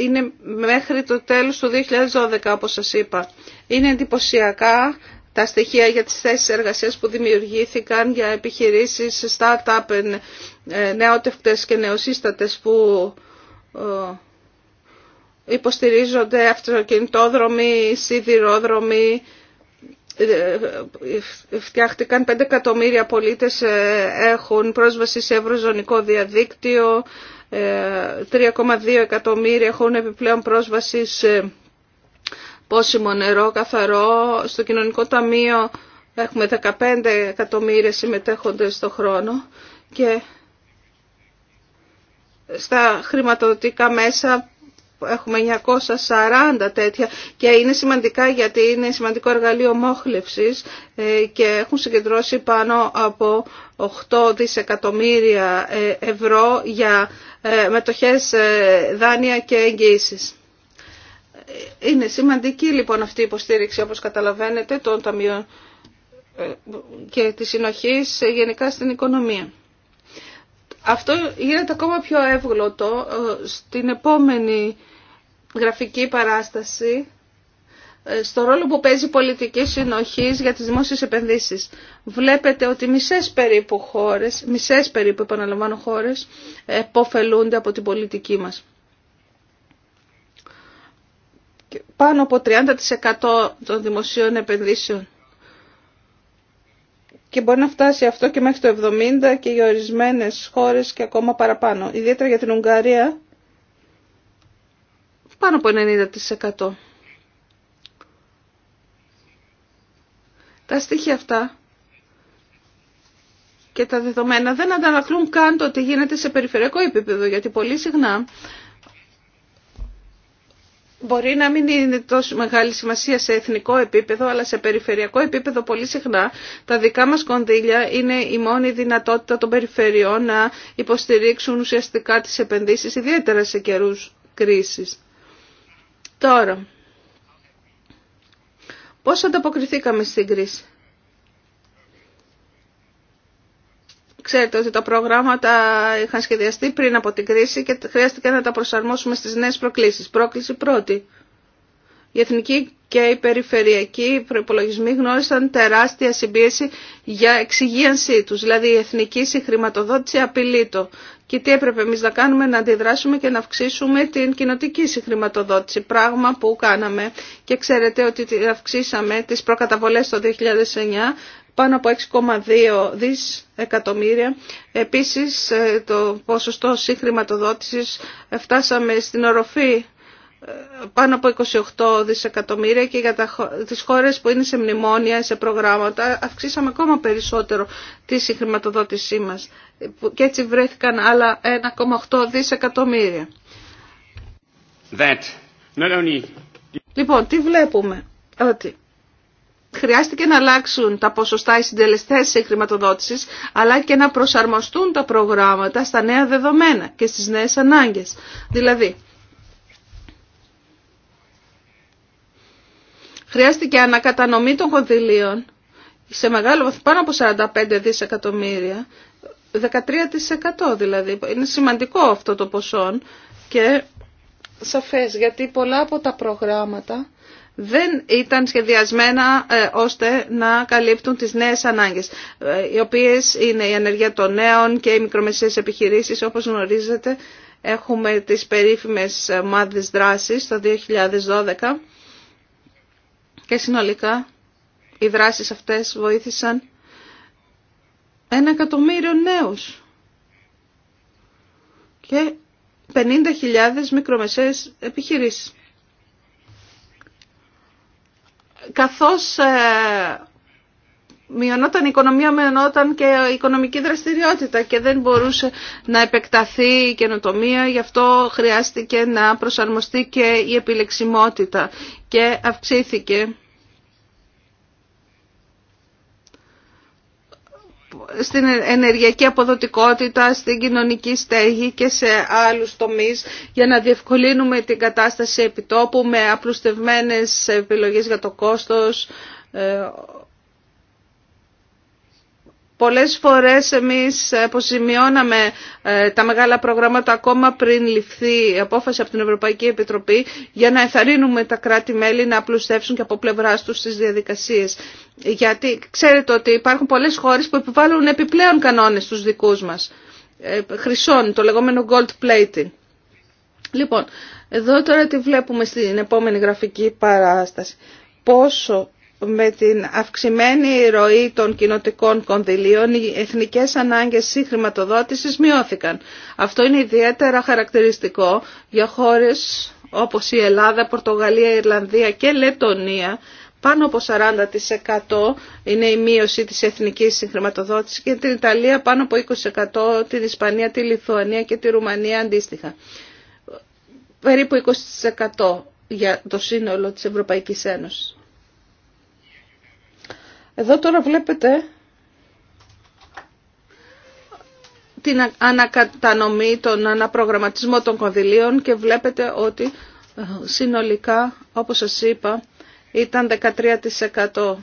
Είναι μέχρι το τέλος του 2012, όπως σας είπα. Είναι εντυπωσιακά τα στοιχεία για τις θέσεις εργασίας που δημιουργήθηκαν για επιχειρήσεις, startup, ε, νεότευκτες και νεοσύστατες που ε, υποστηρίζονται αυτοκινητόδρομοι, σιδηρόδρομοι, ε, ε, ε, φτιάχτηκαν 5 εκατομμύρια πολίτες έχουν πρόσβαση σε ευρωζωνικό διαδίκτυο, 3,2 εκατομμύρια έχουν επιπλέον πρόσβαση σε πόσιμο νερό καθαρό, στο κοινωνικό ταμείο έχουμε 15 εκατομμύρια συμμετέχοντες στο χρόνο και στα χρηματοδοτικά μέσα έχουμε 940 τέτοια και είναι σημαντικά γιατί είναι σημαντικό εργαλείο μόχλευσης ε, και έχουν συγκεντρώσει πάνω από 8 δισεκατομμύρια ε, ευρώ για ε, μετοχές δάνεια και εγγύησεις. Είναι σημαντική λοιπόν αυτή η υποστήριξη όπως καταλαβαίνετε των ταμείων και της συνοχής γενικά στην οικονομία. Αυτό γίνεται ακόμα πιο εύγλωτο ε, στην επόμενη γραφική παράσταση ε, στο ρόλο που παίζει η πολιτική συνοχή για τις δημόσιες επενδύσεις. Βλέπετε ότι μισές περίπου χώρες, μισές περίπου επαναλαμβάνω χώρες, εποφελούνται από την πολιτική μας. πάνω από 30% των δημοσίων επενδύσεων και μπορεί να φτάσει αυτό και μέχρι το 70 και για ορισμένες χώρες και ακόμα παραπάνω. Ιδιαίτερα για την Ουγγαρία πάνω από 90%. Τα στοιχεία αυτά και τα δεδομένα δεν αντανακλούν καν το ότι γίνεται σε περιφερειακό επίπεδο, γιατί πολύ συχνά Μπορεί να μην είναι τόσο μεγάλη σημασία σε εθνικό επίπεδο, αλλά σε περιφερειακό επίπεδο πολύ συχνά τα δικά μας κονδύλια είναι η μόνη δυνατότητα των περιφερειών να υποστηρίξουν ουσιαστικά τις επενδύσεις, ιδιαίτερα σε καιρούς κρίσης. Τώρα, πώς ανταποκριθήκαμε στην κρίση. Ξέρετε ότι τα προγράμματα είχαν σχεδιαστεί πριν από την κρίση και χρειάστηκε να τα προσαρμόσουμε στις νέες προκλήσεις. Πρόκληση πρώτη. Η εθνική και οι περιφερειακοί προπολογισμοί γνώρισαν τεράστια συμπίεση για εξυγίανσή τους, δηλαδή η εθνική συγχρηματοδότηση απειλεί το. Και τι έπρεπε εμείς να κάνουμε, να αντιδράσουμε και να αυξήσουμε την κοινοτική συγχρηματοδότηση, πράγμα που κάναμε. Και ξέρετε ότι αυξήσαμε τις προκαταβολές το 2009 πάνω από 6,2 δις εκατομμύρια. Επίσης ε, το ποσοστό συγχρηματοδότησης ε, φτάσαμε στην οροφή ε, πάνω από 28 δισεκατομμύρια και για τις χώρες που είναι σε μνημόνια, σε προγράμματα, αυξήσαμε ακόμα περισσότερο τη συγχρηματοδότησή μας. Και έτσι βρέθηκαν άλλα 1,8 δισεκατομμύρια. That, Λοιπόν, τι βλέπουμε, ότι χρειάστηκε να αλλάξουν τα ποσοστά οι συντελεστέ σε χρηματοδότηση αλλά και να προσαρμοστούν τα προγράμματα στα νέα δεδομένα και στις νέες ανάγκες. Δηλαδή, χρειάστηκε ανακατανομή των κονδυλίων σε μεγάλο βαθμό πάνω από 45 δισεκατομμύρια, 13% δηλαδή. Είναι σημαντικό αυτό το ποσό και σαφές γιατί πολλά από τα προγράμματα δεν ήταν σχεδιασμένα ε, ώστε να καλύπτουν τις νέες ανάγκες, ε, οι οποίες είναι η ανεργία των νέων και οι μικρομεσαίες επιχειρήσεις. Όπως γνωρίζετε, έχουμε τις περίφημες ομάδες δράσης το 2012 και συνολικά οι δράσεις αυτές βοήθησαν ένα εκατομμύριο νέους και 50.000 μικρομεσαίες επιχειρήσεις. καθώς ε, μειωνόταν η οικονομία, μειωνόταν και η οικονομική δραστηριότητα και δεν μπορούσε να επεκταθεί η καινοτομία, γι' αυτό χρειάστηκε να προσαρμοστεί και η επιλεξιμότητα και αυξήθηκε στην ενεργειακή αποδοτικότητα, στην κοινωνική στέγη και σε άλλους τομείς για να διευκολύνουμε την κατάσταση επιτόπου με απλουστευμένες επιλογές για το κόστος, ε, Πολλές φορές εμείς αποζημιώναμε ε, τα μεγάλα προγράμματα ακόμα πριν ληφθεί η απόφαση από την Ευρωπαϊκή Επιτροπή για να εθαρρύνουμε τα κράτη-μέλη να απλουστεύσουν και από πλευρά τους τις διαδικασίες. Γιατί ξέρετε ότι υπάρχουν πολλές χώρες που επιβάλλουν επιπλέον κανόνες στους δικούς μας. Ε, Χρυσών, το λεγόμενο gold plating. Λοιπόν, εδώ τώρα τι βλέπουμε στην επόμενη γραφική παράσταση. Πόσο με την αυξημένη ροή των κοινοτικών κονδυλίων οι εθνικές ανάγκες συγχρηματοδότησης μειώθηκαν. Αυτό είναι ιδιαίτερα χαρακτηριστικό για χώρες όπως η Ελλάδα, Πορτογαλία, Ιρλανδία και Λετωνία. Πάνω από 40% είναι η μείωση της εθνικής συγχρηματοδότησης και την Ιταλία πάνω από 20%, την Ισπανία, τη Λιθουανία και τη Ρουμανία αντίστοιχα. Περίπου 20% για το σύνολο της Ευρωπαϊκής Ένωσης. Εδώ τώρα βλέπετε την ανακατανομή, τον αναπρογραμματισμό των κονδυλίων και βλέπετε ότι ε, συνολικά, όπως σας είπα, ήταν 13%.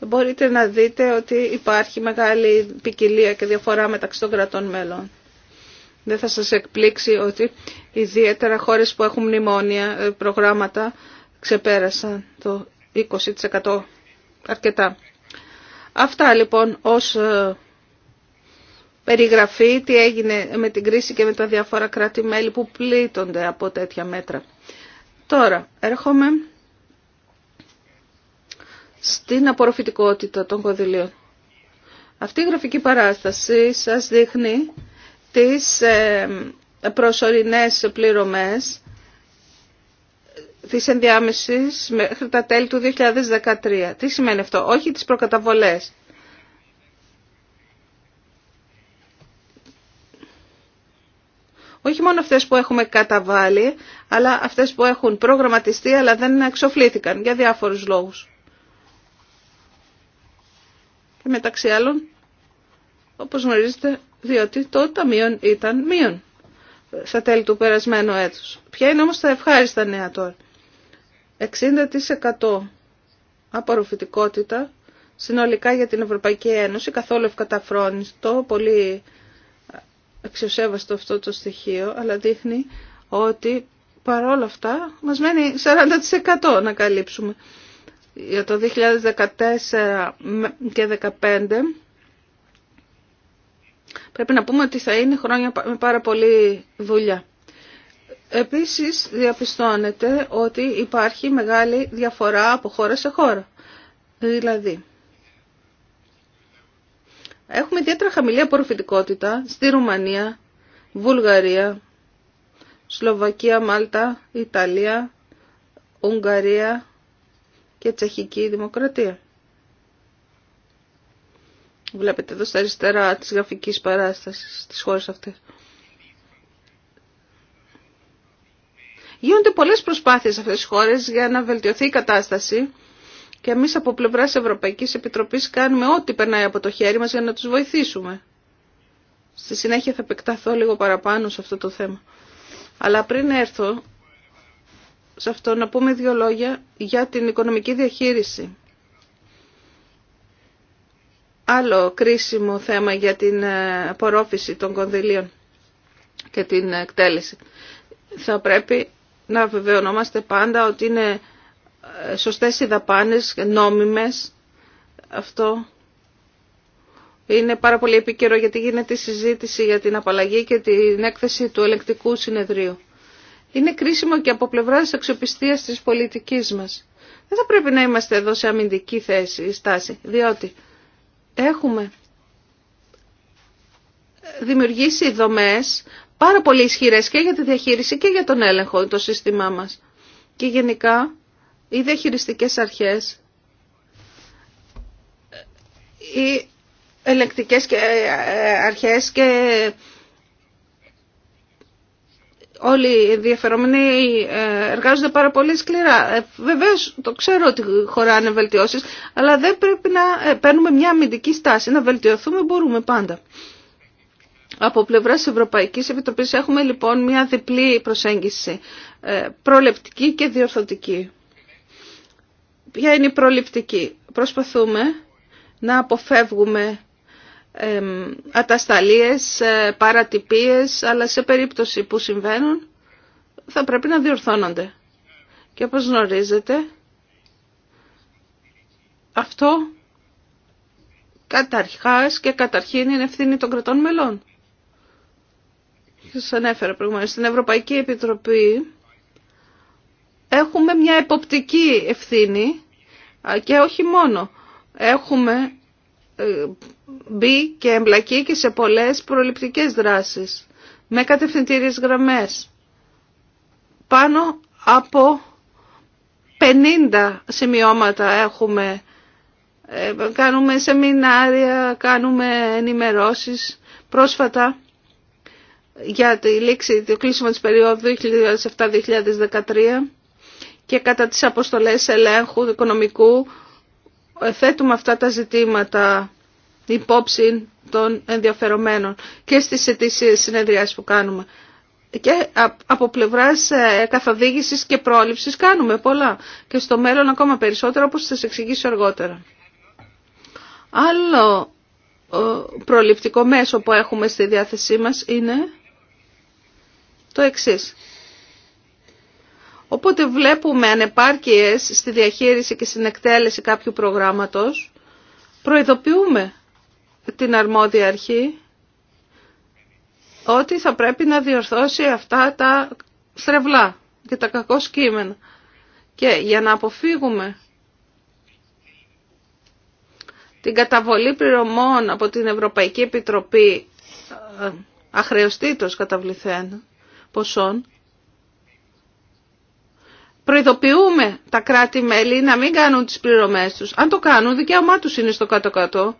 Μπορείτε να δείτε ότι υπάρχει μεγάλη ποικιλία και διαφορά μεταξύ των κρατών μέλων. Δεν θα σας εκπλήξει ότι ιδιαίτερα χώρες που έχουν μνημόνια ε, προγράμματα ξεπέρασαν το 20% αρκετά. Αυτά λοιπόν ως ε, περιγραφή τι έγινε με την κρίση και με τα διάφορα κράτη-μέλη που πλήττονται από τέτοια μέτρα. Τώρα, έρχομαι στην απορροφητικότητα των κονδυλίων. Αυτή η γραφική παράσταση σας δείχνει τις ε, προσωρινές πληρωμές της ενδιάμεσης μέχρι τα τέλη του 2013. Τι σημαίνει αυτό, όχι τις προκαταβολές. Όχι μόνο αυτές που έχουμε καταβάλει, αλλά αυτές που έχουν προγραμματιστεί αλλά δεν εξοφλήθηκαν για διάφορους λόγους. Και μεταξύ άλλων, όπως γνωρίζετε, διότι το ταμείο ήταν μείον στα τέλη του περασμένου έτους. Ποια είναι όμως τα ευχάριστα νέα τώρα. 60% απορροφητικότητα συνολικά για την Ευρωπαϊκή Ένωση, καθόλου ευκαταφρόνιστο, πολύ αξιοσέβαστο αυτό το στοιχείο, αλλά δείχνει ότι παρόλα αυτά μας μένει 40% να καλύψουμε. Για το 2014 και 2015 πρέπει να πούμε ότι θα είναι χρόνια με πάρα πολύ δουλειά. Επίσης διαπιστώνεται ότι υπάρχει μεγάλη διαφορά από χώρα σε χώρα. Δηλαδή, έχουμε ιδιαίτερα χαμηλή απορροφητικότητα στη Ρουμανία, Βουλγαρία, Σλοβακία, Μάλτα, Ιταλία, Ουγγαρία και Τσεχική Δημοκρατία. Βλέπετε εδώ στα αριστερά της γραφικής παράστασης της χώρας αυτής. Γίνονται πολλές προσπάθειες σε αυτές τις χώρες για να βελτιωθεί η κατάσταση και εμείς από πλευράς Ευρωπαϊκής Επιτροπής κάνουμε ό,τι περνάει από το χέρι μας για να τους βοηθήσουμε. Στη συνέχεια θα επεκταθώ λίγο παραπάνω σε αυτό το θέμα. Αλλά πριν έρθω σε αυτό να πούμε δύο λόγια για την οικονομική διαχείριση. Άλλο κρίσιμο θέμα για την ε, απορρόφηση των κονδυλίων και την εκτέλεση. Θα πρέπει να βεβαιωνόμαστε πάντα ότι είναι ε, σωστές οι δαπάνες, νόμιμες. Αυτό είναι πάρα πολύ επίκαιρο γιατί γίνεται η συζήτηση για την απαλλαγή και την έκθεση του ελεκτικού συνεδρίου. Είναι κρίσιμο και από πλευρά τη αξιοπιστία τη πολιτική μα. Δεν θα πρέπει να είμαστε εδώ σε αμυντική θέση, στάση, διότι έχουμε δημιουργήσει δομές πάρα πολύ ισχυρέ και για τη διαχείριση και για τον έλεγχο το σύστημά μας. Και γενικά οι διαχειριστικέ αρχές, οι ελεκτικές ε, ε, αρχές και όλοι οι ενδιαφερόμενοι ε, εργάζονται πάρα πολύ σκληρά. Βεβαίω το ξέρω ότι χωράνε βελτιώσεις, αλλά δεν πρέπει να παίρνουμε μια αμυντική στάση, να βελτιωθούμε μπορούμε πάντα. Από πλευράς Ευρωπαϊκής Επιτροπής έχουμε λοιπόν μια διπλή προσέγγιση, ε, προληπτική και διορθωτική. Ποια είναι η προληπτική. Προσπαθούμε να αποφεύγουμε ατασταλίες, ε, παρατυπίες, αλλά σε περίπτωση που συμβαίνουν θα πρέπει να διορθώνονται. Και όπως γνωρίζετε, αυτό καταρχάς και καταρχήν είναι ευθύνη των κρατών μελών σας ανέφερα στην Ευρωπαϊκή Επιτροπή έχουμε μια εποπτική ευθύνη και όχι μόνο. Έχουμε ε, μπει και εμπλακεί και σε πολλές προληπτικές δράσεις με κατευθυντήριες γραμμές. Πάνω από 50 σημειώματα έχουμε. Ε, κάνουμε σεμινάρια, κάνουμε ενημερώσεις. Πρόσφατα για τη λήξη, του κλείσιμο της περίοδου 2007-2013 και κατά τις αποστολές ελέγχου οικονομικού ε, θέτουμε αυτά τα ζητήματα υπόψη των ενδιαφερομένων και στις αιτήσεις συνεδριάσεις που κάνουμε. Και από πλευράς ε, καθοδήγησης και πρόληψης κάνουμε πολλά και στο μέλλον ακόμα περισσότερο όπως θα σας εξηγήσω αργότερα. Άλλο ε, προληπτικό μέσο που έχουμε στη διάθεσή μας είναι το εξής. Οπότε βλέπουμε ανεπάρκειες στη διαχείριση και στην εκτέλεση κάποιου προγράμματος, προειδοποιούμε την αρμόδια αρχή ότι θα πρέπει να διορθώσει αυτά τα στρεβλά και τα κακό σκήμενα. Και για να αποφύγουμε την καταβολή πληρωμών από την Ευρωπαϊκή Επιτροπή ε, αχρεωστήτως καταβληθέν ποσών, προειδοποιούμε τα κράτη-μέλη να μην κάνουν τις πληρωμές τους. Αν το κάνουν, δικαίωμά τους είναι στο κάτω-κάτω.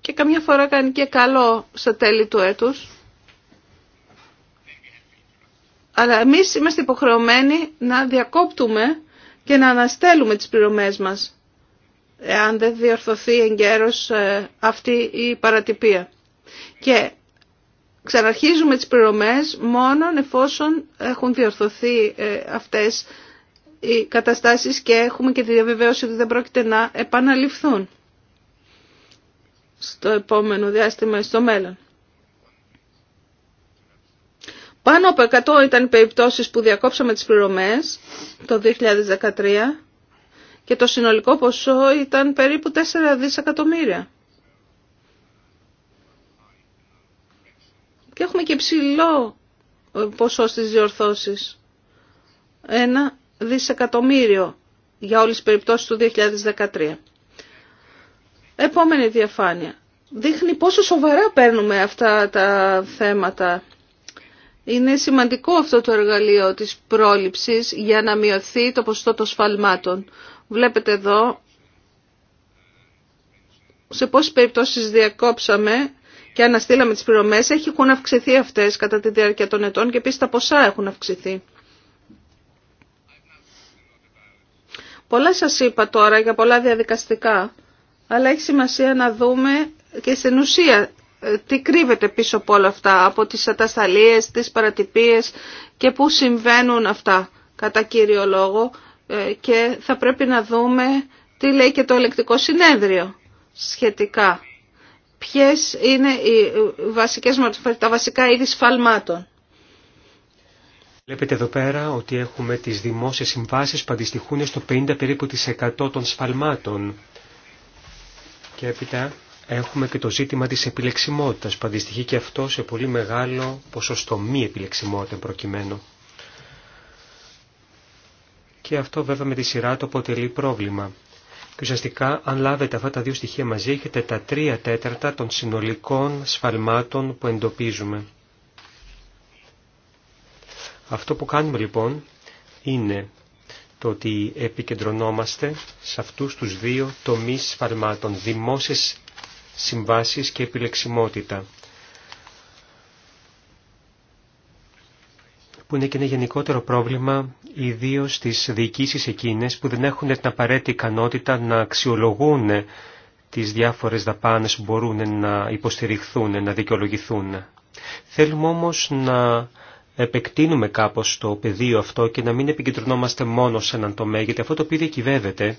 Και καμιά φορά κάνει και καλό στα τέλη του έτους. Αλλά εμείς είμαστε υποχρεωμένοι να διακόπτουμε και να αναστέλουμε τις πληρωμές μας, εάν δεν διορθωθεί εγκαίρως ε, αυτή η παρατυπία. Και Ξαναρχίζουμε τις πληρωμές μόνο εφόσον έχουν διορθωθεί ε, αυτές οι καταστάσεις και έχουμε και τη διαβεβαίωση ότι δεν πρόκειται να επαναληφθούν στο επόμενο διάστημα ή στο μέλλον. Πάνω από 100 ήταν οι περιπτώσεις που διακόψαμε τις πληρωμές το 2013 και το συνολικό ποσό ήταν περίπου 4 δισεκατομμύρια. Και έχουμε και ψηλό ε, ποσό στις διορθώσεις. Ένα δισεκατομμύριο για όλες τις περιπτώσεις του 2013. Επόμενη διαφάνεια. Δείχνει πόσο σοβαρά παίρνουμε αυτά τα θέματα. Είναι σημαντικό αυτό το εργαλείο της πρόληψης για να μειωθεί το ποσοστό των σφαλμάτων. Βλέπετε εδώ σε πόσες περιπτώσεις διακόψαμε και αναστήλαμε τις πληρωμές, έχουν αυξηθεί αυτές κατά τη διάρκεια των ετών και επίσης τα ποσά έχουν αυξηθεί. Πολλά σας είπα τώρα για πολλά διαδικαστικά, αλλά έχει σημασία να δούμε και στην ουσία ε, τι κρύβεται πίσω από όλα αυτά, από τις ατασταλίες, τις παρατυπίες και πού συμβαίνουν αυτά κατά κύριο λόγο ε, και θα πρέπει να δούμε τι λέει και το ελεκτικό συνέδριο σχετικά ποιες είναι οι ε, βασικές, τα βασικά είδη σφαλμάτων. Βλέπετε εδώ πέρα ότι έχουμε τις δημόσιες συμβάσεις που αντιστοιχούν στο 50 περίπου της 100 των σφαλμάτων. Και έπειτα έχουμε και το ζήτημα της επιλεξιμότητας που αντιστοιχεί και αυτό σε πολύ μεγάλο ποσοστό μη επιλεξιμότητα προκειμένου. Και αυτό βέβαια με τη σειρά του αποτελεί πρόβλημα. Και ουσιαστικά, αν λάβετε αυτά τα δύο στοιχεία μαζί, έχετε τα τρία τέταρτα των συνολικών σφαλμάτων που εντοπίζουμε. Αυτό που κάνουμε λοιπόν είναι το ότι επικεντρωνόμαστε σε αυτούς τους δύο τομείς σφαλμάτων, δημόσιες συμβάσεις και επιλεξιμότητα. που είναι και ένα γενικότερο πρόβλημα, ιδίω στις διοικήσεις εκείνες που δεν έχουν την απαραίτητη ικανότητα να αξιολογούν τις διάφορες δαπάνες που μπορούν να υποστηριχθούν, να δικαιολογηθούν. Θέλουμε όμως να επεκτείνουμε κάπως το πεδίο αυτό και να μην επικεντρωνόμαστε μόνο σε έναν τομέα, γιατί αυτό το οποίο διακυβεύεται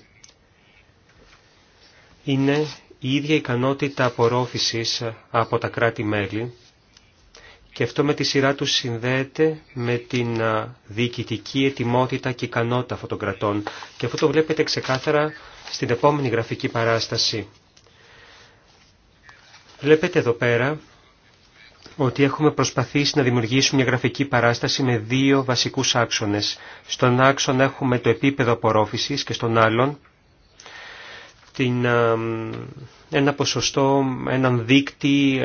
είναι η ίδια ικανότητα απορρόφησης από τα κράτη-μέλη και αυτό με τη σειρά του συνδέεται με την διοικητική ετοιμότητα και ικανότητα αυτών των κρατών. Και αυτό το βλέπετε ξεκάθαρα στην επόμενη γραφική παράσταση. Βλέπετε εδώ πέρα ότι έχουμε προσπαθήσει να δημιουργήσουμε μια γραφική παράσταση με δύο βασικούς άξονες. Στον άξονα έχουμε το επίπεδο απορρόφησης και στον άλλον την, ένα ποσοστό, έναν δίκτυ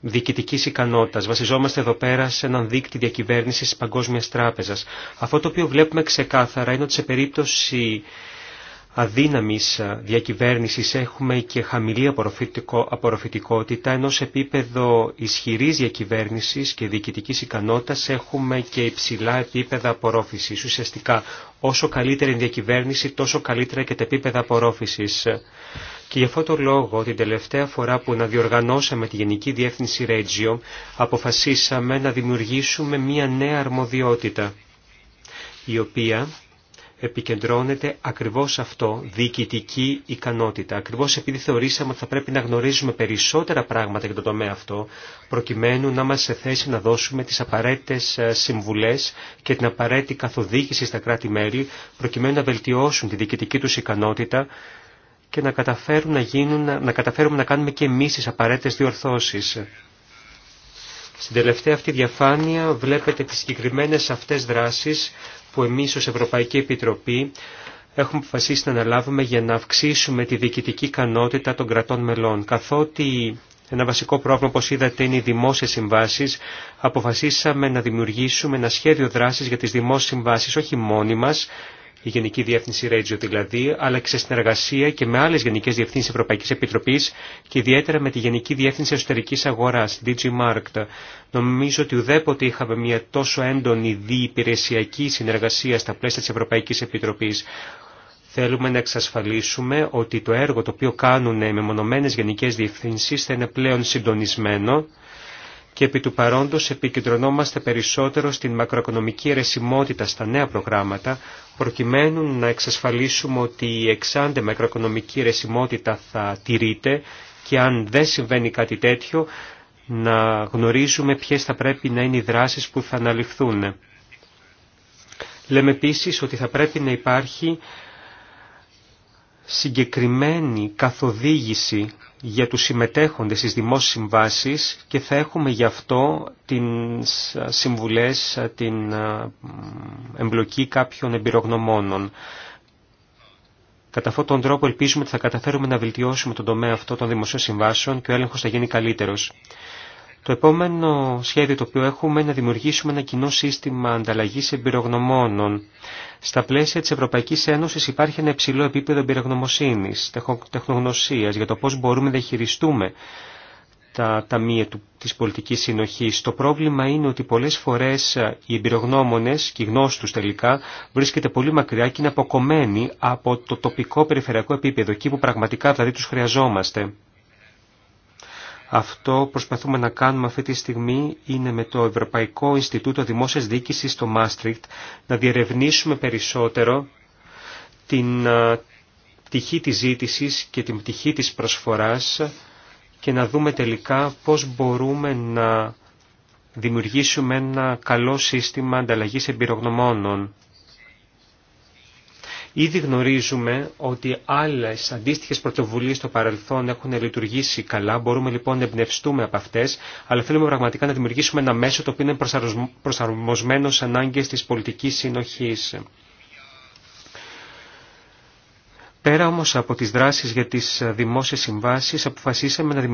διοικητική ικανότητα. Βασιζόμαστε εδώ πέρα σε έναν δίκτυ διακυβέρνηση τη Παγκόσμια Τράπεζα. Αυτό το οποίο βλέπουμε ξεκάθαρα είναι ότι σε περίπτωση αδύναμης ε, διακυβέρνησης έχουμε και χαμηλή απορροφητικότητα, ενώ σε επίπεδο ισχυρής διακυβέρνησης και διοικητικής ικανότητας έχουμε και υψηλά επίπεδα απορρόφησης. Ουσιαστικά, όσο καλύτερη η διακυβέρνηση, τόσο καλύτερα και τα επίπεδα απορρόφησης. Και γι' αυτό το λόγο, την τελευταία φορά που να διοργανώσαμε τη Γενική Διεύθυνση Regio, αποφασίσαμε να δημιουργήσουμε μία νέα αρμοδιότητα, η οποία επικεντρώνεται ακριβώς αυτό, διοικητική ικανότητα. Ακριβώς επειδή θεωρήσαμε ότι θα πρέπει να γνωρίζουμε περισσότερα πράγματα για το τομέα αυτό, προκειμένου να είμαστε σε θέση να δώσουμε τις απαραίτητες ε, συμβουλές και την απαραίτητη καθοδήγηση στα κράτη-μέλη, προκειμένου να βελτιώσουν τη διοικητική τους ικανότητα και να, καταφέρουν να, γίνουν, να καταφέρουμε να κάνουμε και εμείς τις απαραίτητες διορθώσεις. Στην τελευταία αυτή διαφάνεια βλέπετε τις συγκεκριμένες αυτές δράσεις που εμείς ως Ευρωπαϊκή Επιτροπή έχουμε αποφασίσει να αναλάβουμε για να αυξήσουμε τη διοικητική ικανότητα των κρατών μελών, καθότι ένα βασικό πρόβλημα, όπως είδατε, είναι οι δημόσιες συμβάσεις. Αποφασίσαμε να δημιουργήσουμε ένα σχέδιο δράσης για τις δημόσιες συμβάσεις, όχι μόνοι μας, η Γενική Διεύθυνση Ρέτζιο δηλαδή, αλλά και σε συνεργασία και με άλλε Γενικέ Διευθύνσει Ευρωπαϊκή Επιτροπή και ιδιαίτερα με τη Γενική Διεύθυνση Εσωτερική Αγορά, DG Markt. Νομίζω ότι ουδέποτε είχαμε μια τόσο έντονη διυπηρεσιακή συνεργασία στα πλαίσια τη Ευρωπαϊκή Επιτροπή. Θέλουμε να εξασφαλίσουμε ότι το έργο το οποίο κάνουν οι μεμονωμένε Γενικέ Διευθύνσει θα είναι πλέον συντονισμένο και επί του παρόντος επικεντρωνόμαστε περισσότερο στην μακροοικονομική αιρεσιμότητα στα νέα προγράμματα, προκειμένου να εξασφαλίσουμε ότι η εξάντε μακροοικονομική αιρεσιμότητα θα τηρείται και αν δεν συμβαίνει κάτι τέτοιο, να γνωρίζουμε ποιες θα πρέπει να είναι οι δράσεις που θα αναλυφθούν. Λέμε επίσης ότι θα πρέπει να υπάρχει συγκεκριμένη καθοδήγηση για τους συμμετέχοντες στις δημόσιες συμβάσεις και θα έχουμε γι' αυτό τις συμβουλές, την ε, εμπλοκή κάποιων εμπειρογνωμόνων. Κατά αυτόν τον τρόπο ελπίζουμε ότι θα καταφέρουμε να βελτιώσουμε τον τομέα αυτό των δημοσίων συμβάσεων και ο έλεγχος θα γίνει καλύτερος. Το επόμενο σχέδιο το οποίο έχουμε είναι να δημιουργήσουμε ένα κοινό σύστημα ανταλλαγής εμπειρογνωμόνων. Στα πλαίσια της Ευρωπαϊκής Ένωσης υπάρχει ένα υψηλό επίπεδο εμπειρογνωμοσύνης, τεχνογνωσίας για το πώς μπορούμε να χειριστούμε τα ταμεία της πολιτικής συνοχής. Το πρόβλημα είναι ότι πολλές φορές ε, οι εμπειρογνώμονες και οι γνώστους τελικά βρίσκεται πολύ μακριά και είναι αποκομμένοι από το τοπικό περιφερειακό επίπεδο, εκεί που πραγματικά δηλαδή τους χρειαζόμαστε. Αυτό προσπαθούμε να κάνουμε αυτή τη στιγμή είναι με το Ευρωπαϊκό Ινστιτούτο Δημόσιας Διοίκησης στο Μάστριχτ να διερευνήσουμε περισσότερο την πτυχή της ζήτησης και την πτυχή της προσφοράς και να δούμε τελικά πώς μπορούμε να δημιουργήσουμε ένα καλό σύστημα ανταλλαγής εμπειρογνωμόνων Ήδη γνωρίζουμε ότι άλλες αντίστοιχες πρωτοβουλίες στο παρελθόν έχουν λειτουργήσει καλά, μπορούμε λοιπόν να εμπνευστούμε από αυτές, αλλά θέλουμε πραγματικά να δημιουργήσουμε ένα μέσο το οποίο είναι προσαρμοσμένο σε ανάγκες της πολιτικής συνοχής. Πέρα όμως από τις δράσεις για τις ε, δημόσιες συμβάσεις αποφασίσαμε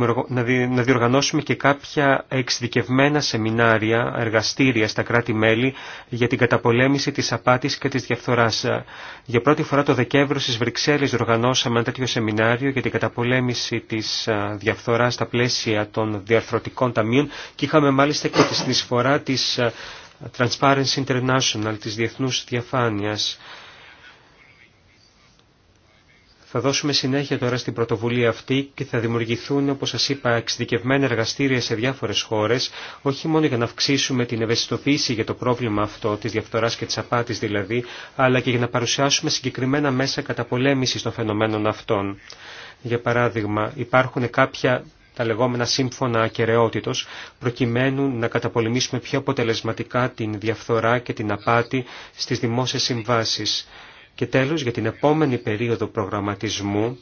να διοργανώσουμε και κάποια εξειδικευμένα σεμινάρια, εργαστήρια στα κράτη-μέλη για την καταπολέμηση της απάτης και της διαφθοράς. Ε, για πρώτη φορά το Δεκέμβριο στις Βρυξέλλες διοργανώσαμε ένα τέτοιο σεμινάριο για την καταπολέμηση της ε, διαφθοράς στα πλαίσια των διαρθρωτικών ταμείων και είχαμε μάλιστα και τη συνεισφορά της Transparency International, της Διεθνούς Διαφάνειας. Θα δώσουμε συνέχεια τώρα στην πρωτοβουλία αυτή και θα δημιουργηθούν, όπως σας είπα, εξειδικευμένα εργαστήρια σε διάφορες χώρες, όχι μόνο για να αυξήσουμε την ευαισθητοποίηση για το πρόβλημα αυτό, της διαφθοράς και της απάτης δηλαδή, αλλά και για να παρουσιάσουμε συγκεκριμένα μέσα καταπολέμησης των φαινομένων αυτών. Για παράδειγμα, υπάρχουν κάποια τα λεγόμενα σύμφωνα ακεραιότητος προκειμένου να καταπολεμήσουμε πιο αποτελεσματικά την διαφθορά και την απάτη στις δημόσιες συμβάσει. Και τέλος, για την επόμενη περίοδο προγραμματισμού,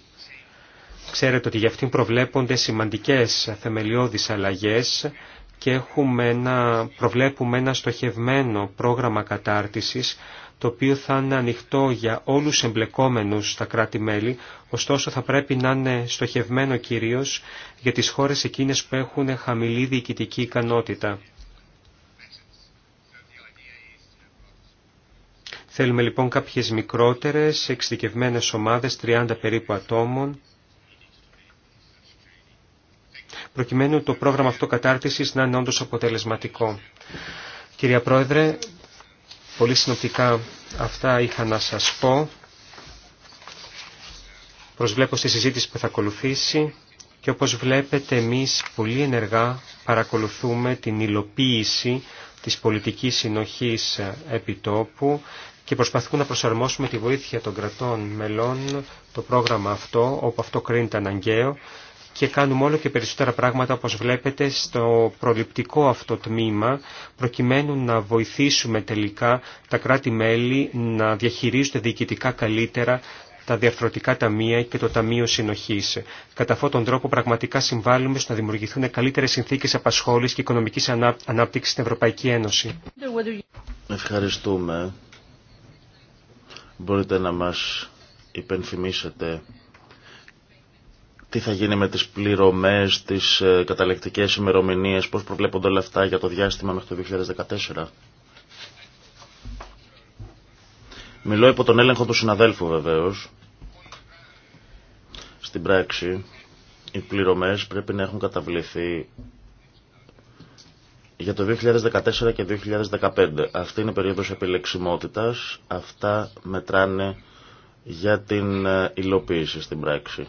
ξέρετε ότι για αυτήν προβλέπονται σημαντικές θεμελιώδεις αλλαγές και έχουμε ένα, προβλέπουμε ένα στοχευμένο πρόγραμμα κατάρτισης το οποίο θα είναι ανοιχτό για όλους εμπλεκόμενους στα κράτη-μέλη, ωστόσο θα πρέπει να είναι στοχευμένο κυρίως για τις χώρες εκείνες που έχουν χαμηλή διοικητική ικανότητα. Θέλουμε λοιπόν κάποιες μικρότερες εξειδικευμένες ομάδες, 30 περίπου ατόμων, προκειμένου το πρόγραμμα αυτό κατάρτισης να είναι όντως αποτελεσματικό. Κυρία Πρόεδρε, πολύ συνοπτικά αυτά είχα να σας πω. Προσβλέπω στη συζήτηση που θα ακολουθήσει και όπως βλέπετε εμείς πολύ ενεργά παρακολουθούμε την υλοποίηση της πολιτικής συνοχής επιτόπου και προσπαθούμε να προσαρμόσουμε τη βοήθεια των κρατών μελών το πρόγραμμα αυτό, όπου αυτό κρίνεται αναγκαίο και κάνουμε όλο και περισσότερα πράγματα όπως βλέπετε στο προληπτικό αυτό τμήμα προκειμένου να βοηθήσουμε τελικά τα κράτη-μέλη να διαχειρίζονται διοικητικά καλύτερα τα διαφορετικά ταμεία και το Ταμείο Συνοχή. Κατά αυτόν τον τρόπο πραγματικά συμβάλλουμε στο να δημιουργηθούν καλύτερε συνθήκε απασχόληση και οικονομική ανάπτυξη στην Ευρωπαϊκή Ένωση. Ευχαριστούμε μπορείτε να μας υπενθυμίσετε τι θα γίνει με τις πληρωμές, τις ε, καταλεκτικές ημερομηνίε, πώς προβλέπονται όλα αυτά για το διάστημα μέχρι το 2014. Μιλώ υπό τον έλεγχο του συναδέλφου βεβαίως. Στην πράξη, οι πληρωμές πρέπει να έχουν καταβληθεί για το 2014 και 2015. Αυτή είναι η περίοδος επιλεξιμότητας. Αυτά μετράνε για την ε, υλοποίηση στην πράξη.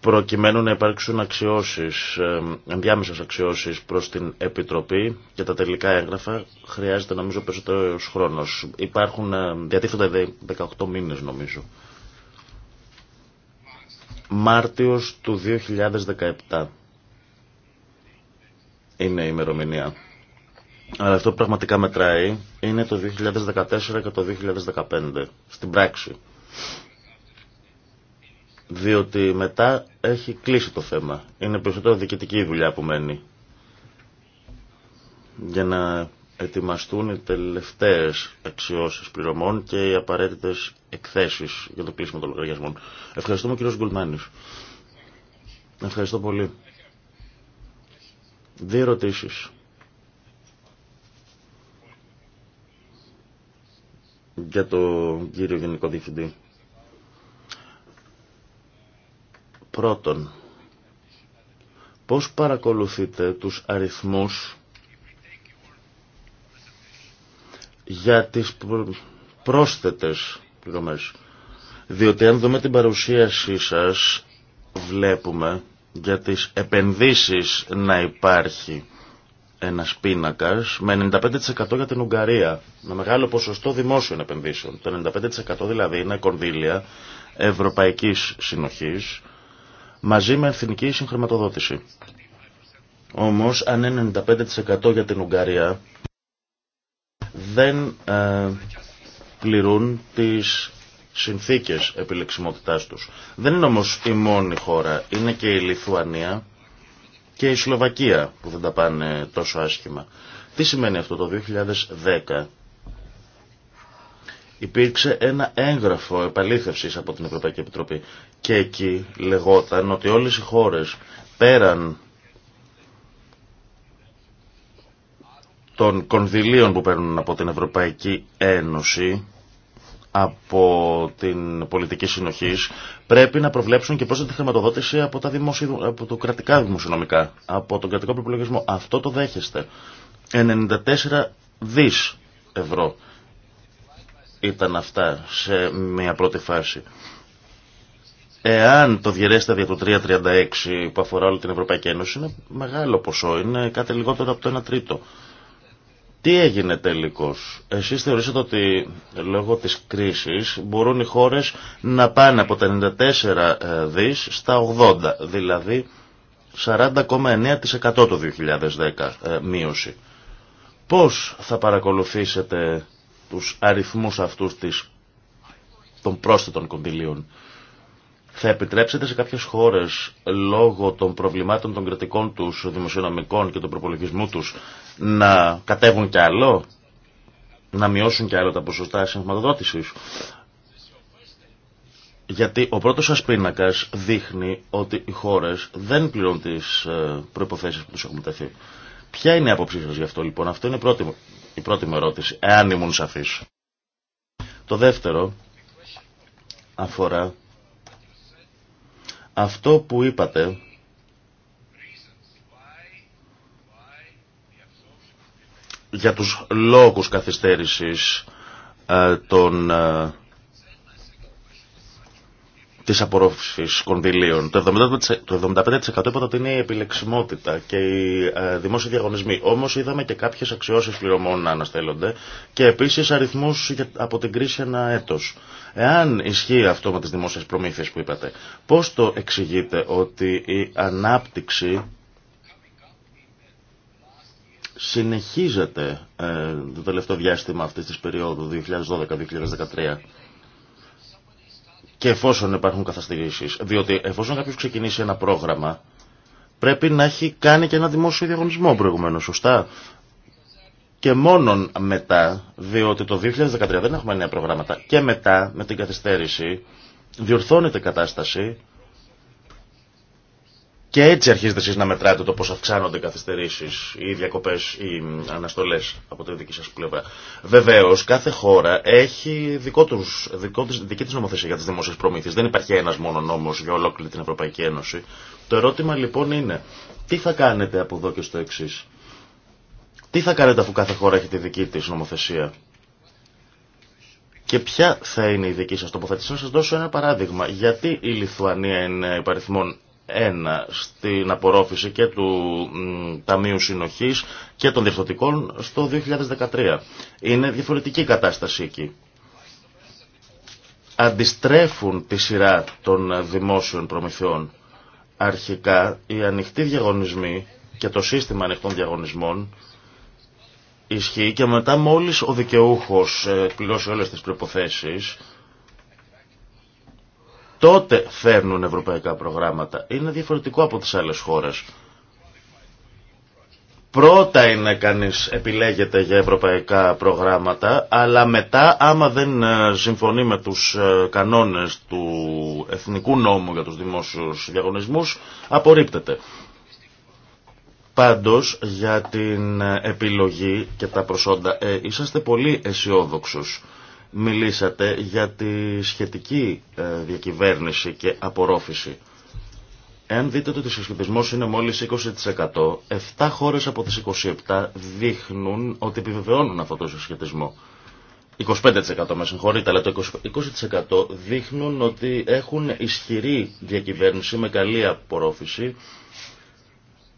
Προκειμένου να υπάρξουν αξιώσεις, ε, ενδιάμεσες αξιώσεις προς την Επιτροπή και τα τελικά έγγραφα χρειάζεται νομίζω περισσότερος χρόνος. Υπάρχουν, ε, διατίθονται 18 μήνες νομίζω. Μάρτιος του 2017 είναι η ημερομηνία. Αλλά αυτό που πραγματικά μετράει είναι το 2014 και το 2015, στην πράξη. Διότι μετά έχει κλείσει το θέμα. Είναι περισσότερο διοικητική η δουλειά που μένει. Για να ετοιμαστούν οι τελευταίες αξιώσεις πληρωμών και οι απαραίτητες εκθέσεις για το κλείσιμο των λογαριασμών. Ευχαριστούμε κύριο Γκουλμάνης. Ευχαριστώ πολύ. Δύο ερωτήσει. Για το κύριο Γενικό Διευθυντή. Πρώτον, πώς παρακολουθείτε τους αριθμούς για τις πρόσθετες πληρωμές. Διότι αν δούμε την παρουσίασή σας, βλέπουμε για τις επενδύσεις να υπάρχει ένας πίνακας με 95% για την Ουγγαρία, με μεγάλο ποσοστό δημόσιων επενδύσεων. Το 95% δηλαδή είναι κονδύλια ευρωπαϊκής συνοχής μαζί με εθνική συγχρηματοδότηση. Όμως αν είναι 95% για την Ουγγαρία δεν ε, πληρούν τις συνθήκες επιλεξιμότητάς τους. Δεν είναι όμως η μόνη χώρα, είναι και η Λιθουανία και η Σλοβακία που δεν τα πάνε τόσο άσχημα. Τι σημαίνει αυτό το 2010 υπήρξε ένα έγγραφο επαλήθευσης από την Ευρωπαϊκή Επιτροπή και εκεί λεγόταν ότι όλες οι χώρες πέραν των κονδυλίων που παίρνουν από την Ευρωπαϊκή Ένωση από την πολιτική συνοχή πρέπει να προβλέψουν και πρόσθετη χρηματοδότηση από τα, από το κρατικά δημοσιονομικά, από τον κρατικό προπολογισμό. Αυτό το δέχεστε. 94 δις ευρώ ήταν αυτά σε μια πρώτη φάση. Εάν το διαιρέσετε δια του 336 που αφορά όλη την Ευρωπαϊκή Ένωση, είναι μεγάλο ποσό, είναι κάτι λιγότερο από το 1 τρίτο. Τι έγινε τελικώς. Εσείς θεωρήσατε ότι λόγω της κρίσης μπορούν οι χώρες να πάνε από τα 94 ε, δις στα 80, δηλαδή 40,9% το 2010 ε, μείωση. Πώς θα παρακολουθήσετε τους αριθμούς αυτούς της, των πρόσθετων κοντιλίων θα επιτρέψετε σε κάποιες χώρες λόγω των προβλημάτων των κρατικών τους δημοσιονομικών και του προπολογισμού τους να κατέβουν κι άλλο, να μειώσουν κι άλλο τα ποσοστά συγχρηματοδότησης. Γιατί ο πρώτος σας πίνακας δείχνει ότι οι χώρες δεν πληρώνουν τις ε, προϋποθέσεις που τους έχουν τεθεί. Ποια είναι η άποψή σας γι' αυτό λοιπόν. Αυτό είναι η πρώτη, η πρώτη μου ερώτηση, εάν ήμουν σαφής. Το δεύτερο αφορά αυτό που είπατε για τους λόγους καθυστέρησης ε, των ε, της απορρόφησης κονδυλίων. Το 75% είπατε ότι είναι η επιλεξιμότητα και οι ε, δημόσιοι διαγωνισμοί. Όμως είδαμε και κάποιες αξιώσεις πληρωμών να αναστέλλονται και επίσης αριθμούς από την κρίση ένα έτος. Εάν ισχύει αυτό με τις δημόσιες προμήθειες που είπατε, πώς το εξηγείτε ότι η ανάπτυξη συνεχίζεται ε, το τελευταίο διάστημα αυτής της περίοδου 2012-2013 και εφόσον υπάρχουν καθαστηρήσει. Διότι εφόσον κάποιο ξεκινήσει ένα πρόγραμμα, πρέπει να έχει κάνει και ένα δημόσιο διαγωνισμό προηγουμένω, σωστά. Και μόνον μετά, διότι το 2013 δεν έχουμε νέα προγράμματα, και μετά με την καθυστέρηση διορθώνεται η κατάσταση και έτσι αρχίζετε εσεί να μετράτε το πώ αυξάνονται οι καθυστερήσεις οι διακοπές οι αναστολές από τη δική σα πλευρά. Βεβαίω, κάθε χώρα έχει δικό τους, δικό δική τη νομοθεσία για τι δημόσιε προμήθειε. Δεν υπάρχει ένα μόνο νόμο για ολόκληρη την Ευρωπαϊκή Ένωση. Το ερώτημα λοιπόν είναι, τι θα κάνετε από εδώ και στο εξή. Τι θα κάνετε αφού κάθε χώρα έχει τη δική τη νομοθεσία. Και ποια θα είναι η δική σα τοποθέτηση. Να σα δώσω ένα παράδειγμα. Γιατί η Λιθουανία είναι υπαριθμόν ένα στην απορρόφηση και του Ταμείου Συνοχής και των Διευθυντικών στο 2013. Είναι διαφορετική κατάσταση εκεί. Αντιστρέφουν τη σειρά των δημόσιων προμηθειών. Αρχικά η ανοιχτοί διαγωνισμοί και το σύστημα ανοιχτών διαγωνισμών ισχύει και μετά μόλις ο δικαιούχος ε, πληρώσει όλες τις προϋποθέσεις τότε φέρνουν ευρωπαϊκά προγράμματα. Είναι διαφορετικό από τις άλλες χώρες. Πρώτα είναι κανείς επιλέγεται για ευρωπαϊκά προγράμματα, αλλά μετά άμα δεν ε, συμφωνεί με τους ε, κανόνες του εθνικού νόμου για τους δημόσιους διαγωνισμούς, απορρίπτεται. Πάντως για την ε, επιλογή και τα προσόντα ε, είσαστε πολύ αισιόδοξου μιλήσατε για τη σχετική ε, διακυβέρνηση και απορρόφηση. Εάν δείτε ότι ο συσχετισμό είναι μόλις 20%, 7 χώρες από τις 27 δείχνουν ότι επιβεβαιώνουν αυτό το συσχετισμό. 25% με συγχωρείτε, αλλά το 20% δείχνουν ότι έχουν ισχυρή διακυβέρνηση με καλή απορρόφηση,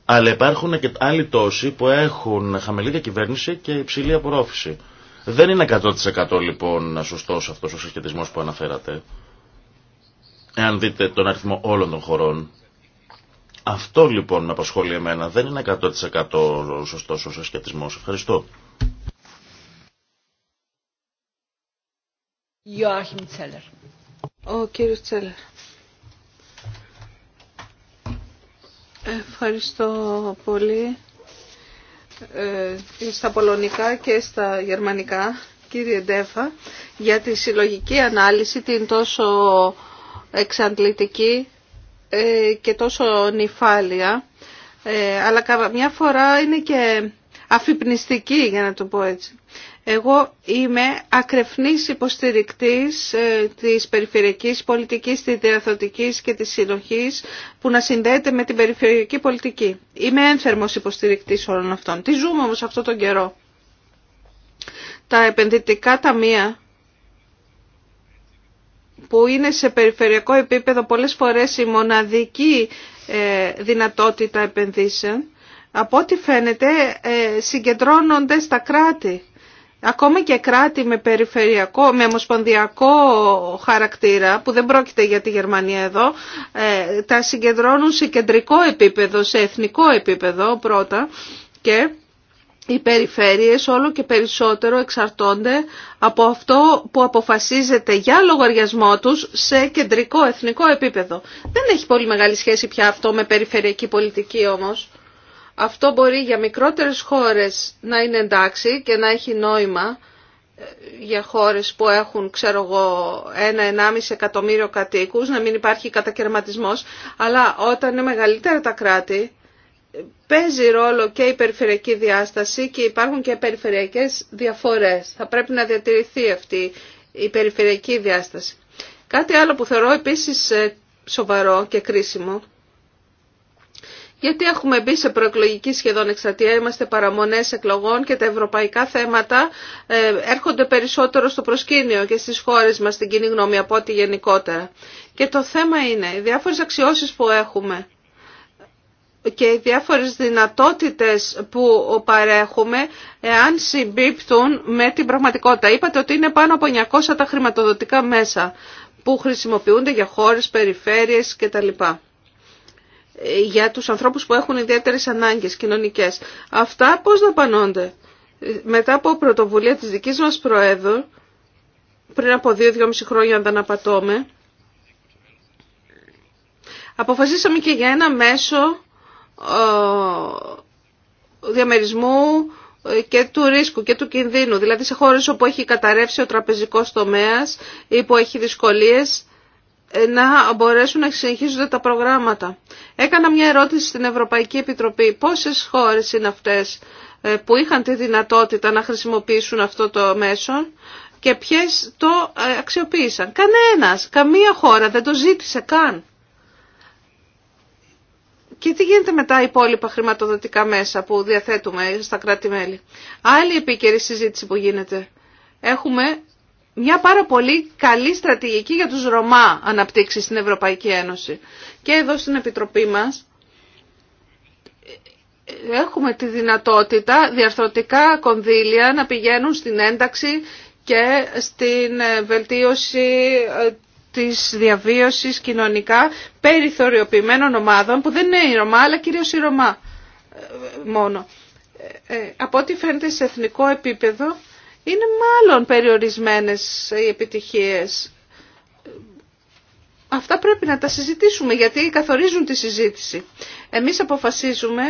αλλά υπάρχουν και άλλοι τόσοι που έχουν χαμηλή διακυβέρνηση και υψηλή απορρόφηση. Δεν είναι 100% λοιπόν σωστός αυτός ο σχετισμός που αναφέρατε. Εάν δείτε τον αριθμό όλων των χωρών, αυτό λοιπόν με απασχολεί εμένα. Δεν είναι 100% σωστός ο σχετισμός. Ευχαριστώ. Ο κύριος Τσέλερ. Ευχαριστώ πολύ. Ε, στα πολωνικά και στα γερμανικά, κύριε Ντέφα, για τη συλλογική ανάλυση, την τόσο εξαντλητική ε, και τόσο νυφάλια, ε, αλλά καμιά φορά είναι και αφυπνιστική, για να το πω έτσι. Εγώ είμαι ακρεφνής υποστηρικτής ε, της περιφερειακής πολιτικής, της διαθωτικής και της συνοχής που να συνδέεται με την περιφερειακή πολιτική. Είμαι ένθερμος υποστηρικτής όλων αυτών. Τι ζούμε όμως αυτόν τον καιρό. Τα επενδυτικά ταμεία που είναι σε περιφερειακό επίπεδο πολλές φορές η μοναδική ε, δυνατότητα επενδύσεων, από ό,τι φαίνεται ε, συγκεντρώνονται στα κράτη Ακόμα και κράτη με περιφερειακό, με ομοσπονδιακό χαρακτήρα, που δεν πρόκειται για τη Γερμανία εδώ, ε, τα συγκεντρώνουν σε κεντρικό επίπεδο, σε εθνικό επίπεδο πρώτα και οι περιφέρειες όλο και περισσότερο εξαρτώνται από αυτό που αποφασίζεται για λογαριασμό τους σε κεντρικό εθνικό επίπεδο. Δεν έχει πολύ μεγάλη σχέση πια αυτό με περιφερειακή πολιτική όμως. Αυτό μπορεί για μικρότερες χώρες να είναι εντάξει και να έχει νόημα ε, για χώρες που έχουν, ξέρω εγώ, ένα-ενάμιση εκατομμύριο κατοίκους, να μην υπάρχει κατακαιρματισμός, αλλά όταν είναι μεγαλύτερα τα κράτη, ε, παίζει ρόλο και η περιφερειακή διάσταση και υπάρχουν και περιφερειακές διαφορές. Θα πρέπει να διατηρηθεί αυτή η περιφερειακή διάσταση. Κάτι άλλο που θεωρώ επίσης ε, σοβαρό και κρίσιμο γιατί έχουμε μπει σε προεκλογική σχεδόν εξατία, είμαστε παραμονές εκλογών και τα ευρωπαϊκά θέματα ε, έρχονται περισσότερο στο προσκήνιο και στις χώρες μας στην κοινή γνώμη από ό,τι γενικότερα. Και το θέμα είναι οι διάφορες αξιώσεις που έχουμε και οι διάφορες δυνατότητες που παρέχουμε εάν συμπίπτουν με την πραγματικότητα. Είπατε ότι είναι πάνω από 900 τα χρηματοδοτικά μέσα που χρησιμοποιούνται για χώρες, περιφέρειες κτλ για τους ανθρώπους που έχουν ιδιαίτερες ανάγκες κοινωνικές. Αυτά πώς πανώνται; Μετά από πρωτοβουλία της δικής μας Προέδρου, πριν από δύο-δυόμιση χρόνια αν δεν απατώμε, αποφασίσαμε και για ένα μέσο ε, διαμερισμού ε, και του ρίσκου και του κινδύνου. Δηλαδή σε χώρες όπου έχει καταρρεύσει ο τραπεζικός τομέας ή που έχει δυσκολίες ε, να μπορέσουν να συνεχίζονται τα προγράμματα. Έκανα μια ερώτηση στην Ευρωπαϊκή Επιτροπή. Πόσες χώρες είναι αυτές ε, που είχαν τη δυνατότητα να χρησιμοποιήσουν αυτό το μέσο και ποιες το ε, αξιοποίησαν. Κανένας, καμία χώρα δεν το ζήτησε καν. Και τι γίνεται με τα υπόλοιπα χρηματοδοτικά μέσα που διαθέτουμε στα κράτη-μέλη. Άλλη επίκαιρη συζήτηση που γίνεται. Έχουμε μια πάρα πολύ καλή στρατηγική για τους Ρωμά αναπτύξεις στην Ευρωπαϊκή Ένωση. Και εδώ στην Επιτροπή μας έχουμε τη δυνατότητα διαρθρωτικά κονδύλια να πηγαίνουν στην ένταξη και στην βελτίωση ε, της διαβίωσης κοινωνικά περιθωριοποιημένων ομάδων που δεν είναι η Ρωμά αλλά κυρίως η Ρωμά ε, μόνο. Ε, από ό,τι φαίνεται σε εθνικό επίπεδο είναι μάλλον περιορισμένες οι επιτυχίες. Αυτά πρέπει να τα συζητήσουμε γιατί καθορίζουν τη συζήτηση. Εμείς αποφασίζουμε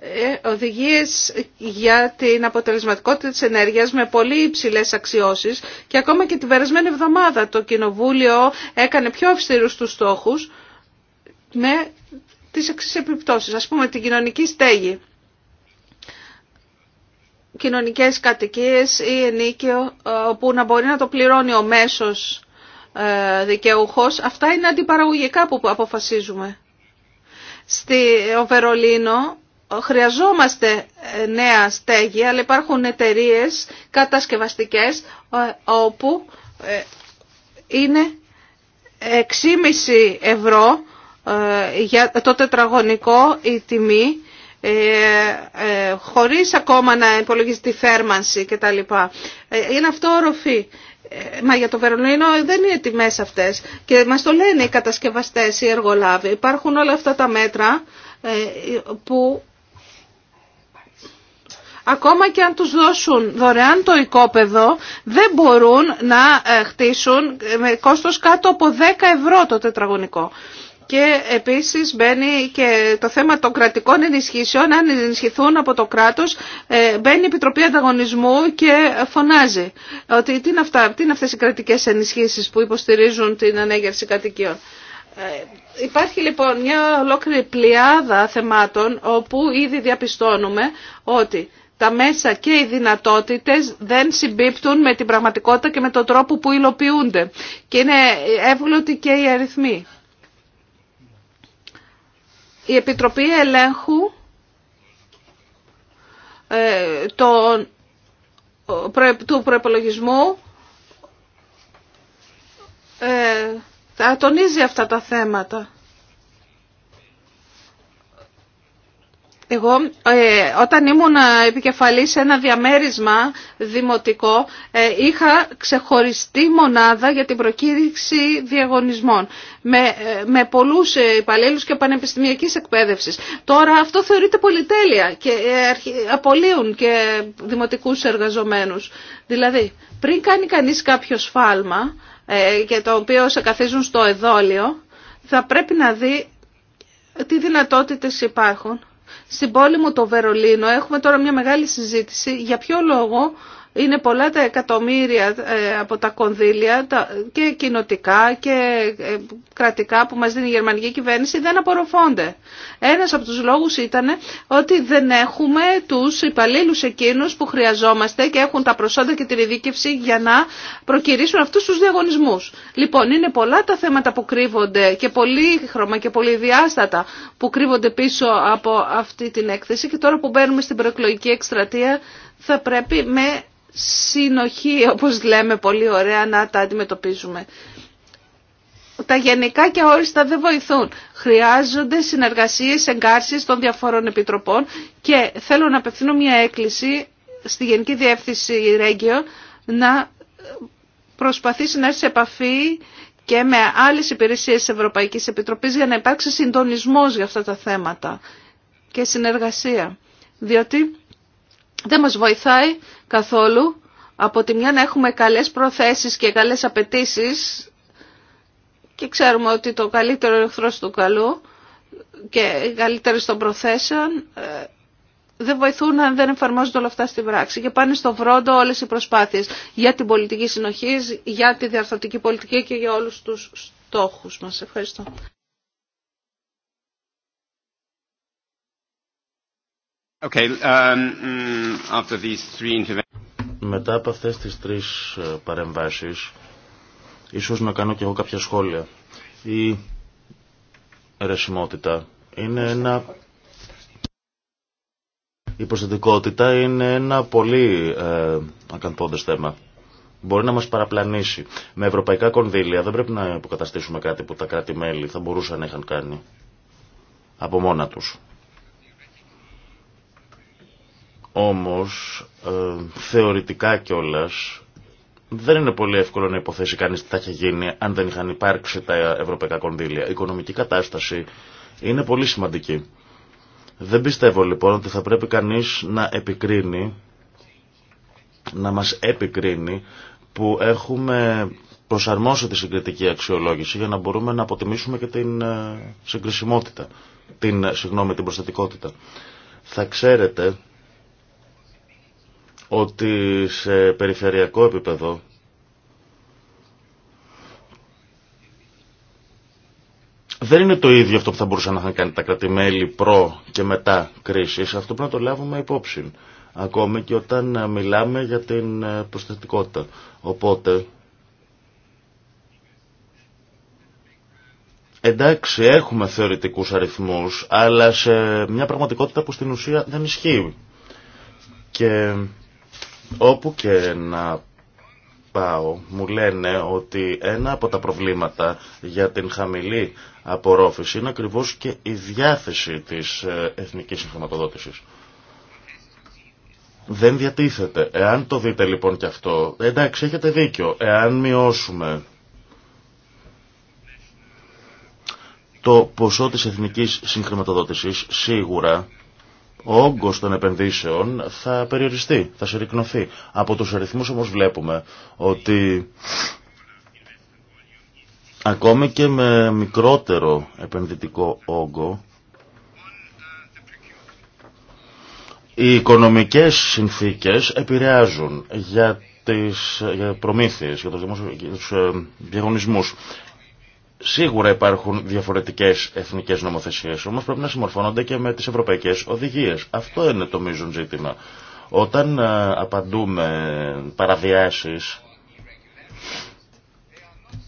ε, οδηγίες για την αποτελεσματικότητα της ενέργειας με πολύ υψηλές αξιώσεις και ακόμα και την περασμένη εβδομάδα το Κοινοβούλιο έκανε πιο αυστηρούς τους στόχους με τις εξής επιπτώσεις, ας πούμε την κοινωνική στέγη κοινωνικές κατοικίες ή ενίκαιο ε, που να μπορεί να το πληρώνει ο μέσος ε, δικαιούχος. Αυτά είναι αντιπαραγωγικά που αποφασίζουμε. Στη Βερολίνο ε, χρειαζόμαστε νέα στέγη, αλλά υπάρχουν εταιρείε κατασκευαστικές όπου είναι 6,5 ευρώ για το τετραγωνικό η τιμή ε, ε, χωρίς ακόμα να υπολογίζει τη φέρμανση κτλ. Ε, είναι αυτό οροφή. Μα για το Βερολίνο δεν είναι τιμές αυτές και μας το λένε οι κατασκευαστές, οι εργολάβοι. Υπάρχουν όλα αυτά τα μέτρα που ακόμα και αν τους δώσουν δωρεάν το οικόπεδο, δεν μπορούν να χτίσουν με κόστος κάτω από 10 ευρώ το τετραγωνικό. Και επίσης μπαίνει και το θέμα των κρατικών ενισχύσεων, αν ενισχυθούν από το κράτος, ε, μπαίνει η Επιτροπή Ανταγωνισμού και φωνάζει ότι τι είναι, αυτά, τι είναι αυτές οι κρατικές ενισχύσεις που υποστηρίζουν την ανέγερση κατοικιών. Ε, υπάρχει λοιπόν μια ολόκληρη πλειάδα θεμάτων όπου ήδη διαπιστώνουμε ότι τα μέσα και οι δυνατότητες δεν συμπίπτουν με την πραγματικότητα και με τον τρόπο που υλοποιούνται. Και είναι εύγλωτοι και οι αριθμοί η Επιτροπή Ελέγχου ε, του προεπολογισμού ε, θα τονίζει αυτά τα θέματα. Εγώ ε, όταν ήμουν ε, επικεφαλής σε ένα διαμέρισμα δημοτικό ε, είχα ξεχωριστή μονάδα για την προκήρυξη διαγωνισμών με, ε, με πολλούς υπαλλήλους και πανεπιστημιακής εκπαίδευσης. Τώρα αυτό θεωρείται πολυτέλεια και απολύουν και δημοτικούς εργαζομένους. Δηλαδή πριν κάνει κανείς κάποιο σφάλμα για το οποίο σε καθίζουν στο εδόλιο θα πρέπει να δει τι δυνατότητες υπάρχουν στην πόλη μου το Βερολίνο έχουμε τώρα μια μεγάλη συζήτηση για ποιο λόγο είναι πολλά τα εκατομμύρια ε, από τα κονδύλια και κοινοτικά και ε, κρατικά που μας δίνει η γερμανική κυβέρνηση δεν απορροφώνται. Ένας από τους λόγους ήταν ότι δεν έχουμε τους υπαλλήλους εκείνους που χρειαζόμαστε και έχουν τα προσόντα και την ειδίκευση για να προκυρήσουν αυτούς τους διαγωνισμούς. Λοιπόν, είναι πολλά τα θέματα που κρύβονται και πολύ χρώμα και πολυδιάστατα που κρύβονται πίσω από αυτή την έκθεση και τώρα που μπαίνουμε στην προεκλογική εκστρατεία θα πρέπει με συνοχή, όπως λέμε πολύ ωραία, να τα αντιμετωπίζουμε. Τα γενικά και όριστα δεν βοηθούν. Χρειάζονται συνεργασίες, εγκάρσεις των διαφόρων επιτροπών και θέλω να απευθύνω μια έκκληση στη Γενική Διεύθυνση Ρέγγιο να προσπαθήσει να έρθει σε επαφή και με άλλες υπηρεσίες της Ευρωπαϊκής Επιτροπής για να υπάρξει συντονισμός για αυτά τα θέματα και συνεργασία. Διότι δεν μας βοηθάει καθόλου από τη μια να έχουμε καλές προθέσεις και καλές απαιτήσει και ξέρουμε ότι το καλύτερο εχθρός του καλού και οι καλύτερες των προθέσεων ε, δεν βοηθούν αν δεν εφαρμόζονται όλα αυτά στην πράξη και πάνε στο βρόντο όλες οι προσπάθειες για την πολιτική συνοχή, για τη διαρθρωτική πολιτική και για όλους τους στόχους μας. Ευχαριστώ. Okay, um, mm, after these three... Μετά από αυτές τις τρεις ε, παρεμβάσεις, ίσως να κάνω και εγώ κάποια σχόλια. Η ρεσιμότητα είναι ένα... Η προσθετικότητα είναι ένα πολύ ε, θέμα. Μπορεί να μας παραπλανήσει. Με ευρωπαϊκά κονδύλια δεν πρέπει να υποκαταστήσουμε κάτι που τα κράτη-μέλη θα μπορούσαν να είχαν κάνει από μόνα τους. Όμως, ε, θεωρητικά κιόλα δεν είναι πολύ εύκολο να υποθέσει κανείς τι θα είχε γίνει αν δεν είχαν υπάρξει τα ευρωπαϊκά κονδύλια. Η οικονομική κατάσταση είναι πολύ σημαντική. Δεν πιστεύω λοιπόν ότι θα πρέπει κανείς να επικρίνει, να μας επικρίνει που έχουμε προσαρμόσει τη συγκριτική αξιολόγηση για να μπορούμε να αποτιμήσουμε και την ε, συγκρισιμότητα, την, ε, συγγνώμη, την Θα ξέρετε ότι σε περιφερειακό επίπεδο δεν είναι το ίδιο αυτό που θα μπορούσαν να είχαν κάνει τα κρατημέλη προ και μετά κρίση. Αυτό πρέπει να το λάβουμε υπόψη. Ακόμη και όταν μιλάμε για την προσθετικότητα. Οπότε, εντάξει έχουμε θεωρητικούς αριθμούς, αλλά σε μια πραγματικότητα που στην ουσία δεν ισχύει. Και Όπου και να πάω, μου λένε ότι ένα από τα προβλήματα για την χαμηλή απορρόφηση είναι ακριβώς και η διάθεση της ε, εθνικής συγχρηματοδότησης. Δεν διατίθεται. Εάν το δείτε λοιπόν και αυτό, εντάξει έχετε δίκιο, εάν μειώσουμε το ποσό της εθνικής συγχρηματοδότησης σίγουρα ο όγκος των επενδύσεων θα περιοριστεί, θα συρρυκνωθεί. Από τους αριθμούς όμως βλέπουμε ότι ακόμη και με μικρότερο επενδυτικό όγκο οι οικονομικές συνθήκες επηρεάζουν για τις προμήθειες, για τους ε, διαγωνισμούς. Σίγουρα υπάρχουν διαφορετικέ εθνικέ νομοθεσίε, όμω πρέπει να συμμορφώνονται και με τι ευρωπαϊκέ οδηγίε. Αυτό είναι το μείζον ζήτημα. Όταν ε, απαντούμε παραβιάσει,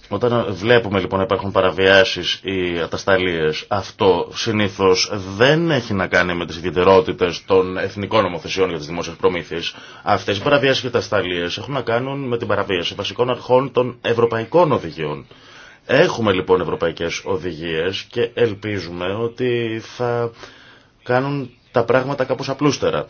όταν βλέπουμε λοιπόν να υπάρχουν παραβιάσει ή ατασταλίε, αυτό συνήθω δεν έχει να κάνει με τι ιδιαιτερότητε των εθνικών νομοθεσιών για τι δημόσιε προμήθειε. Αυτέ οι παραβιάσει και ατασταλίε έχουν να κάνουν με την παραβίαση βασικών αρχών των ευρωπαϊκών οδηγιών. Έχουμε λοιπόν ευρωπαϊκές οδηγίες και ελπίζουμε ότι θα κάνουν τα πράγματα κάπως απλούστερα.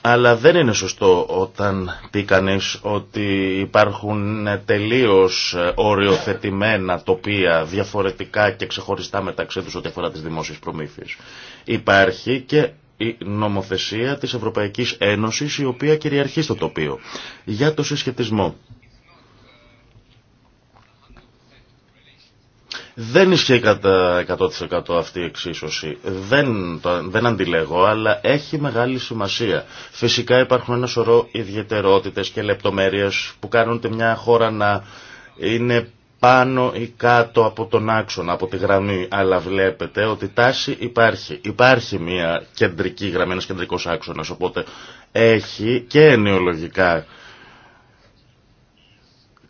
Αλλά δεν είναι σωστό όταν πει κανεί ότι υπάρχουν τελείως οριοθετημένα τοπία διαφορετικά και ξεχωριστά μεταξύ τους ό,τι αφορά τις δημόσιες προμήθειες. Υπάρχει και η νομοθεσία της Ευρωπαϊκής Ένωσης η οποία κυριαρχεί στο τοπίο. Για το συσχετισμό Δεν ισχύει κατά 100% αυτή η εξίσωση. Δεν, δεν αντιλέγω, αλλά έχει μεγάλη σημασία. Φυσικά υπάρχουν ένα σωρό ιδιαιτερότητες και λεπτομέρειες που κάνουν τη μια χώρα να είναι πάνω ή κάτω από τον άξονα, από τη γραμμή, αλλά βλέπετε ότι τάση υπάρχει. Υπάρχει μια κεντρική γραμμή, ένας κεντρικός άξονας, οπότε έχει και ενοιολογικά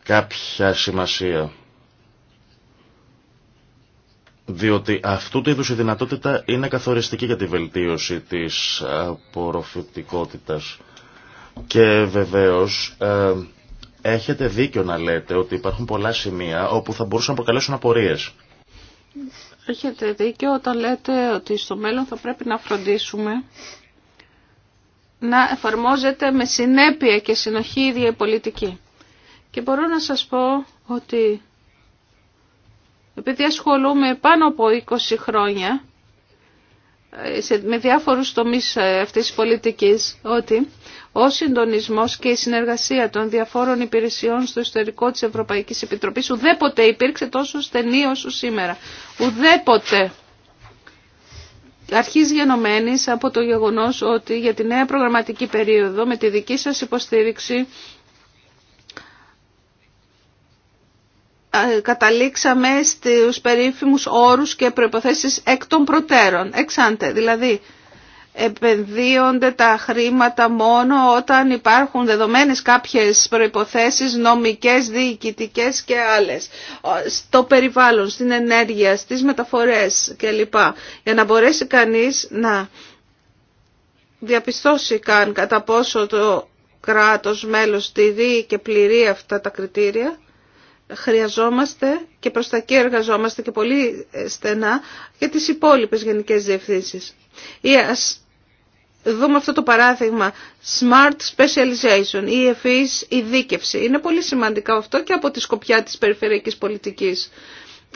κάποια σημασία. Διότι αυτού του είδους η δυνατότητα είναι καθοριστική για τη βελτίωση της απορροφητικότητας. Και βεβαίως ε, έχετε δίκιο να λέτε ότι υπάρχουν πολλά σημεία όπου θα μπορούσαν να προκαλέσουν απορίες. Έχετε δίκιο όταν λέτε ότι στο μέλλον θα πρέπει να φροντίσουμε να εφαρμόζεται με συνέπεια και συνοχή η η πολιτική. Και μπορώ να σας πω ότι επειδή ασχολούμαι πάνω από 20 χρόνια ε, με διάφορους τομείς ε, αυτής της πολιτικής, ότι ο συντονισμός και η συνεργασία των διαφόρων υπηρεσιών στο ιστορικό της Ευρωπαϊκής Επιτροπής ουδέποτε υπήρξε τόσο στενή όσο σήμερα. Ουδέποτε αρχίζει γενομένης από το γεγονός ότι για τη νέα προγραμματική περίοδο με τη δική σας υποστήριξη Ε, καταλήξαμε στους περίφημους όρους και προϋποθέσεις εκ των προτέρων, εξάντε, δηλαδή επενδύονται τα χρήματα μόνο όταν υπάρχουν δεδομένες κάποιες προϋποθέσεις νομικές, διοικητικές και άλλες στο περιβάλλον, στην ενέργεια, στις μεταφορές κλπ. Για να μπορέσει κανείς να διαπιστώσει καν κατά πόσο το κράτος μέλος τηρεί και πληρεί αυτά τα κριτήρια χρειαζόμαστε και προς τα εκεί εργαζόμαστε και πολύ ε, στενά για τις υπόλοιπες γενικές διευθύνσεις. Ή ας δούμε αυτό το παράδειγμα Smart Specialization ή ευφυής ειδίκευση. Είναι πολύ σημαντικά αυτό και από τη σκοπιά της περιφερειακής πολιτικής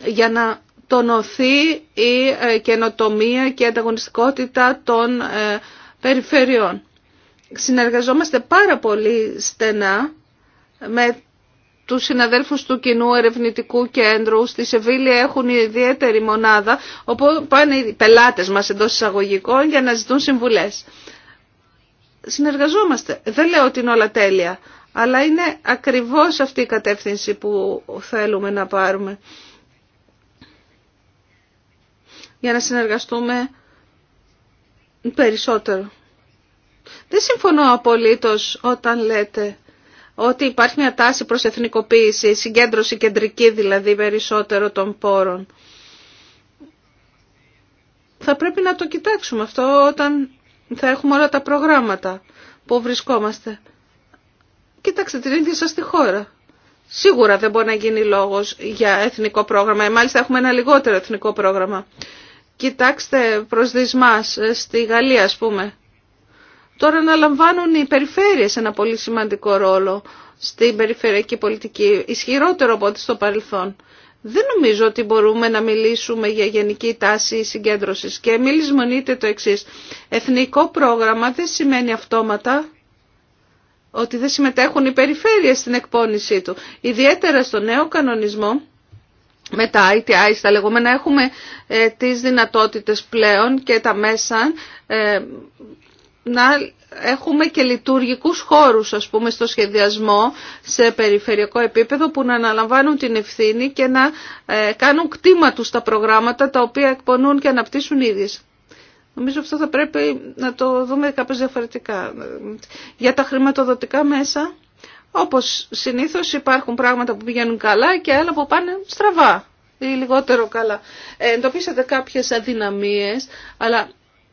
για να τονωθεί η ε, καινοτομία και η ανταγωνιστικότητα των ε, περιφερειών. Συνεργαζόμαστε πάρα πολύ στενά με του συναδέλφους του Κοινού Ερευνητικού Κέντρου στη Σεβίλη έχουν ιδιαίτερη μονάδα, όπου πάνε οι πελάτες μας εντός εισαγωγικών για να ζητούν συμβουλές. Συνεργαζόμαστε. Δεν λέω ότι είναι όλα τέλεια, αλλά είναι ακριβώς αυτή η κατεύθυνση που θέλουμε να πάρουμε για να συνεργαστούμε περισσότερο. Δεν συμφωνώ απολύτως όταν λέτε ότι υπάρχει μια τάση προς εθνικοποίηση, συγκέντρωση κεντρική δηλαδή περισσότερο των πόρων. Θα πρέπει να το κοιτάξουμε αυτό όταν θα έχουμε όλα τα προγράμματα που βρισκόμαστε. Κοιτάξτε την ίδια σας τη χώρα. Σίγουρα δεν μπορεί να γίνει λόγος για εθνικό πρόγραμμα. Μάλιστα έχουμε ένα λιγότερο εθνικό πρόγραμμα. Κοιτάξτε προς δυσμάς ε, στη Γαλλία ας πούμε. Τώρα λαμβάνουν οι περιφέρειες ένα πολύ σημαντικό ρόλο στην περιφερειακή πολιτική, ισχυρότερο από ό,τι στο παρελθόν. Δεν νομίζω ότι μπορούμε να μιλήσουμε για γενική τάση συγκέντρωσης και μη το εξή. Εθνικό πρόγραμμα δεν σημαίνει αυτόματα ότι δεν συμμετέχουν οι περιφέρειες στην εκπόνησή του. Ιδιαίτερα στο νέο κανονισμό με τα ITI στα λεγόμενα έχουμε ε, τις δυνατότητες πλέον και τα μέσα ε, να έχουμε και λειτουργικούς χώρους ας πούμε στο σχεδιασμό σε περιφερειακό επίπεδο που να αναλαμβάνουν την ευθύνη και να ε, κάνουν κτήμα τους τα προγράμματα τα οποία εκπονούν και αναπτύσσουν ίδιες. Νομίζω αυτό θα πρέπει να το δούμε κάπως διαφορετικά. Για τα χρηματοδοτικά μέσα, όπως συνήθως υπάρχουν πράγματα που πηγαίνουν καλά και άλλα που πάνε στραβά ή λιγότερο καλά. Ε, εντοπίσατε κάποιες αδυναμίες, αλλά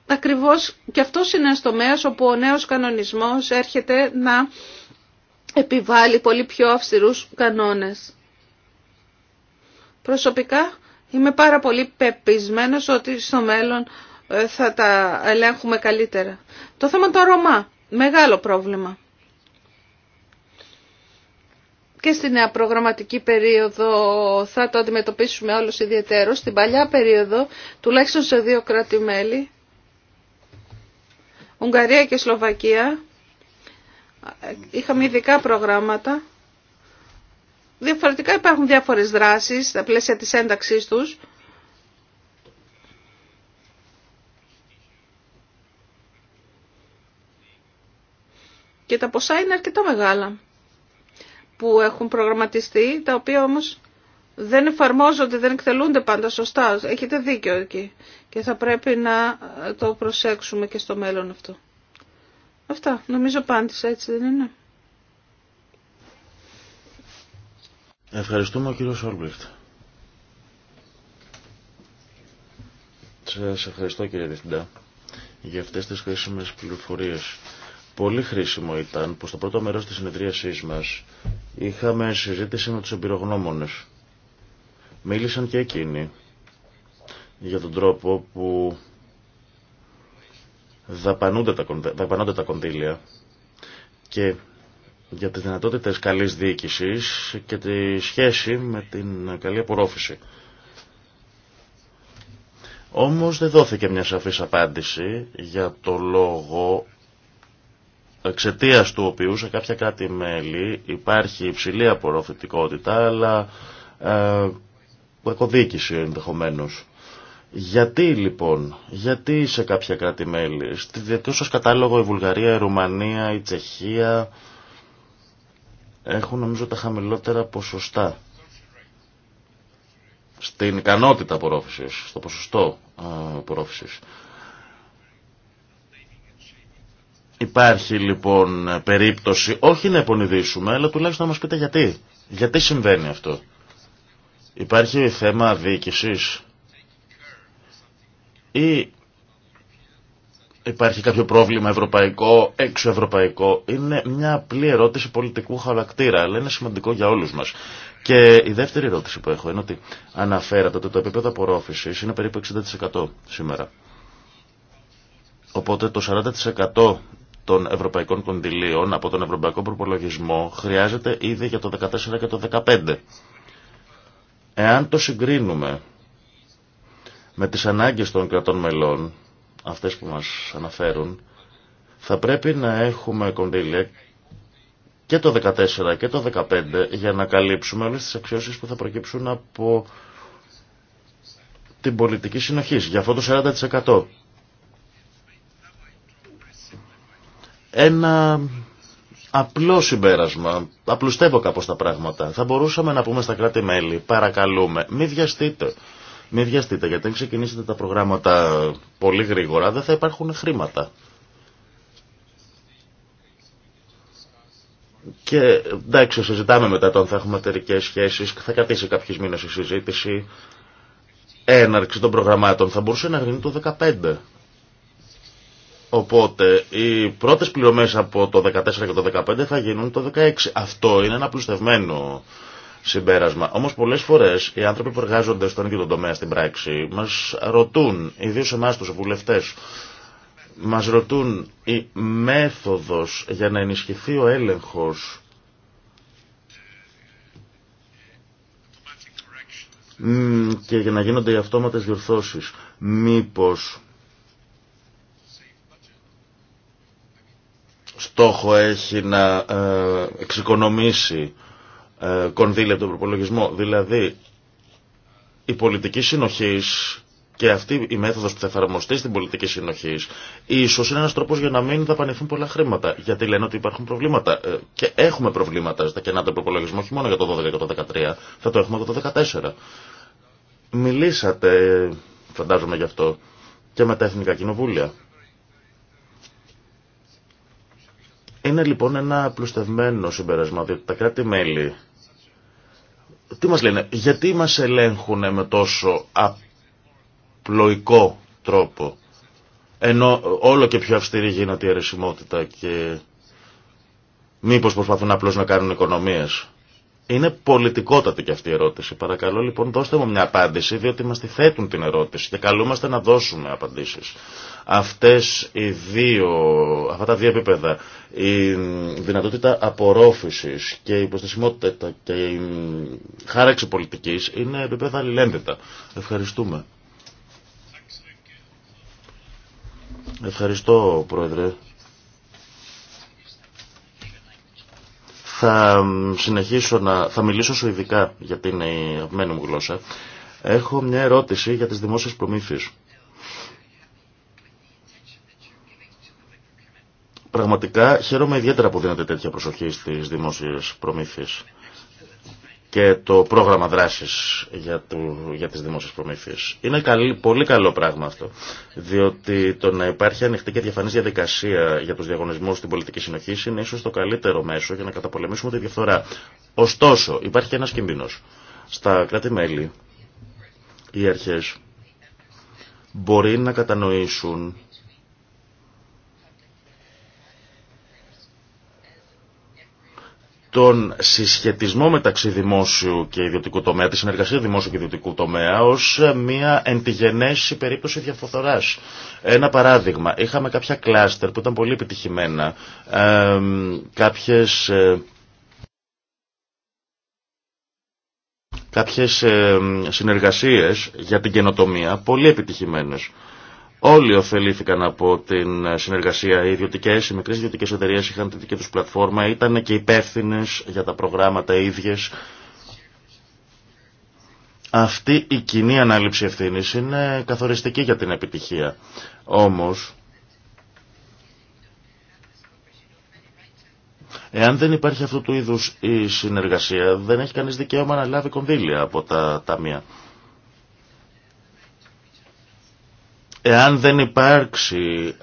ακριβώς και αυτό είναι ένας τομέας όπου ο νέος κανονισμός έρχεται να επιβάλλει πολύ πιο αυστηρούς κανόνες. Προσωπικά είμαι πάρα πολύ πεπισμένος ότι στο μέλλον ε, θα τα ελέγχουμε καλύτερα. Το θέμα των Ρωμά, μεγάλο πρόβλημα. Και στη νέα προγραμματική περίοδο θα το αντιμετωπίσουμε όλους ιδιαίτερο. Στην παλιά περίοδο, τουλάχιστον σε δύο κράτη-μέλη, Ουγγαρία και Σλοβακία είχαμε ειδικά προγράμματα. Διαφορετικά υπάρχουν διάφορες δράσεις στα πλαίσια της ένταξής τους. Και τα ποσά είναι αρκετά μεγάλα που έχουν προγραμματιστεί, τα οποία όμως δεν εφαρμόζονται, δεν εκτελούνται πάντα σωστά. Έχετε δίκιο εκεί και θα πρέπει να ε, το προσέξουμε και στο μέλλον αυτό. Αυτά. Νομίζω πάντησα, έτσι δεν είναι. Ευχαριστούμε ο κύριος Όρμπλεφτ. Σας ευχαριστώ κύριε Διευθυντά για αυτές τις χρήσιμες πληροφορίες. Πολύ χρήσιμο ήταν που στο πρώτο μέρος της συνεδρίασής μας είχαμε συζήτηση με τους εμπειρογνώμονες. Μίλησαν και εκείνοι για τον τρόπο που δαπανούνται τα κονδύλια και για τις δυνατότητες καλής διοίκησης και τη σχέση με την καλή απορρόφηση. Όμως δεν δόθηκε μια σαφής απάντηση για το λόγο εξαιτία του οποίου σε κάποια κράτη-μέλη υπάρχει υψηλή απορροφητικότητα αλλά ε, κακοδιοίκηση ενδεχομένω. Γιατί λοιπόν, γιατί σε κάποια κράτη-μέλη, στη δικό σας κατάλογο η Βουλγαρία, η Ρουμανία, η Τσεχία έχουν νομίζω τα χαμηλότερα ποσοστά στην ικανότητα απορρόφησης, στο ποσοστό απορρόφησης. Υπάρχει λοιπόν περίπτωση όχι να επωνυδίσουμε, αλλά τουλάχιστον να μας πείτε γιατί. Γιατί συμβαίνει αυτό. Υπάρχει θέμα διοίκησης ή υπάρχει κάποιο πρόβλημα ευρωπαϊκό, έξω ευρωπαϊκό. Είναι μια απλή ερώτηση πολιτικού χαρακτήρα, αλλά είναι σημαντικό για όλους μας. Και η δεύτερη ερώτηση που έχω είναι ότι αναφέρατε ότι το επίπεδο απορρόφησης είναι περίπου 60% σήμερα. Οπότε το 40% των ευρωπαϊκών κοντιλίων από τον ευρωπαϊκό προπολογισμό χρειάζεται ήδη για το 14 και το 15. Εάν το συγκρίνουμε με τις ανάγκες των κρατών μελών, αυτές που μας αναφέρουν, θα πρέπει να έχουμε κονδύλια και το 14 και το 15 για να καλύψουμε όλες τις αξιώσεις που θα προκύψουν από την πολιτική συνοχή για αυτό το 40%. Ένα απλό συμπέρασμα, απλουστεύω κάπως τα πράγματα. Θα μπορούσαμε να πούμε στα κράτη-μέλη, παρακαλούμε, μη βιαστείτε. Μην βιαστείτε, γιατί αν ξεκινήσετε τα προγράμματα πολύ γρήγορα δεν θα υπάρχουν χρήματα. Και εντάξει, συζητάμε μετά το αν θα έχουμε εταιρικέ σχέσει, θα κρατήσει κάποιε μήνε η συζήτηση. Έναρξη των προγραμμάτων θα μπορούσε να γίνει το 2015. Οπότε οι πρώτες πληρωμές από το 2014 και το 2015 θα γίνουν το 2016. Αυτό είναι ένα πλουστευμένο συμπέρασμα. Όμω πολλέ φορέ οι άνθρωποι που εργάζονται στον ίδιο τον τομέα στην πράξη μα ρωτούν, ιδίω εμά του βουλευτέ, μα ρωτούν η μέθοδο για να ενισχυθεί ο έλεγχο και για να γίνονται οι αυτόματες διορθώσεις. Μήπως στόχο έχει να ε, εξοικονομήσει ε, κονδύλια από τον προπολογισμό. Δηλαδή, η πολιτική συνοχή και αυτή η μέθοδος που θα εφαρμοστεί στην πολιτική συνοχή, ίσω είναι ένα τρόπο για να μην δαπανηθούν πολλά χρήματα. Γιατί λένε ότι υπάρχουν προβλήματα. Ε, και έχουμε προβλήματα στα κενά του προπολογισμού, όχι μόνο για το 12 και το 2013, θα το έχουμε και το 2014 Μιλήσατε, φαντάζομαι γι' αυτό, και με τα εθνικά κοινοβούλια. Είναι λοιπόν ένα απλουστευμένο συμπερασμά ότι τα κράτη-μέλη τι μας λένε, γιατί μας ελέγχουν με τόσο απλοϊκό τρόπο ενώ όλο και πιο αυστηρή γίνεται η αρισιμότητα και μήπως προσπαθούν απλώς να κάνουν οικονομίες. Είναι πολιτικότατη και αυτή η ερώτηση. Παρακαλώ λοιπόν δώστε μου μια απάντηση διότι μας τη θέτουν την ερώτηση και καλούμαστε να δώσουμε απαντήσεις. Αυτές οι δύο, αυτά τα δύο επίπεδα, η δυνατότητα απορρόφησης και η υποστησιμότητα και η χάραξη πολιτικής είναι επίπεδα αλληλένδετα. Ευχαριστούμε. Ευχαριστώ Πρόεδρε. Θα συνεχίσω να... θα μιλήσω σου ειδικά γιατί είναι η αυμένη μου γλώσσα. Έχω μια ερώτηση για τις δημόσιες προμήθειες. Πραγματικά χαίρομαι ιδιαίτερα που δίνετε τέτοια προσοχή στις δημόσιες προμήθειες και το πρόγραμμα δράσης για, για τις δημόσιες προμήθειες. Είναι καλή, πολύ καλό πράγμα αυτό, διότι το να υπάρχει ανοιχτή και διαφανής διαδικασία για τους διαγωνισμούς στην πολιτική συνοχή είναι ίσως το καλύτερο μέσο για να καταπολεμήσουμε τη διαφθορά. Ωστόσο, υπάρχει και ένας κινδύνος. Στα κράτη-μέλη, οι αρχές μπορεί να κατανοήσουν τον συσχετισμό μεταξύ δημόσιου και ιδιωτικού τομέα, τη συνεργασία δημόσιου και ιδιωτικού τομέα, ω ε, μια εντυγενέση περίπτωση διαφορά. Ένα παράδειγμα, είχαμε κάποια κλάστερ που ήταν πολύ επιτυχημένα, ε, κάποιες, ε, συνεργασίες για την καινοτομία, πολύ επιτυχημένες. Όλοι ωφελήθηκαν από την συνεργασία. Οι ιδιωτικέ, οι μικρέ ιδιωτικέ εταιρείε είχαν τη δική του πλατφόρμα, ήταν και υπεύθυνε για τα προγράμματα ίδιε. Αυτή η κοινή ανάληψη ευθύνη είναι καθοριστική για την επιτυχία. Όμω, εάν δεν υπάρχει αυτού του είδου η συνεργασία, δεν έχει κανεί δικαίωμα να λάβει κονδύλια από τα ταμεία. Εάν δεν υπάρξει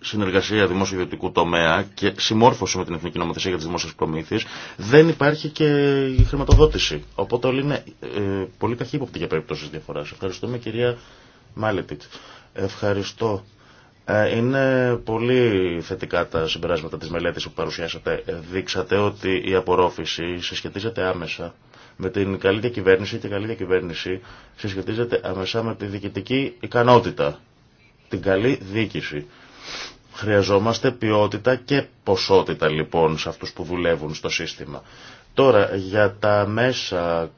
συνεργασία δημόσιο-ιδιωτικού τομέα και συμμόρφωση με την Εθνική Νομοθεσία για τις δημόσιες Προμήθειες, δεν υπάρχει και η χρηματοδότηση. Οπότε όλοι είναι ε, πολύ καχύποπτοι για περιπτώσει διαφορά. Ευχαριστούμε, κυρία Μάλετιτ. Ευχαριστώ. Ε, είναι πολύ θετικά τα συμπεράσματα της μελέτης που παρουσιάσατε. Δείξατε ότι η απορρόφηση συσχετίζεται άμεσα με την καλή διακυβέρνηση και η καλή διακυβέρνηση συσχετίζεται αμεσά με τη διοικητική ικανότητα, την καλή διοίκηση. Χρειαζόμαστε ποιότητα και ποσότητα λοιπόν σε αυτούς που δουλεύουν στο σύστημα. Τώρα για τα μέσα,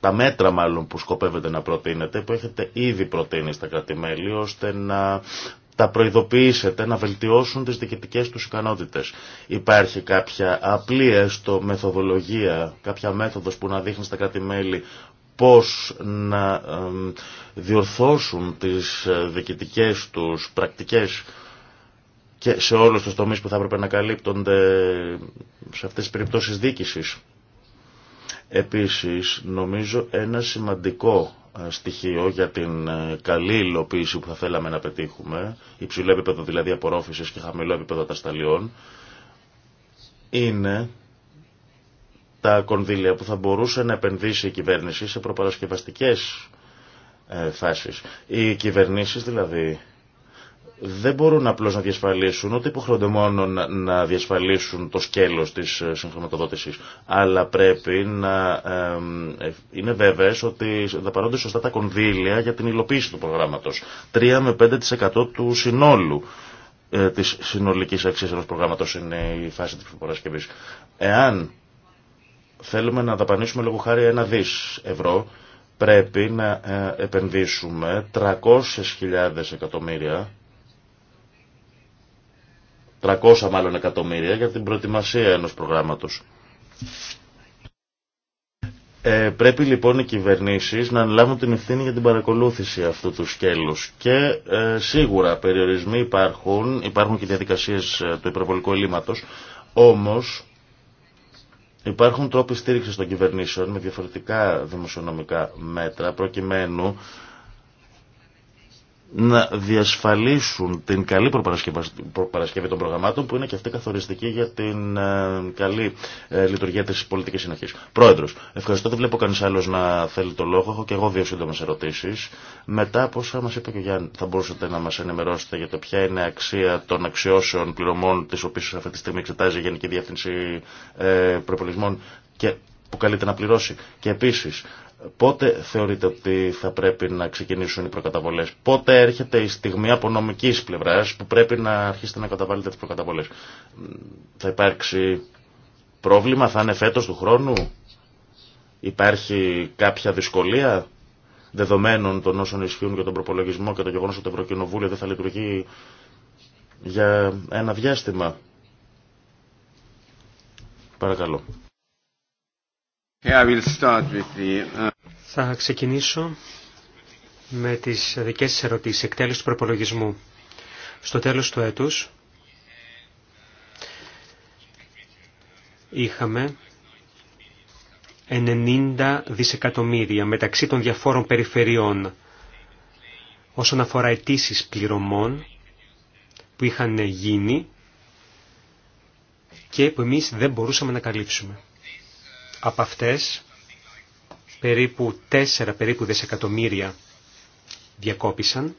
τα μέτρα μάλλον που σκοπεύετε να προτείνετε, που έχετε ήδη προτείνει στα κρατημέλη ώστε να τα προειδοποιήσετε να βελτιώσουν τις διοικητικές τους ικανότητες. Υπάρχει κάποια απλή έστω μεθοδολογία, κάποια μέθοδος που να δείχνει στα κάτι μελη πώς να διορθώσουν τις ε, διοικητικές τους πρακτικές και σε όλους τους τομείς που θα έπρεπε να καλύπτονται σε αυτές τις περιπτώσεις δίκησης. Επίσης, νομίζω ένα σημαντικό ε, στοιχείο για την ε, καλή υλοποίηση που θα θέλαμε να πετύχουμε, υψηλό επίπεδο δηλαδή απορρόφησης και χαμηλό επίπεδο ατασταλιών, είναι τα κονδύλια που θα μπορούσε να επενδύσει η κυβέρνηση σε προπαρασκευαστικές ε, φάσεις. Οι κυβερνήσεις δηλαδή δεν μπορούν απλώς να διασφαλίσουν, ούτε υποχρεώνται μόνο να διασφαλίσουν το σκέλος της ε, συγχρηματοδότησης, αλλά πρέπει να ε, είναι βέβαιες ότι θα δαπανώνται σωστά τα κονδύλια για την υλοποίηση του προγράμματος. 3 με 5% του συνόλου ε, της συνολικής αξίας ενός προγράμματος είναι η φάση της προπαρασκευής. Εάν θέλουμε να δαπανίσουμε λόγω χάρη ένα δις ευρώ, πρέπει να επενδύσουμε 300.000 εκατομμύρια 300 μάλλον εκατομμύρια για την προετοιμασία ενός προγράμματος. Ε, πρέπει λοιπόν οι κυβερνήσεις να αναλάβουν την ευθύνη για την παρακολούθηση αυτού του σκέλους και ε, σίγουρα περιορισμοί υπάρχουν, υπάρχουν και διαδικασίες ε, του υπερβολικού ελλείμματος, όμως υπάρχουν τρόποι στήριξης των κυβερνήσεων με διαφορετικά δημοσιονομικά μέτρα προκειμένου να διασφαλίσουν την καλή προπαρασκευή των προγραμμάτων που είναι και αυτή καθοριστική για την ε, καλή ε, λειτουργία της πολιτικής συνοχής. Πρόεδρος, ευχαριστώ. Δεν βλέπω κανείς άλλος να θέλει το λόγο. Έχω και εγώ δύο σύντομες ερωτήσεις. Μετά από όσα μας είπε και ο Γιάννη, θα μπορούσατε να μας ενημερώσετε για το ποια είναι αξία των αξιώσεων πληρωμών τις οποίες αυτή τη στιγμή εξετάζει η Γενική Διεύθυνση ε, Προπολισμών και που καλείται να πληρώσει. Και επίσης, Πότε θεωρείτε ότι θα πρέπει να ξεκινήσουν οι προκαταβολές. Πότε έρχεται η στιγμή από νομικής πλευράς που πρέπει να αρχίσετε να καταβάλλετε τις προκαταβολές. Θα υπάρξει πρόβλημα, θα είναι φέτος του χρόνου. Υπάρχει κάποια δυσκολία δεδομένων των όσων ισχύουν για τον προπολογισμό και το γεγονός ότι το Ευρωκοινοβούλιο δεν θα λειτουργεί για ένα διάστημα. Παρακαλώ. Uh, Θα ξεκινήσω με τις δικές σας ερωτήσεις, εκτέλους του προπολογισμού. Στο τέλος του έτους είχαμε 90 δισεκατομμύρια μεταξύ των διαφόρων περιφερειών όσον αφορά αιτήσει πληρωμών που είχαν γίνει και που εμείς δεν μπορούσαμε να καλύψουμε. Από αυτές, περίπου 4 περίπου δισεκατομμύρια διακόπησαν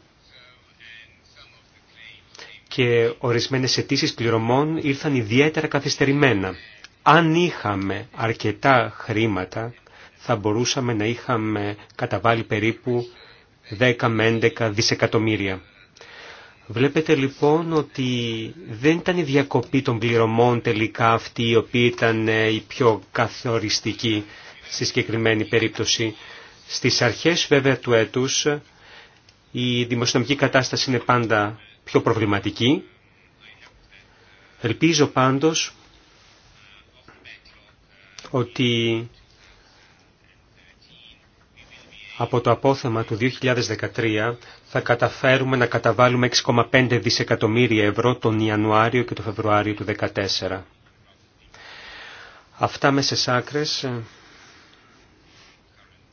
και ορισμένες αιτήσει πληρωμών ήρθαν ιδιαίτερα καθυστερημένα. Αν είχαμε αρκετά χρήματα, θα μπορούσαμε να είχαμε καταβάλει περίπου 10 με 11 δισεκατομμύρια. Βλέπετε λοιπόν ότι δεν ήταν η διακοπή των πληρωμών τελικά αυτή η οποία ήταν ε, η πιο καθοριστική στη συγκεκριμένη περίπτωση. Στις αρχές βέβαια του έτους η δημοσιονομική κατάσταση είναι πάντα πιο προβληματική. Ελπίζω πάντως ότι από το απόθεμα του 2013 θα καταφέρουμε να καταβάλουμε 6,5 δισεκατομμύρια ευρώ τον Ιανουάριο και τον Φεβρουάριο του 2014. Αυτά μέσες άκρες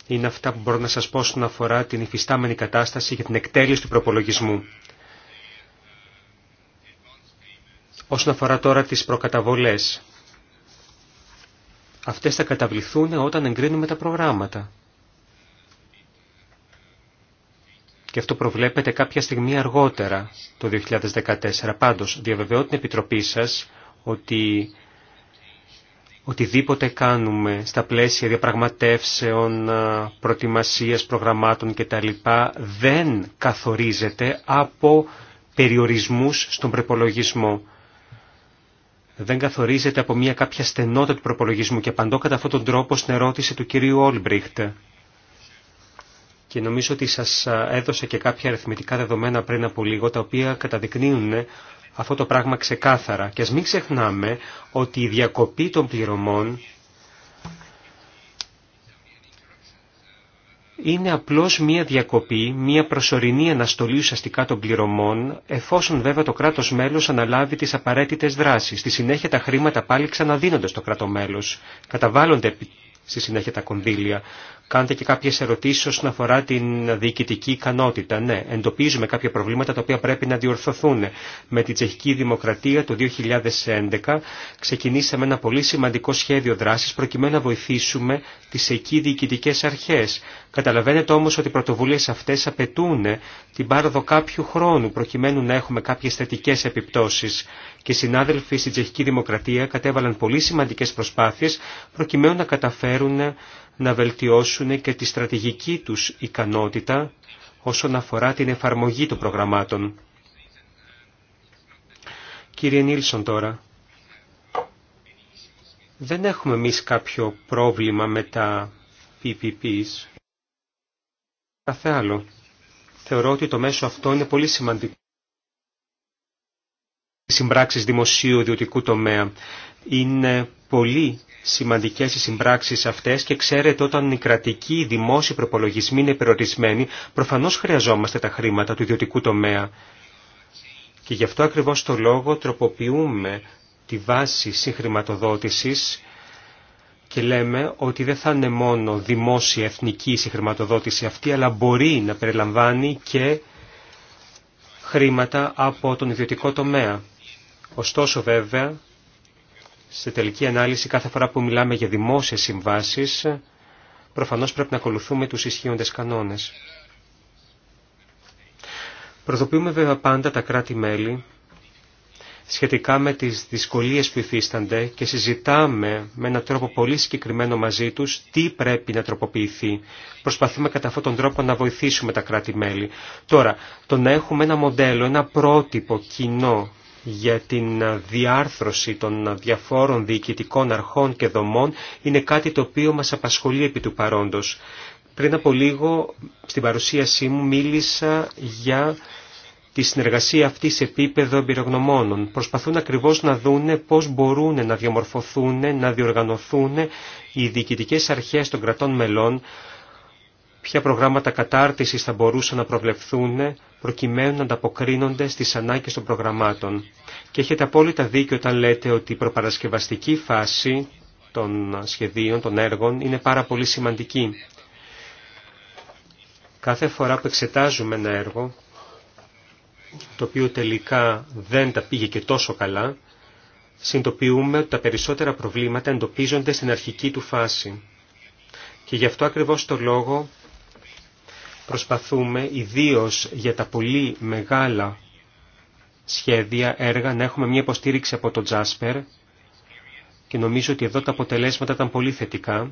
είναι αυτά που μπορώ να σας πω στον αφορά την υφιστάμενη κατάσταση για την εκτέλεση του προπολογισμού. Όσον αφορά τώρα τις προκαταβολές, αυτές θα καταβληθούν όταν εγκρίνουμε τα προγράμματα. και αυτό προβλέπεται κάποια στιγμή αργότερα το 2014. Πάντως, διαβεβαιώ την Επιτροπή σας ότι οτιδήποτε κάνουμε στα πλαίσια διαπραγματεύσεων, προτιμασίας, προγραμμάτων κτλ. δεν καθορίζεται από περιορισμούς στον προπολογισμό. Δεν καθορίζεται από μια κάποια στενότητα του προπολογισμού και απαντώ κατά αυτόν τον τρόπο στην ερώτηση του κυρίου Όλμπριχτ και νομίζω ότι σας έδωσε και κάποια αριθμητικά δεδομένα πριν από λίγο, τα οποία καταδεικνύουν ε, αυτό το πράγμα ξεκάθαρα. Και ας μην ξεχνάμε ότι η διακοπή των πληρωμών είναι απλώς μία διακοπή, μία προσωρινή αναστολή ουσιαστικά των πληρωμών, εφόσον βέβαια το κράτος μέλος αναλάβει τις απαραίτητες δράσεις. Στη συνέχεια τα χρήματα πάλι ξαναδίνονται στο κράτο μέλος, καταβάλλονται στη συνέχεια τα κονδύλια. Κάντε και κάποιες ερωτήσεις όσον αφορά την διοικητική ικανότητα. Ναι, εντοπίζουμε κάποια προβλήματα τα οποία πρέπει να διορθωθούν. Με την Τσεχική Δημοκρατία το 2011 ξεκινήσαμε ένα πολύ σημαντικό σχέδιο δράσης προκειμένου να βοηθήσουμε τις εκεί διοικητικές αρχές. Καταλαβαίνετε όμως ότι οι πρωτοβουλίες αυτές απαιτούν την πάροδο κάποιου χρόνου προκειμένου να έχουμε κάποιες θετικές επιπτώσεις. Και οι συνάδελφοι στην Τσεχική Δημοκρατία κατέβαλαν πολύ σημαντικές προσπάθειες προκειμένου να καταφέρουν να βελτιώσουν και τη στρατηγική τους ικανότητα όσον αφορά την εφαρμογή των προγραμμάτων. Κύριε Νίλσον τώρα, δεν έχουμε εμεί κάποιο πρόβλημα με τα PPPs. Κάθε άλλο, θεωρώ ότι το μέσο αυτό είναι πολύ σημαντικό συμπράξεις δημοσίου ιδιωτικού τομέα. Είναι πολύ σημαντικές οι συμπράξεις αυτές και ξέρετε όταν οι κρατικοί, οι δημόσιοι προπολογισμοί είναι περιορισμένοι, προφανώς χρειαζόμαστε τα χρήματα του ιδιωτικού τομέα. Και γι' αυτό ακριβώς το λόγο τροποποιούμε τη βάση συγχρηματοδότησης και λέμε ότι δεν θα είναι μόνο δημόσια εθνική συγχρηματοδότηση αυτή, αλλά μπορεί να περιλαμβάνει και χρήματα από τον ιδιωτικό τομέα. Ωστόσο βέβαια σε τελική ανάλυση κάθε φορά που μιλάμε για δημόσιες συμβάσεις, προφανώς πρέπει να ακολουθούμε τους ισχύοντες κανόνες. Προδοποιούμε βέβαια πάντα τα κράτη-μέλη σχετικά με τις δυσκολίες που υφίστανται και συζητάμε με έναν τρόπο πολύ συγκεκριμένο μαζί τους τι πρέπει να τροποποιηθεί. Προσπαθούμε κατά αυτόν τον τρόπο να βοηθήσουμε τα κράτη-μέλη. Τώρα, το να έχουμε ένα μοντέλο, ένα πρότυπο κοινό για την διάρθρωση των διαφόρων διοικητικών αρχών και δομών είναι κάτι το οποίο μας απασχολεί επί του παρόντος. Πριν από λίγο στην παρουσίασή μου μίλησα για τη συνεργασία αυτή σε επίπεδο εμπειρογνωμόνων. Προσπαθούν ακριβώς να δούνε πώς μπορούν να διαμορφωθούν, να διοργανωθούν οι διοικητικές αρχές των κρατών μελών, ποια προγράμματα κατάρτισης θα μπορούσαν να προβλεφθούν, προκειμένου να ανταποκρίνονται στις ανάγκες των προγραμμάτων. Και έχετε απόλυτα δίκιο όταν λέτε ότι η προπαρασκευαστική φάση των σχεδίων, των έργων είναι πάρα πολύ σημαντική. Κάθε φορά που εξετάζουμε ένα έργο, το οποίο τελικά δεν τα πήγε και τόσο καλά, συνειδητοποιούμε ότι τα περισσότερα προβλήματα εντοπίζονται στην αρχική του φάση. Και γι' αυτό ακριβώς το λόγο προσπαθούμε ιδίως για τα πολύ μεγάλα σχέδια, έργα, να έχουμε μια υποστήριξη από τον Τζάσπερ και νομίζω ότι εδώ τα αποτελέσματα ήταν πολύ θετικά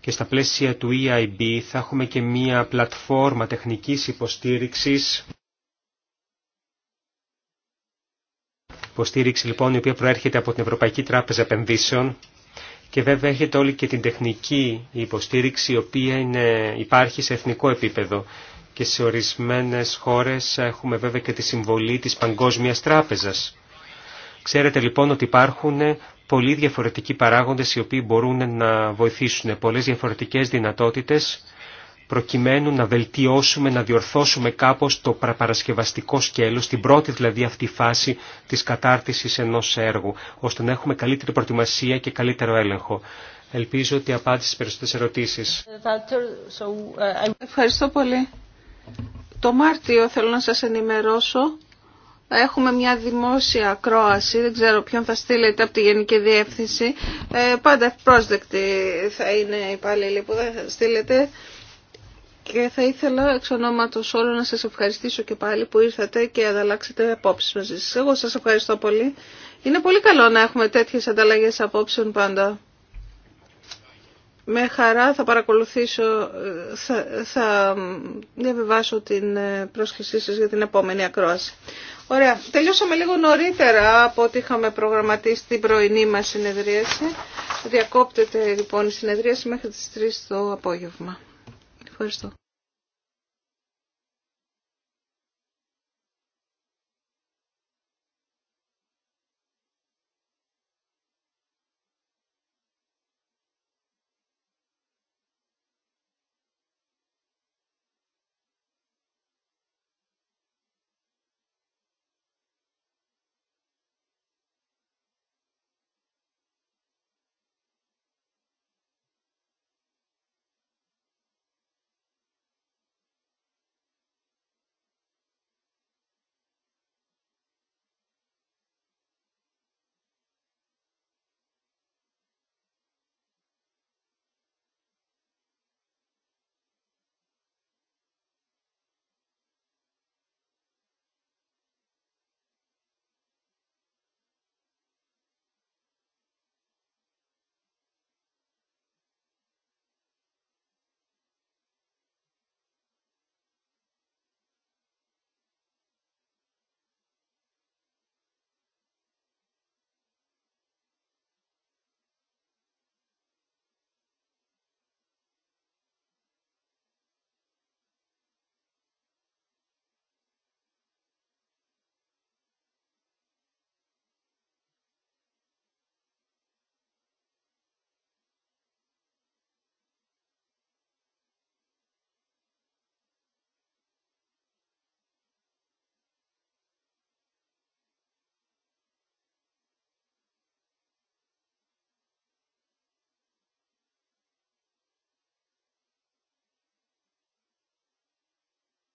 και στα πλαίσια του EIB θα έχουμε και μια πλατφόρμα τεχνικής υποστήριξης Υποστήριξη λοιπόν η οποία προέρχεται από την Ευρωπαϊκή Τράπεζα Επενδύσεων και βέβαια έχετε όλοι και την τεχνική υποστήριξη η οποία είναι, υπάρχει σε εθνικό επίπεδο και σε ορισμένες χώρες έχουμε βέβαια και τη συμβολή της Παγκόσμιας Τράπεζας. Ξέρετε λοιπόν ότι υπάρχουν πολλοί διαφορετικοί παράγοντες οι οποίοι μπορούν να βοηθήσουν, πολλές διαφορετικές δυνατότητες προκειμένου να βελτιώσουμε, να διορθώσουμε κάπως το παρασκευαστικό σκέλος, την πρώτη δηλαδή αυτή φάση της κατάρτισης ενός έργου, ώστε να έχουμε καλύτερη προετοιμασία και καλύτερο έλεγχο. Ελπίζω ότι απάντησε στις περισσότερες ερωτήσεις. Ευχαριστώ πολύ. Το Μάρτιο θέλω να σας ενημερώσω. Έχουμε μια δημόσια ακρόαση, δεν ξέρω ποιον θα στείλετε από τη Γενική Διεύθυνση. Ε, πάντα πρόσδεκτη θα είναι οι υπάλληλοι που θα στείλετε. Και θα ήθελα εξ ονόματος όλων να σας ευχαριστήσω και πάλι που ήρθατε και ανταλλάξετε απόψεις μαζί σα. Εγώ σας ευχαριστώ πολύ. Είναι πολύ καλό να έχουμε τέτοιες ανταλλαγές απόψεων πάντα. Με χαρά θα παρακολουθήσω, θα, θα διαβιβάσω την ε, πρόσκλησή σας για την επόμενη ακρόαση. Ωραία. Τελειώσαμε λίγο νωρίτερα από ό,τι είχαμε προγραμματίσει την πρωινή μας συνεδρίαση. Διακόπτεται λοιπόν η συνεδρίαση μέχρι τις 3 το απόγευμα. Ευχαριστώ.